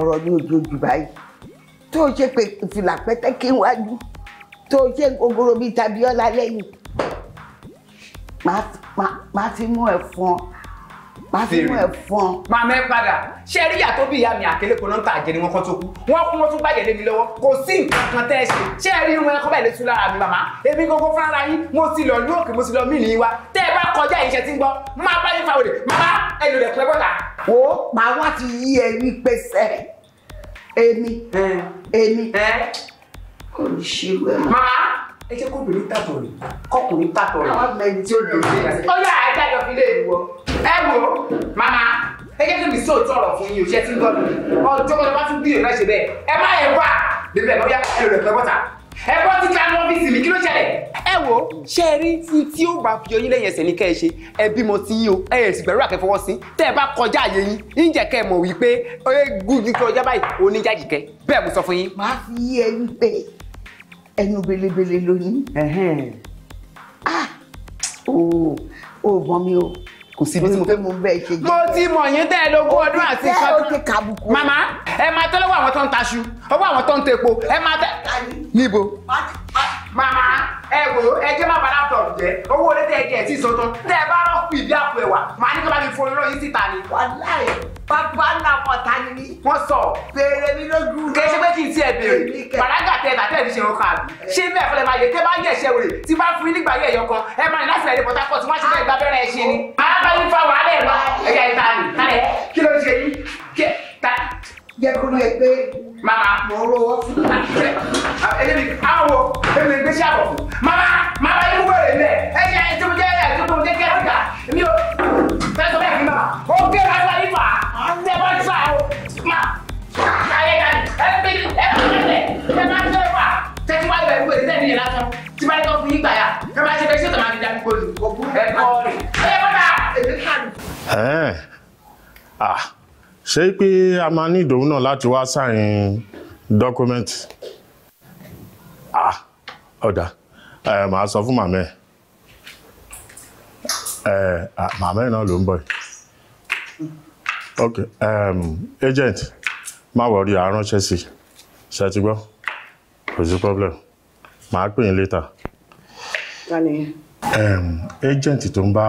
ọ̀rọ̀ ni òjòjì báyìí tó o ṣe pé fìlà pẹ́tẹ́kẹ́ wájú tó o ṣe gbogbo bíi tàbí ọ̀la lẹ́yìn má ti mú ẹ fún má ti mú ẹ fún. máa mẹ́ padà ṣé rí ìyá tó bí ìyá mi àkélé kò náà ń tà jẹ ni wọ́n kàn tó kú wọ́n kú wọ́n tún bàjẹ́ lé mi lọ́wọ́ kò sí nǹkan kan tẹ́ ẹ ṣe ṣé rí irun ẹ̀kọ́ bẹ́ẹ̀ lè tún lára mi màmá èmi gbogbo fúnra ra yín mo ti lọ ní òkè mo ti lọ mí ní wa tẹ́ ẹ bá kọjá ìṣẹ́ tí ń gbọ́ máa bá yín fa òde máa ẹlò rẹ̀ pẹ́ ẹ jẹ́ kó obìnrin tàtọ̀ rẹ̀ kọkùnrin tàtọ̀ rẹ̀. àwọn ọmọ ẹni tí ó lò ní ẹsẹ̀. ó yà á dájọ́ fi lé ìwọ. ẹ wo màmá ẹ jẹ́ kí mi sí òótọ́ ọ̀rọ̀ fún yín òṣìṣẹ́ tí ń gbọ́ mi ọjọ́ wọn bá tún bíyàn náà ṣe bẹ́ẹ̀ ẹ má yẹ wá bíbẹ̀ lọ́yà ẹ lò rẹ̀ pẹ́ bọ́ta ẹ bọ́ ti ká lọ́ fíìsì mi kí ló ṣẹlẹ̀. ẹ wo ṣe é rí tí tí ó bá fi oyún lẹ́yìn ẹsẹ̀ ní kẹ́ ẹ ṣe ẹ bímọ tí yín o ẹ yẹ sì gbẹ̀rú àkẹ́fọwọ́ sí tẹ́ ẹ bá kọjá àyè yín ǹjẹ́ kẹ́ ẹ mọ̀ wípé eégún kíkẹ́ ọjọ́ báyìí oníjàjì kẹ́ bẹ́ẹ̀ mo sọ fún yín. màá fi yé ẹ wípé ẹnu belebele lóní. ah o ò mọ mi o kò sí ibi tí mo fẹ́ mú bẹ́ẹ̀ ṣe jẹ́. mo ti mọ̀ yín tẹ́ẹ̀dógún ọdún àti nǹkan tó. ó ti kàbùkù. màmá ẹ máa tọ́lọ́wọ́ àwọn tó ń taṣu ọwọ́ àwọn tó ń tepo ẹ máa tẹ́. níbo. Mama, ẹ wò ó ẹ jẹ́ má bàdà tọ̀ jẹ́ owó orí tẹ́ ẹ jẹ́ ẹ̀ tí ì sọ́tọ́ tẹ́ ẹ bá rọ́ọ̀kù ìdí àpò ẹ̀wà màá ní kí wọ́n bá mi fún olóró yìí síta ni. wàláì bàbá ńlá ọ̀tá ni mí. wọ́n sọ béèrè mi lójú. kẹ́sí pé kí n tiẹ̀ béèrè bàdágà tẹ bàtà ẹ̀ fi ṣe ọkọ àbí. ṣé bẹ́ẹ̀ fọlẹ́ máa yẹ kẹ́ bá yẹ ṣẹ́ wèrè tí bá fún yín nígbà yẹ ẹ̀yọ kan ẹ máa ní láti rẹ̀ ní Port Harcourt wọ́n ṣe bẹ́ẹ̀ gbá bẹ́rẹ̀ ẹ ṣe ni. bàbá yín fa wàhálà ẹ̀ lọ ni. kí ló jẹ́ kó lóye pé màmá mò ń rówó fún àṣẹ ẹlẹ́bi àwọ̀ ẹ̀mí gbé sí àbọ̀ fún màmá màmá yín wẹ̀rẹ̀ lẹ̀ ẹ̀yà ẹ̀ tó jẹ́ ẹ̀yà tó tó jẹ́ kí ẹ̀rọ gbà èmi ò fẹ́ sọ bẹ́ẹ̀ kí màmá ó gbé rárá yín fà á ṣe wọ́n sọ àwọn má ayé ẹ̀ ẹ̀ ẹ̀ ẹ̀ ẹ̀ ẹ̀ má ṣe fà tẹ́tí wáyé ẹ̀ wẹ̀rẹ̀ lẹ́ni yẹn lásán tí bá tó fi gbà yà ẹ má ṣe fẹ́ ṣètò máa fi ṣé pé a máa ní ìdòwú náà láti wá sáyìn dọ́kúmẹ́ǹtì ah ọ̀dà ẹ màá sọ fún màmá ẹ ẹ náà ló ń bọ̀ ok um, agent má wọrí àránṣẹ́ sí ṣe ti gbọ́ kò sí problem màá pè yín later. Tani. Um, agent tó ń bá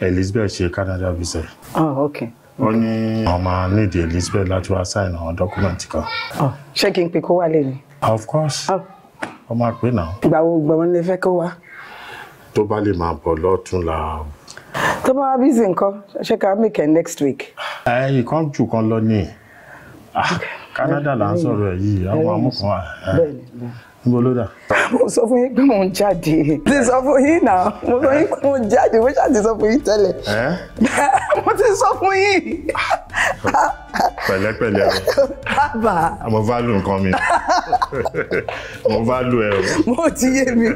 Elizabeth ṣe Canada visa. Oh, okay ó ní àwọn máa nídìí Elizabeth láti wá sáìn àwọn dọ́kúmẹ̀ntì kan. Ah, ṣé kí n pè kó wá lè ní. of course ọ ah. máa pè náà. ìgbà wo gbọ̀ngàn lè fẹ́ kó wá. tó bá lè máa bọ̀ lọ́tún la. tó bá wá bísí nǹkan ṣé ká make next week. ẹ ìkan jù kan lọ ní ah, Canada là ń sọ̀rọ̀ yìí àwọn amúkan. bẹ́ẹ̀ ni Ngo ló dà. Mo sọ fún yín pé mò ń jáde. Ti sọ fún yín náà. Mo sọ yín pé mò ń jáde. Mo ṣáà ti sọ fún yín tẹ́lẹ̀. Mo ti sọ fún yín. Pẹ̀lẹ́pẹ̀lẹ́ o. Bàbá. Mo value nǹkan mi. Mo value ẹ o. Mo ti yé mi.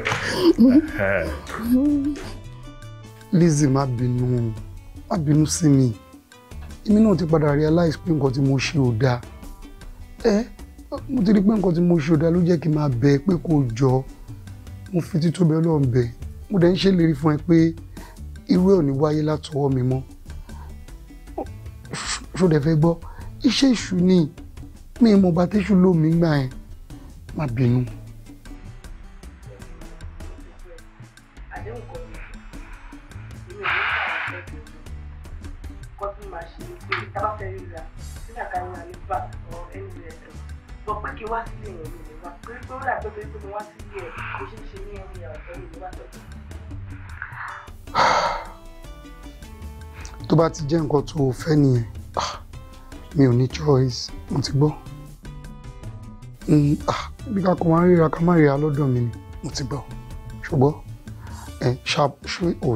Lizzie má bínú má bínú sí mi. Èmi náà ti padà realize pé nǹkan tí mo ṣe ò dáa mo ti rí pé nǹkan tí mo ṣe ọ̀dà ló jẹ́ kí n máa bẹ̀ pé kò jọ mo fi títóbi ọlọ́run bẹ̀ mo dẹ̀ ń ṣèlérí fún ẹ pé irú ẹ̀ ò ní wáyé látọwọ́ mi mọ́ ṣòdẹ̀ fẹ́ gbọ́ iṣẹ́ ìṣù ni mi mo bá tẹ́ṣù lómi gbà yẹn má bínú. Thank you sọ pé kí wá sí ẹ̀yìn mi wá pé pé ó dàgbé pé pé mo wá sí ẹ̀ kó ṣe ń ṣe ní ẹ̀yìn ọ̀tọ̀ mi wá tẹ̀lé. tó bá ti jẹ́ nǹkan tó o fẹ́ nìyẹn mi ò ní choice mo ti gbọ́ bí ká kó máa ríra ká má ríra lọ́dọ̀ mi ni mo ti gbọ́ ṣùgbọ́n ẹ ṣá ò sí mi mọ́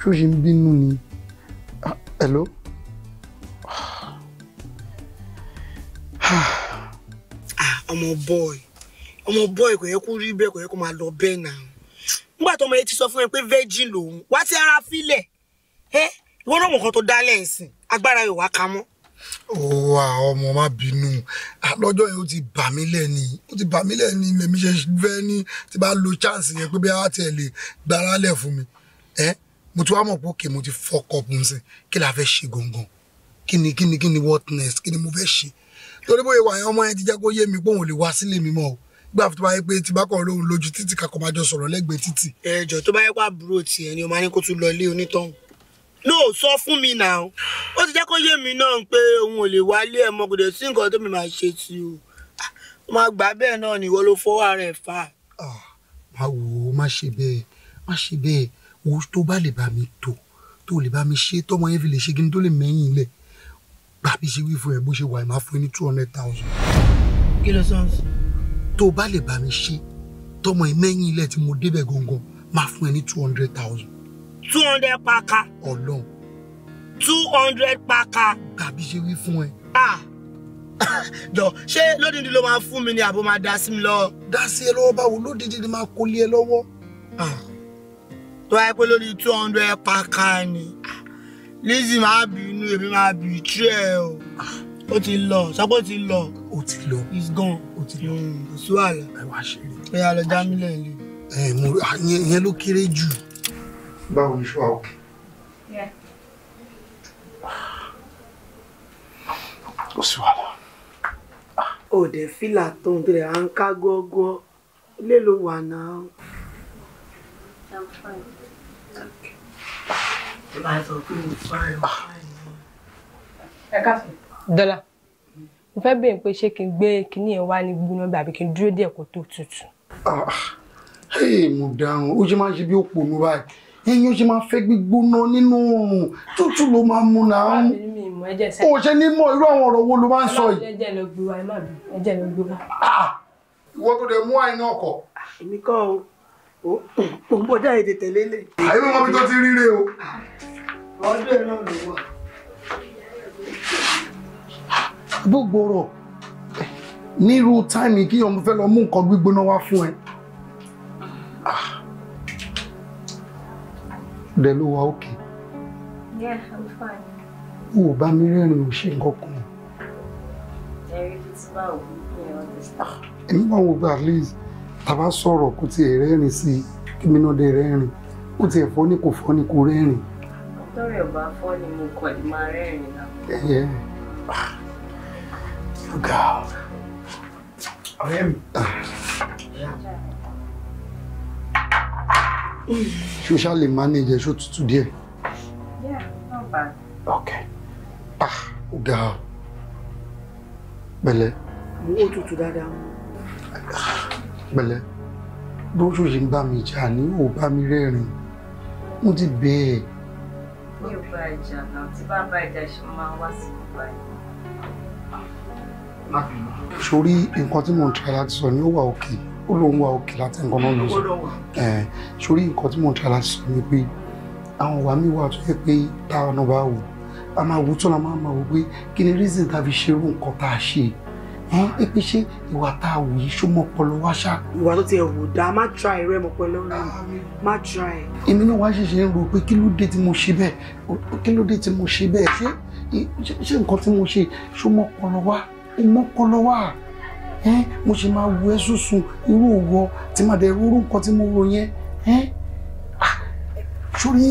ṣó ṣe ń bínú ni hello. ọmọ boy ọmọ boy kò yẹ kó rí bẹ́ẹ̀ kò yẹ kó máa lọ bẹ́ẹ̀ náà nígbà tó ọmọ yẹn ti sọ fún ẹ pé virgin lòun wá sí ara filẹ̀ ẹ ìwọ náà mọ̀ kan tó dálẹ̀ ẹ̀sìn agbára yóò wá ka mọ́. Òwà ọmọ má bínú lọ́jọ́ yẹn ó ti bà mí lẹ́ni ó ti bà mí lẹ́ni lèmi ṣe fẹ́ ní tí bá lo chance yẹn pé bí a tiẹ̀ lè gbára lẹ̀ fún mi ẹ mo ti wá mọ̀ pé òkè mo ti fọkọ̀ ọ̀pọ̀ nsìn kí la fẹ́ ṣe gangan kí ni kí ni kí ni what next kí ni mo fẹ́ ṣe torí bóyá wà yẹn ọmọ yẹn ti jẹ́ kó yé mi pé òun lè wá sílé mi mọ́ o gbà tó bá yẹ pé tí bá kàn lóhun lójú títì kakọ máa jọ sọ̀rọ̀ lẹ́gbẹ̀ẹ́ títì. ẹjọ tó bá yẹ pa àbúrò tiẹ̀ ni o máa ní kó tún lọ ilé onítọ̀hún. ló sọ fún mi náà ó ti jẹ́ kó yé mi náà pé òun ò lè wálé ẹ̀ mọ́ kò sí nǹkan tó mi máa ṣe sí o ah, máa gbà bẹ́ẹ̀ náà ni ìwọ ló fọwọ́ rẹ̀ fà. Ah, má wò má ṣe bẹ́ẹ̀ má ṣe bẹ́ẹ̀ wo tó bá lè bá mi tò tó lè bá mi ṣe tọ́mọ yẹn fi lè ṣe kí n tó lè mẹ́yìn ilẹ̀ bàbí ṣe wí fún ẹ bó ṣe wà ẹ máa fún ẹ ní two hundred thousand. kí ló sọ ń sọ. tó o bá lè bá mi ṣe tọmọ ẹ mẹ́yìn ilẹ̀ tí mo débẹ̀ gangan máa fún ẹ ní two hundred thousand. two hundred paka. Ọlọ́run. two hundred paka. bàbí ṣe wí fún ẹ. ah jọ ṣé lódìdí ló máa fún mi ni àbó máa dá sí mi lọ. dá sí ẹ lọ́wọ́ báwo lódìdí ni máa kó lé ẹ lọ́wọ́. tó wáyé pé lórí two hundred paka ni. Lizzy máa bínú èmi máa bì tú ẹ o ah. ó ti lọ sọpọ ti lọ ó ti lọ it's gone ó ti lọ hmm, kò sí wàhálà ẹ wá ṣe rí ẹ yà lọ já mi lẹ́yìn. ẹ mo ah, yẹn ló kéré jù. báwo ni ṣùgbọ́n òkè. kò sí wàhálà. òde fìlà tó ń tẹ̀lé à ń ká gọ́gọ́ lè wà náà. I'm fine. Okay ẹ dọ́là mo fẹ́ bèèrè pé ṣé kí n gbé kinní yẹn wá ní gbóná bí kí n dúró díẹ̀ kó tó tutù. Ah, mo dáhùn ó ṣe máa ń ṣe bí ó pònú báyìí ẹyin ó ṣe máa fẹ́ gbígbóná nínú oòrùn tútù ló máa mú náà ń ó ṣe ní mọ irú àwọn ọ̀rọ̀ wo ló máa ń sọ yìí. ẹjẹ ló gbé wa ẹ má bí ẹjẹ ló gbé wa. Ah, ìwọ tó dé mú àìní ọkọ. Ah, èmi kọ́ o ò ń bọ̀dá èdè tẹ̀lé lè. àyè wọn bí tó ti ríre o. ọdún ẹ̀ náà ló wà. gbogbooro nírú táìmì kí ọmọ fẹ́ lọ mú nǹkan gbígbóná wá fún ẹ. dẹ̀ ló wà òkè. Yeah, I'm fine. o ò bá mi rẹ́rìn ò ṣe nǹkan kan. ẹ̀rí ti bá òun ní ọ̀dọ̀. èmi máa ń wo at least tàbá sọ̀rọ̀ kó tiẹ̀ rẹ́rìn sí i kí mi náà dé rẹ́rìn kó tiẹ̀ fọ́ ni kò fọ́ ni kò rẹ́rìn. lórí ọba fọ́ ni mo kọ̀ ẹ́ máa rẹ́rìn náà. ẹ ẹ ọgá ọ̀rẹ́ mi. ṣó ṣá lè manage ṣó tutù díẹ̀. yeah not bad. okay pa ah, ọgá pẹ̀lẹ́. owó tutù dáadáa pẹ̀lẹ́ bójú yìí ń bá mi jà ní ò bá mi rẹ́rìn mo ti bẹ́ẹ̀. mi ò bá ìjà náà tí bá bá ìjà ṣe máa wá sí ìgbà yìí. sórí nǹkan tí mò ń tra láti sọ ni ó wà òkè ó lóun wà òkè láti nǹkan náà lọ sọ sórí nǹkan tí mò ń tra láti sọ ni pé àwọn ìwà mi wà tó yẹ pé táwọn náà bá wò a máa wò tó la máa wò pé kí ni reason tá a fi ṣerú nǹkan tá a ṣe ẹ ẹ pé ṣé ìwà tá a wò yìí ṣó mọ ọpọlọ wá ṣá. ìwà tó ti ẹ̀ wò dáa má tra ẹ̀rọ ẹ̀ mọ ọpọlọ rẹ̀ má tra ẹ̀. èmi náà wá ṣẹ̀ṣẹ̀ ń rò pé kí ló dé tí mo ṣe bẹ́ẹ̀ kí ló dé tí mo ṣe bẹ́ẹ̀ ṣé ṣé nǹkan tí mo ṣe ṣó mọ ọpọlọ wá ó mọ ọpọlọ wá mo ṣe máa wo ẹ sùsùn irú òwò tí màá dẹ rúurú nǹkan tí mo rò yẹn sórí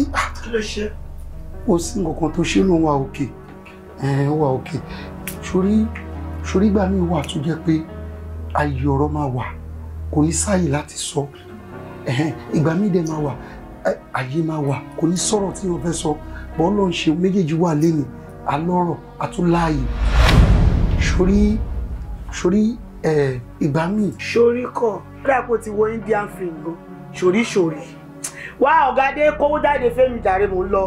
kò sí ṣorígbà mi wà tó jẹ́ pé ayé ọ̀rọ̀ máa wà kò ní sáàyè láti sọ ìgbà mi dẹ̀ máa wà eh, ayé máa wà kò ní sọ̀rọ̀ tí wọ́n fẹ́ sọ bọ́ọ̀lù ń ṣe méjèèjì wà lẹ́nu alọ́rọ̀ àtúláàyè ṣorí ṣorí ìgbà eh, mi. ṣorí kọ kí àpò ti wọ indian film gan ṣorí ṣorí wá ọ̀gá dé kówó jáde fẹ́mi jàre mò ń lọ.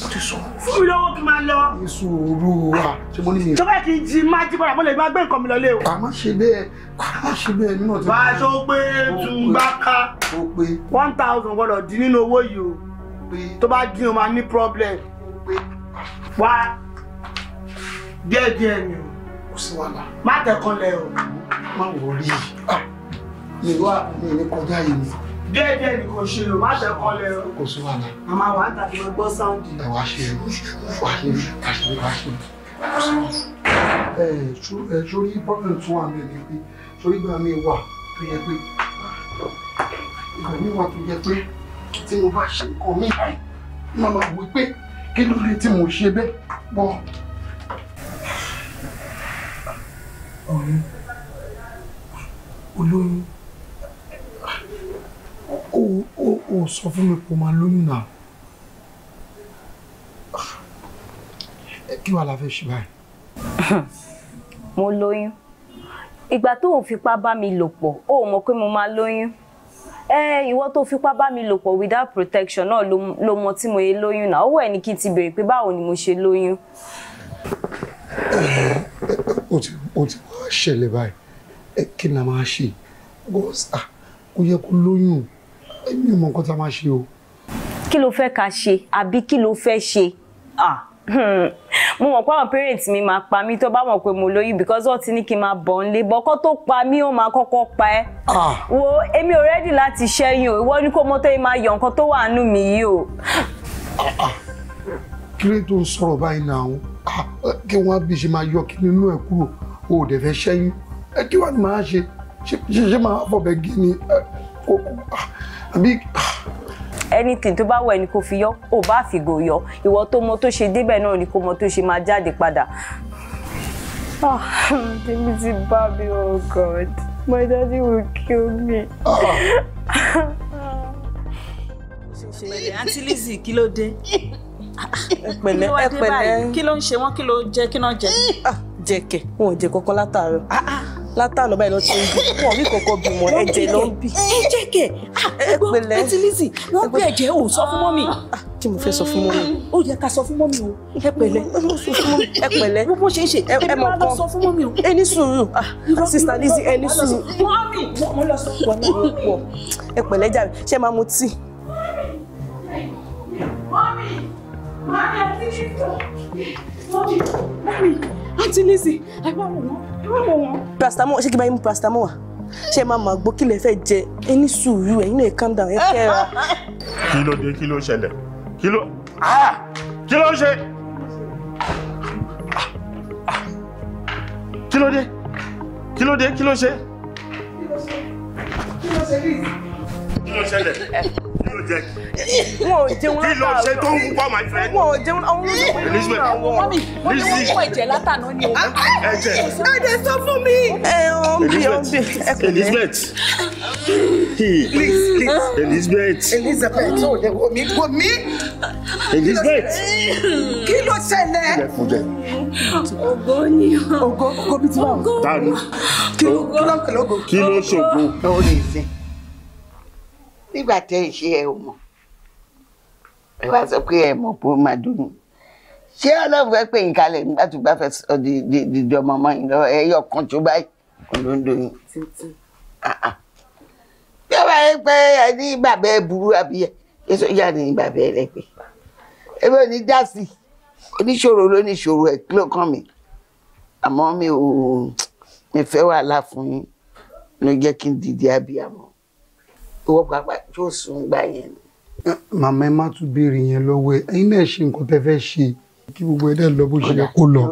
mo ti sọ. fún mi lọ́wọ́ kí n máa lọ. èso òru wa ṣe mo ní mi. tọ́pẹ́ kì í jí má jí padà mo lè máa gbé nǹkan mi lọlé o. a má ṣe bẹ́ẹ̀ a má ṣe bẹ́ẹ̀ nínú ọ̀tí. bá a ṣó pé tún bá ká. ó pé. one thousand gbọ́dọ̀ dín nínú owó yìí o. tó bá dín o máa ní problem. wá díẹ̀ díẹ̀ ni o. kò sí wàhálà. má tẹ̀kọ́ lẹ o. má wọrí ah, mi wá mi ní kọjá yìí ni díẹ̀díẹ̀ ni kò ṣe o má ṣe kọ́ lẹ o. kò sí wàhálà. màmá wa ń tàbí wọn gbọ́ sáúndì. ẹ wá ṣe wá ṣe wá ṣe wá ṣe kò sí wàhálà. ẹ sórí problem tún wà mí ni pé sórí ìgbà mi wà tó yẹ pé ìgbà mi wà tó yẹ pé tí mo bá ṣe nǹkan mi màmá wí pé kí ló dé tí mo ṣe bẹ́ẹ̀ pọ̀. olóyún ó ó ó sọ fún mi pé o máa lóyún náà ah, kí wàá la fẹ́ ṣe báyìí. mo lóyún ìgbà tó ò fipá bá mi lò pọ̀ ó mọ̀ pé mo máa lóyún ìwọ tó fipá bá mi lò pọ̀ without protection náà ló mọ tí mo yẹ lóyún náà ọwọ́ ẹ̀ ní kí n ti béèrè pé báwo ni mo ṣe lóyún. ó ti ó ti wá ṣẹlẹ̀ báyìí kí ni a máa ṣe ah, kó yẹ kó lóyún èmi ò mọ nǹkan tá a máa ṣe o. kí ló fẹ́ ká ṣe àbí kí ló fẹ́ ṣe ah. hmm. mo mọ̀ pé àwọn parents mi máa pa mí tó bá mọ̀ pé mo lóyún because wọ́n ti ní kí n máa bọ̀ ń lé bọ́kọ́ tó pa mí ó máa kọ́kọ́ pa ẹ́ ah. wo èmi ò rẹ́dì láti ṣẹ́yìn o ìwọ ni kó mọ́tò yìí máa yọ nǹkan tó wà nù mí yìí o. Ah, kí ló tó ń sọ̀rọ̀ báyìí náà eh, kí wọ́n á bí ṣe máa yọ kí nínú ẹ̀ kúrò o ò dẹ̀ fẹ́ ṣẹ́yìn eh, kí wàá ni màá ṣe ṣe máa fọ̀bẹ gé ni eh, kókó àbí. anything tó bá wọ ẹni kò fi yọ ò bá fìgò yọ ìwọ tó mọ tó ṣe débẹ̀ náà ni kò mọ tó ṣe máa jáde padà. Ah, tèmi ti bá mi oh god my daddy will kill me. pẹ̀lẹ́ lizzy kí ló dé pẹ̀lẹ́ pẹ̀lẹ́ kí ló ń ṣe wọ́n kí ló jẹ kí náà jẹ. Ah, jẹkẹ wọn ò jẹ kọkọ látàárọ̀. Ah, látànà báyìí lọ ṣe ń bí wọn rí kòkó bímọ ẹ̀jẹ̀ ló ń bí. ẹ̀jẹ̀ kẹ gbọ́ ẹtìlísì wọ́n bí ẹ̀jẹ̀ ò sọ fún mọ́mì. kí mo fẹ́ sọ fún mọ́mì. ó yẹ ká sọ fún mọ́mì o ẹ pẹ̀lẹ́ ẹ pẹ̀lẹ́ bí wọ́n ṣe ń ṣe ẹ mọ̀ kan sọ fún mọ́mì o. ẹ ní sùúrù sista Lizzy ẹ ní sùúrù. mọ́mì wọ́n lọ sọ wọn náà yóò pọ̀ ẹ pẹ̀lẹ́ jàre ṣé máa mu tíì. mọ́mì mọ́mì àti Lizzy paracetamol ṣé kí n bá yín mu paracetamol wa ṣé máa máa gbó kí lè calm down ẹ kẹ́ra. kí ló dé kí ló ṣẹlẹ̀ kí ló ah! kí ló ṣe kí ló dé kí ló dé kí kí ló ṣẹlẹ̀ kí ló jẹ wọn ò jẹun látàárọ̀ kí ló ṣe tó ń wá my friend. wọn ò jẹun àwọn olóṣèlú Elizabeth wọn ni wọn kọ ẹ̀jẹ̀ látàná ni o. ẹ̀jẹ̀ ẹ̀jẹ̀ sọ fún mi. ẹ ọ n bí ọ n bí ẹ kò dé. Elizabeth please please Elizabeth. Elizabeth ò lè wò mí wò mí. Elizabeth. kí ló ṣẹlẹ̀. ilẹ̀ fún jẹ. ògo ni o. ògo ògo bí ti bá wà. kí ló kí ló kí ló ṣògo. ó ní ìsìn nígbà tẹ́ ẹ̀ ṣe ẹ ò mọ̀ ẹ wá sọ pé ẹ mọ̀ pé ó máa dùn ún ṣé ọlọ́run fẹ́ pè yín kalẹ̀ nígbà tó bá fẹ́ sọ dìdì ọmọ ọmọ yìí lọ ẹ yọ kan tó báyìí kò ló ń doyún. Ah, ah. bí ó bá yẹ pé ẹ ní bàbá ẹ burú àbí ẹ sọ yà ní bàbá ẹ lẹ́gbẹ̀ẹ́ ebi òní dá sí oníṣòro lóníṣòro ẹ kí ló kàn mí àmọ́ mi ò mi fẹ́ wàhálà fún yín ló jẹ́ kí n dìde abiyamọ owó pàápàá yóò sùn gbà yẹn. màmá ẹ má tún béèrè yẹn lọ́wọ́ ẹ ẹ̀yin náà ṣe nǹkan tẹ́ fẹ́ ṣe kí gbogbo ẹ dẹ́ lọ bó ṣe yẹ kó lọ.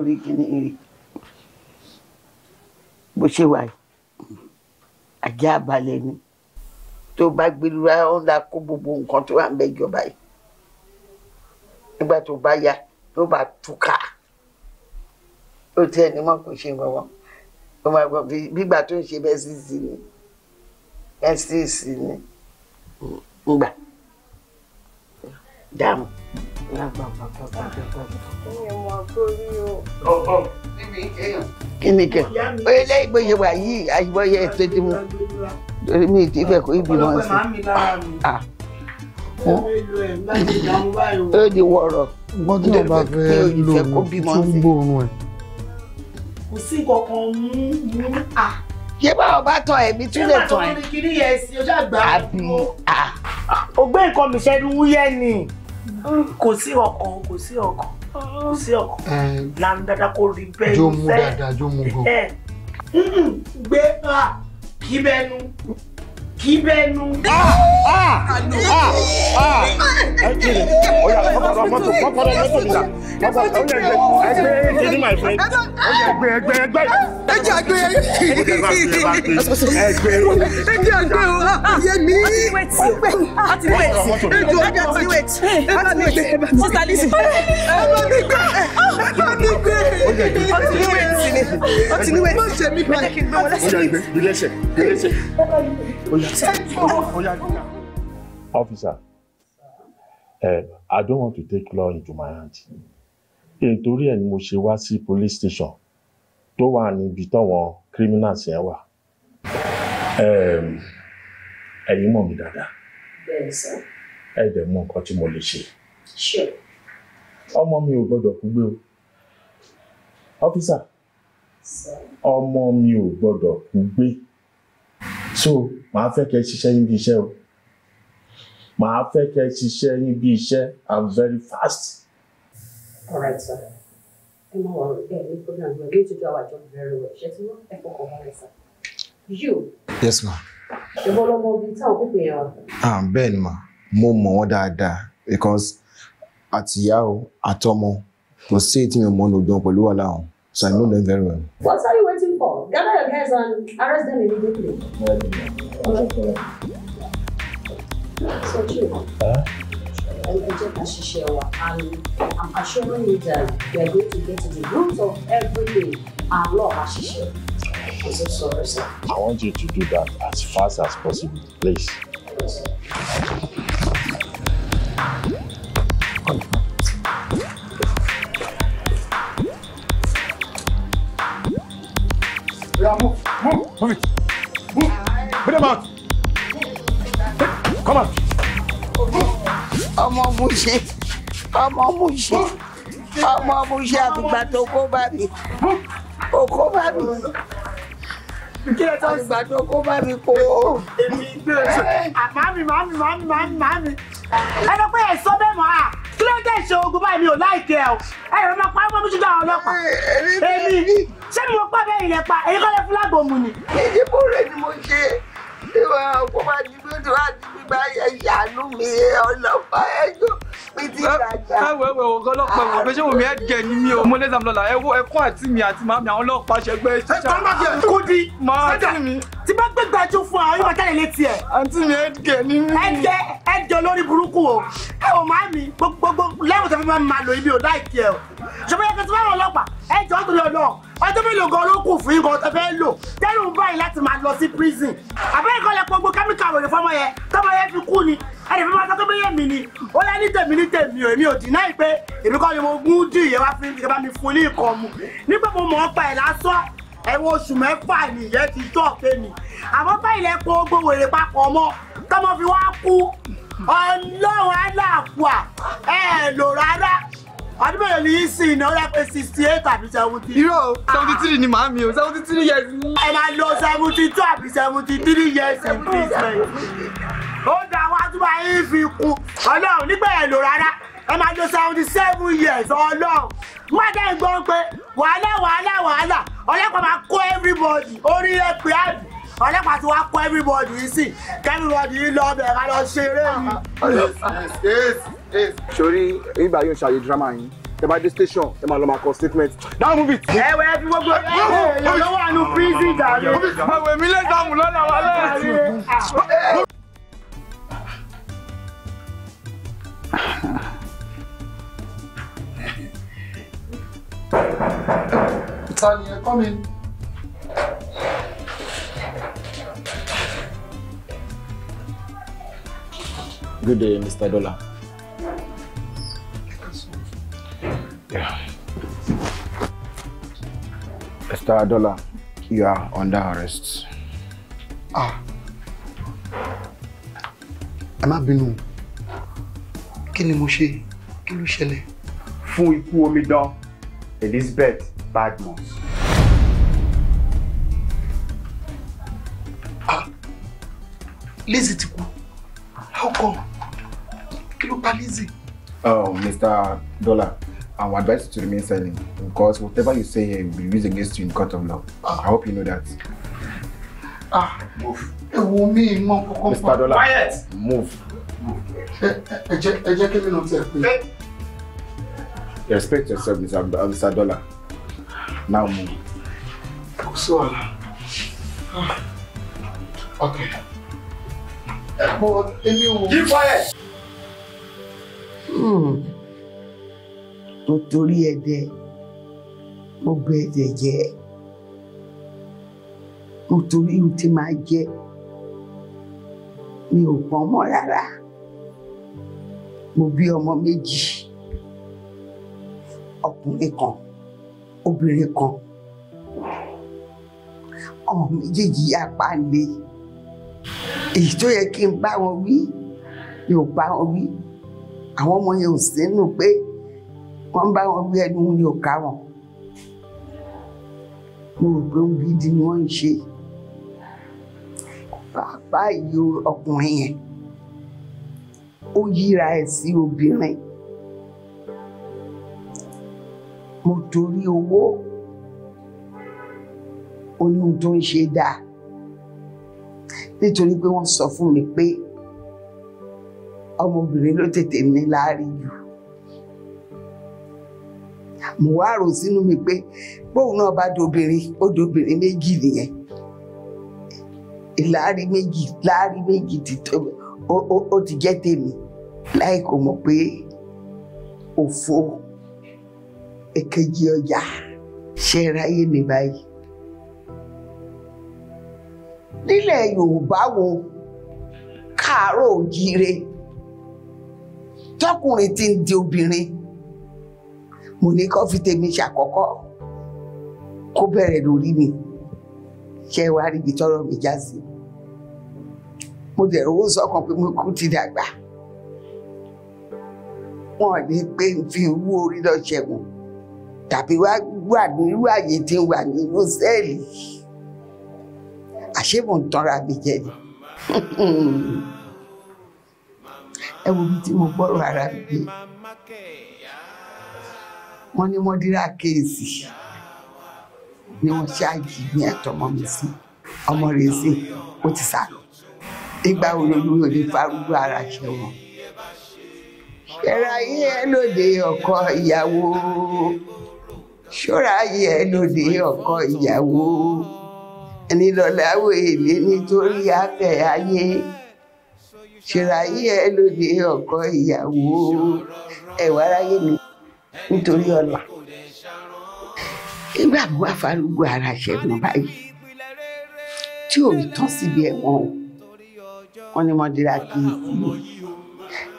bó ṣe wà ajá balẹ̀ ni tó bá gbẹlúra ó ń la kó gbogbo nǹkan tó wà ń bẹ jọba yìí nígbà tó bá yá ló bá túká ó tiẹ̀ ní mọ̀ kó ṣe wọ́wọ́ ó máa tó ń ṣe bẹ́ẹ̀ sí sí ni ss ni. ngbà dààmú. kí ni kẹ oye lẹ́yìn bó ṣe wà yìí àyùbọ yẹ ètò tí mo lórí mi ti fẹ́ kó ibi wọn sí. Ah. ó di wọ̀rọ̀ gbọ́n tí wọ́n bá fẹ́ lò ó tún gbóòórùn ẹ̀. kò sí nǹkan kan mú mú à. Ah yé bá ọba tọ ẹ̀mí tún lè tọ ẹ̀. àbí ògbé nǹkan mi ṣẹ́nu wúyẹ́ ni kò sí ọkàn kò sí ọkàn kò sí ọkàn làǹdàdà kò rí bẹ́ẹ̀ yìí jó mú dáadáa jó mú gan. gbé kí bẹ́ẹ̀ nu. Ah! Ah! Ah! Ah! ibẹnu. Ọtí ni wẹ́ẹ̀tì. Ọtí ni wẹ́ẹ̀tì. Ọtí ni wẹ́ẹ̀tì. Ọtí ni wẹ́ẹ̀tì. Officer, uh, I don't want to take law into my hands. In ẹ̀ ni mo ṣe police station to wà níbi táwọn criminals yẹn Um, Ẹ̀yin mọ̀ mí dáadáa. Yes, sir. Ẹ dẹ̀ mọ nǹkan tí Sure. lè ṣe. you. Go to ò Officer. Sir. gbé o. you. Go to ò so màá fẹ́ kẹ́ ṣiṣẹ́ yín bí iṣẹ́ o màá fẹ́ kẹ́ ṣiṣẹ́ yín bí iṣẹ́ i'm very fast. Alright, sir ẹ mọ ọ̀rọ̀ ẹ ní program we are going to do our job very well ṣe tí wọn ẹ fọkàn balẹ̀ sir you. yes ma. ṣùgbọ́n ọlọ́mọ bíi táwọn pípé yẹn wà. ah bẹ́ẹ̀ ni ma mo mọ̀ wọ́n dáadáa because àtìyá o àtọmọ kò sí èyí tí mi mọ̀ ní ojú wọn pẹ̀lú wàhálà wọn so i know them very well. wọ́n sáré Gather your guys and arrest them immediately. So true. I'm Huh? And I'm assuring you that we are going to get to the root of everything and law Ashishe. I'm so sorry, sir. I want you to do that as fast as possible, please. Yes, sir. Yeah, move, move, move it. Move. Put them out. Come on. Ọmọ mu ṣe ọmọ mu ṣe ọmọ mu ṣe àgbà tó kó bá mi. Ó kó bá mi kí ẹ tó gbà tó kó bá mi kó o. èmi gbé e sọ màmí màmí màmí màmí màmí. ẹ lọ pé ẹ sọ bẹ́ẹ̀ mọ́ à kí ló dé ṣe ogun báyìí mi ò láìkẹ́ ẹ o ẹ yọ̀ máa pa ẹ́ mọ́mú ṣùgbọ́n àwọn ọlọ́pàá èmi ṣé mi ò pa bẹ́ẹ̀ ilẹ̀ pa èyí kọ́ lẹ́ fúlágbòmù ni. ìdíbò rẹ ni mo ṣe kó má di gbódò wá di gbígbá yẹn ṣàánú mi ọlọ́pàá ẹjọ́ mi ti gbàgbà. káwé wẹ̀ wọ̀ ọlọ́pàá wọ̀ pé ṣé wòmí ẹ̀ gẹ̀ ni mi ò mọ lẹ́sàm lọ́la ẹ wọ ẹkún àti mi àti màmí àwọn ọlọ́pàá ṣẹgbẹ́ ṣíṣà. ẹ tọ́lá máa fi kú di sẹ́dà tí bá gbé gbajú fún àwọn yóò jáde létí ẹ̀. àǹtí mi ẹ̀ gẹ̀ ni mi. ẹ jẹ ẹ jẹ olórí burúkú o ẹ ò má mi gbogbo lẹ́ báwo tẹ fi máa ma lo ibi ò láìkí ẹ o ṣùgbọ́n yẹ kí n ti bá wọn ọlọ́pàá ẹ jọ torí ọlọ ọjọ́ mélòó gan ló kù fún yín gan tẹ fẹ́ lò tẹ́lẹ̀ ń báyìí láti máa lọ sí prison àbẹ́rẹ́ kan lẹ gbogbo kẹ́míkà wèrè fọmọ yẹn tọmọ yẹn fi kú ni ẹnì fún máa tọ́kọ́ bẹ́yẹ̀ mi ni ó yẹ ní tèmi ní tèmi ò èmi ò dì náà pé èmi kọ́ ni mo gún dì yẹn wá fún mi bá mi fún ní ìkọ́ mu nígbà mo mọ̀ ọ́ pa ẹ̀ lásán ẹ̀wọ̀n oṣù mẹ́fà nìyẹn ti tọ́ ọ̀fẹ́ mi àmọ́ báyìí lẹ gbogbo wèrè papọ̀ mọ́ ọlọ́run aláàpùà ẹ lò rárá ọdún mélòó ni yìí sìn náà rẹpẹ sixty eight àbí seventy. irọ́ seventy three ni màámi o seventy three years ni. ẹ máa lo seventy two àbí seventy three years in prison. ó da àwọn àtúbà yìí fi kún ọlọ́run nígbà yẹn lò rárá ẹ máa lo seventy seven years ọlọ́run mọ́tẹ́ ń gbọ́ pé wàhálà wàhálà wàhálà ọlọ́pàá máa kó everybody orí ẹ pé àbí ọlọ́pàá ti wá kó everybody yìí sí everybody yìí lọ bẹ̀rẹ̀ ká lọ ṣeré yìí. sori ibà yóò ṣàyè drama yín ẹ bá dé station ẹ máa lọ máa kọ statement dáhùn move it. ẹ wẹ fi gbogbo ẹ lọ wà nù prison jàre. àwẹ̀ mi lè dààmú lọ́nà wa lẹ́yìn. Italian, you're coming. Good day, eh, Mr. Dollar. Yeah. Mr. Dollar, you are under arrest. Ah. Ẹ má bínú. Kí ni mo ṣe? Kí ló ṣẹlẹ̀? Fún ikú omidan, Elizabeth Badmus. Ah. Lizzy ti How come? kí ló Oh, Mr. Dollar, our advice is to remain silent because whatever you say here will be used against you in court of law. Uh, I hope you know that. Ah, move. Ewo mi mo kokon. Mr. Dollar. Quiet. Move. Ẹ jẹ́ ẹ jẹ́ kí mi lọ tẹ̀ pé. Respect yourself, Mr. Mr. Dollar. Now move. Kò sí ọ̀la. Ah. Okay. Ẹ bọ̀ ẹni wo. Keep quiet. Hmm. mo torí ẹ̀dẹ̀ mo gbẹ ẹ̀dẹ̀ jẹ́ mo torí ohun tí máa jẹ́ mi ò pọ́n mọ́ rárá mo bí ọmọ méjì ọkùnrin kan obìnrin kan ọmọ méjèèjì apá le èyí tó yẹ kí n bá wọn wí mi bá wọn wí àwọn ọmọ yẹn ò sínú pé wọ́n bá wọn gbé ẹnu ní ọ̀ka wọn mo rò pé ohun gidi ni wọ́n ń ṣe bàbá ìyó ọkùnrin yẹn ó yíra ẹ̀ sí obìnrin mo torí owó ó ní ohun tó ń ṣe dáa nítorí pé wọ́n sọ fún mi pé ọmọbìnrin ló tètè ní láárí jù mo wá rò sínú mi pé bóun náà bá dobìnrin ó dobìnrin méjì nìyẹn láárí méjì láárí méjì ti tó ó ti jẹ́ tèmi láì kò mọ̀ pé òfo èkejì ọjà ṣe ráyè mi báyìí nílẹ̀ Yorùbá wo káàárọ̀ òjíire tọkùnrin ti ń di obìnrin mo ní kó fi tèmi ṣàkọ́kọ́ kó bẹ̀rẹ̀ lórí mi ṣe wá rí ibi tọ́rọ̀ mi já sí mo dẹ̀ rówó sọ́kàn pé mo kú ti dàgbà wọn ní pé n fi wú orí lọ ṣẹ̀wọ̀n tàbí wá wà nírú àyè tí ń wà nínú sẹ́ẹ̀lì àṣé mò ń tanra mi jẹ ni. ẹ wo bí tí mo gbọ́rọ̀ ara mi dé wọ́n ní mọ́dírà kéèsì ni wọ́n ṣáàjì ní ẹ̀tọ́mọ mi sí ọmọ rẹ̀ sí ó ti sá lọ ìgbà wo lolú yóò ní farúgbó ara ṣe wọn. ṣọ́ra ayé ẹ lóde ọkọ ìyàwó ṣọ́ra ayé ẹ lóde ọkọ ìyàwó ẹni lọ́la èlé nítorí afẹ́ ayé ṣèràyí ẹ lóde ọkọ ìyàwó ẹwà aráyé mi nítorí ọlà nígbà bó wá farúgbó ara ṣẹ̀gbọ́n báyìí tí ò tán síbi ẹ̀wọ̀n wọn ni mọdìrà kìsì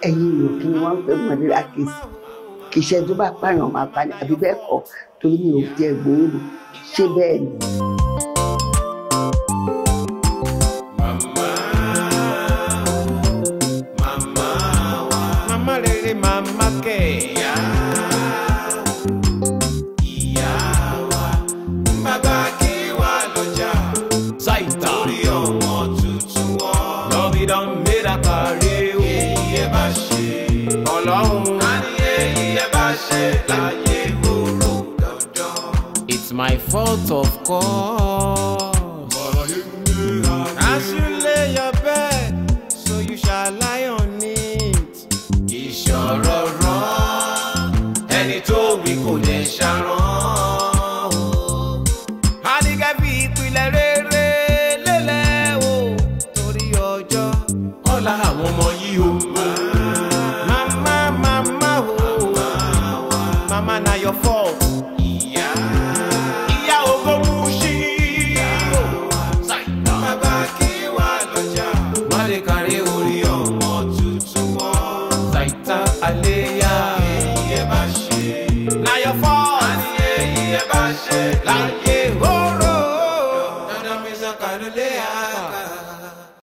ẹ̀yìn ìlú kí ni wọ́n ń pè mọdìrà kìsì kì í ṣe tó bá pààyàn máa pa ni àbí bẹ́ẹ̀ kọ́ torí mi ò jẹ́ ìgbóhùn ṣé bẹ́ẹ̀ ni. my fault, of course.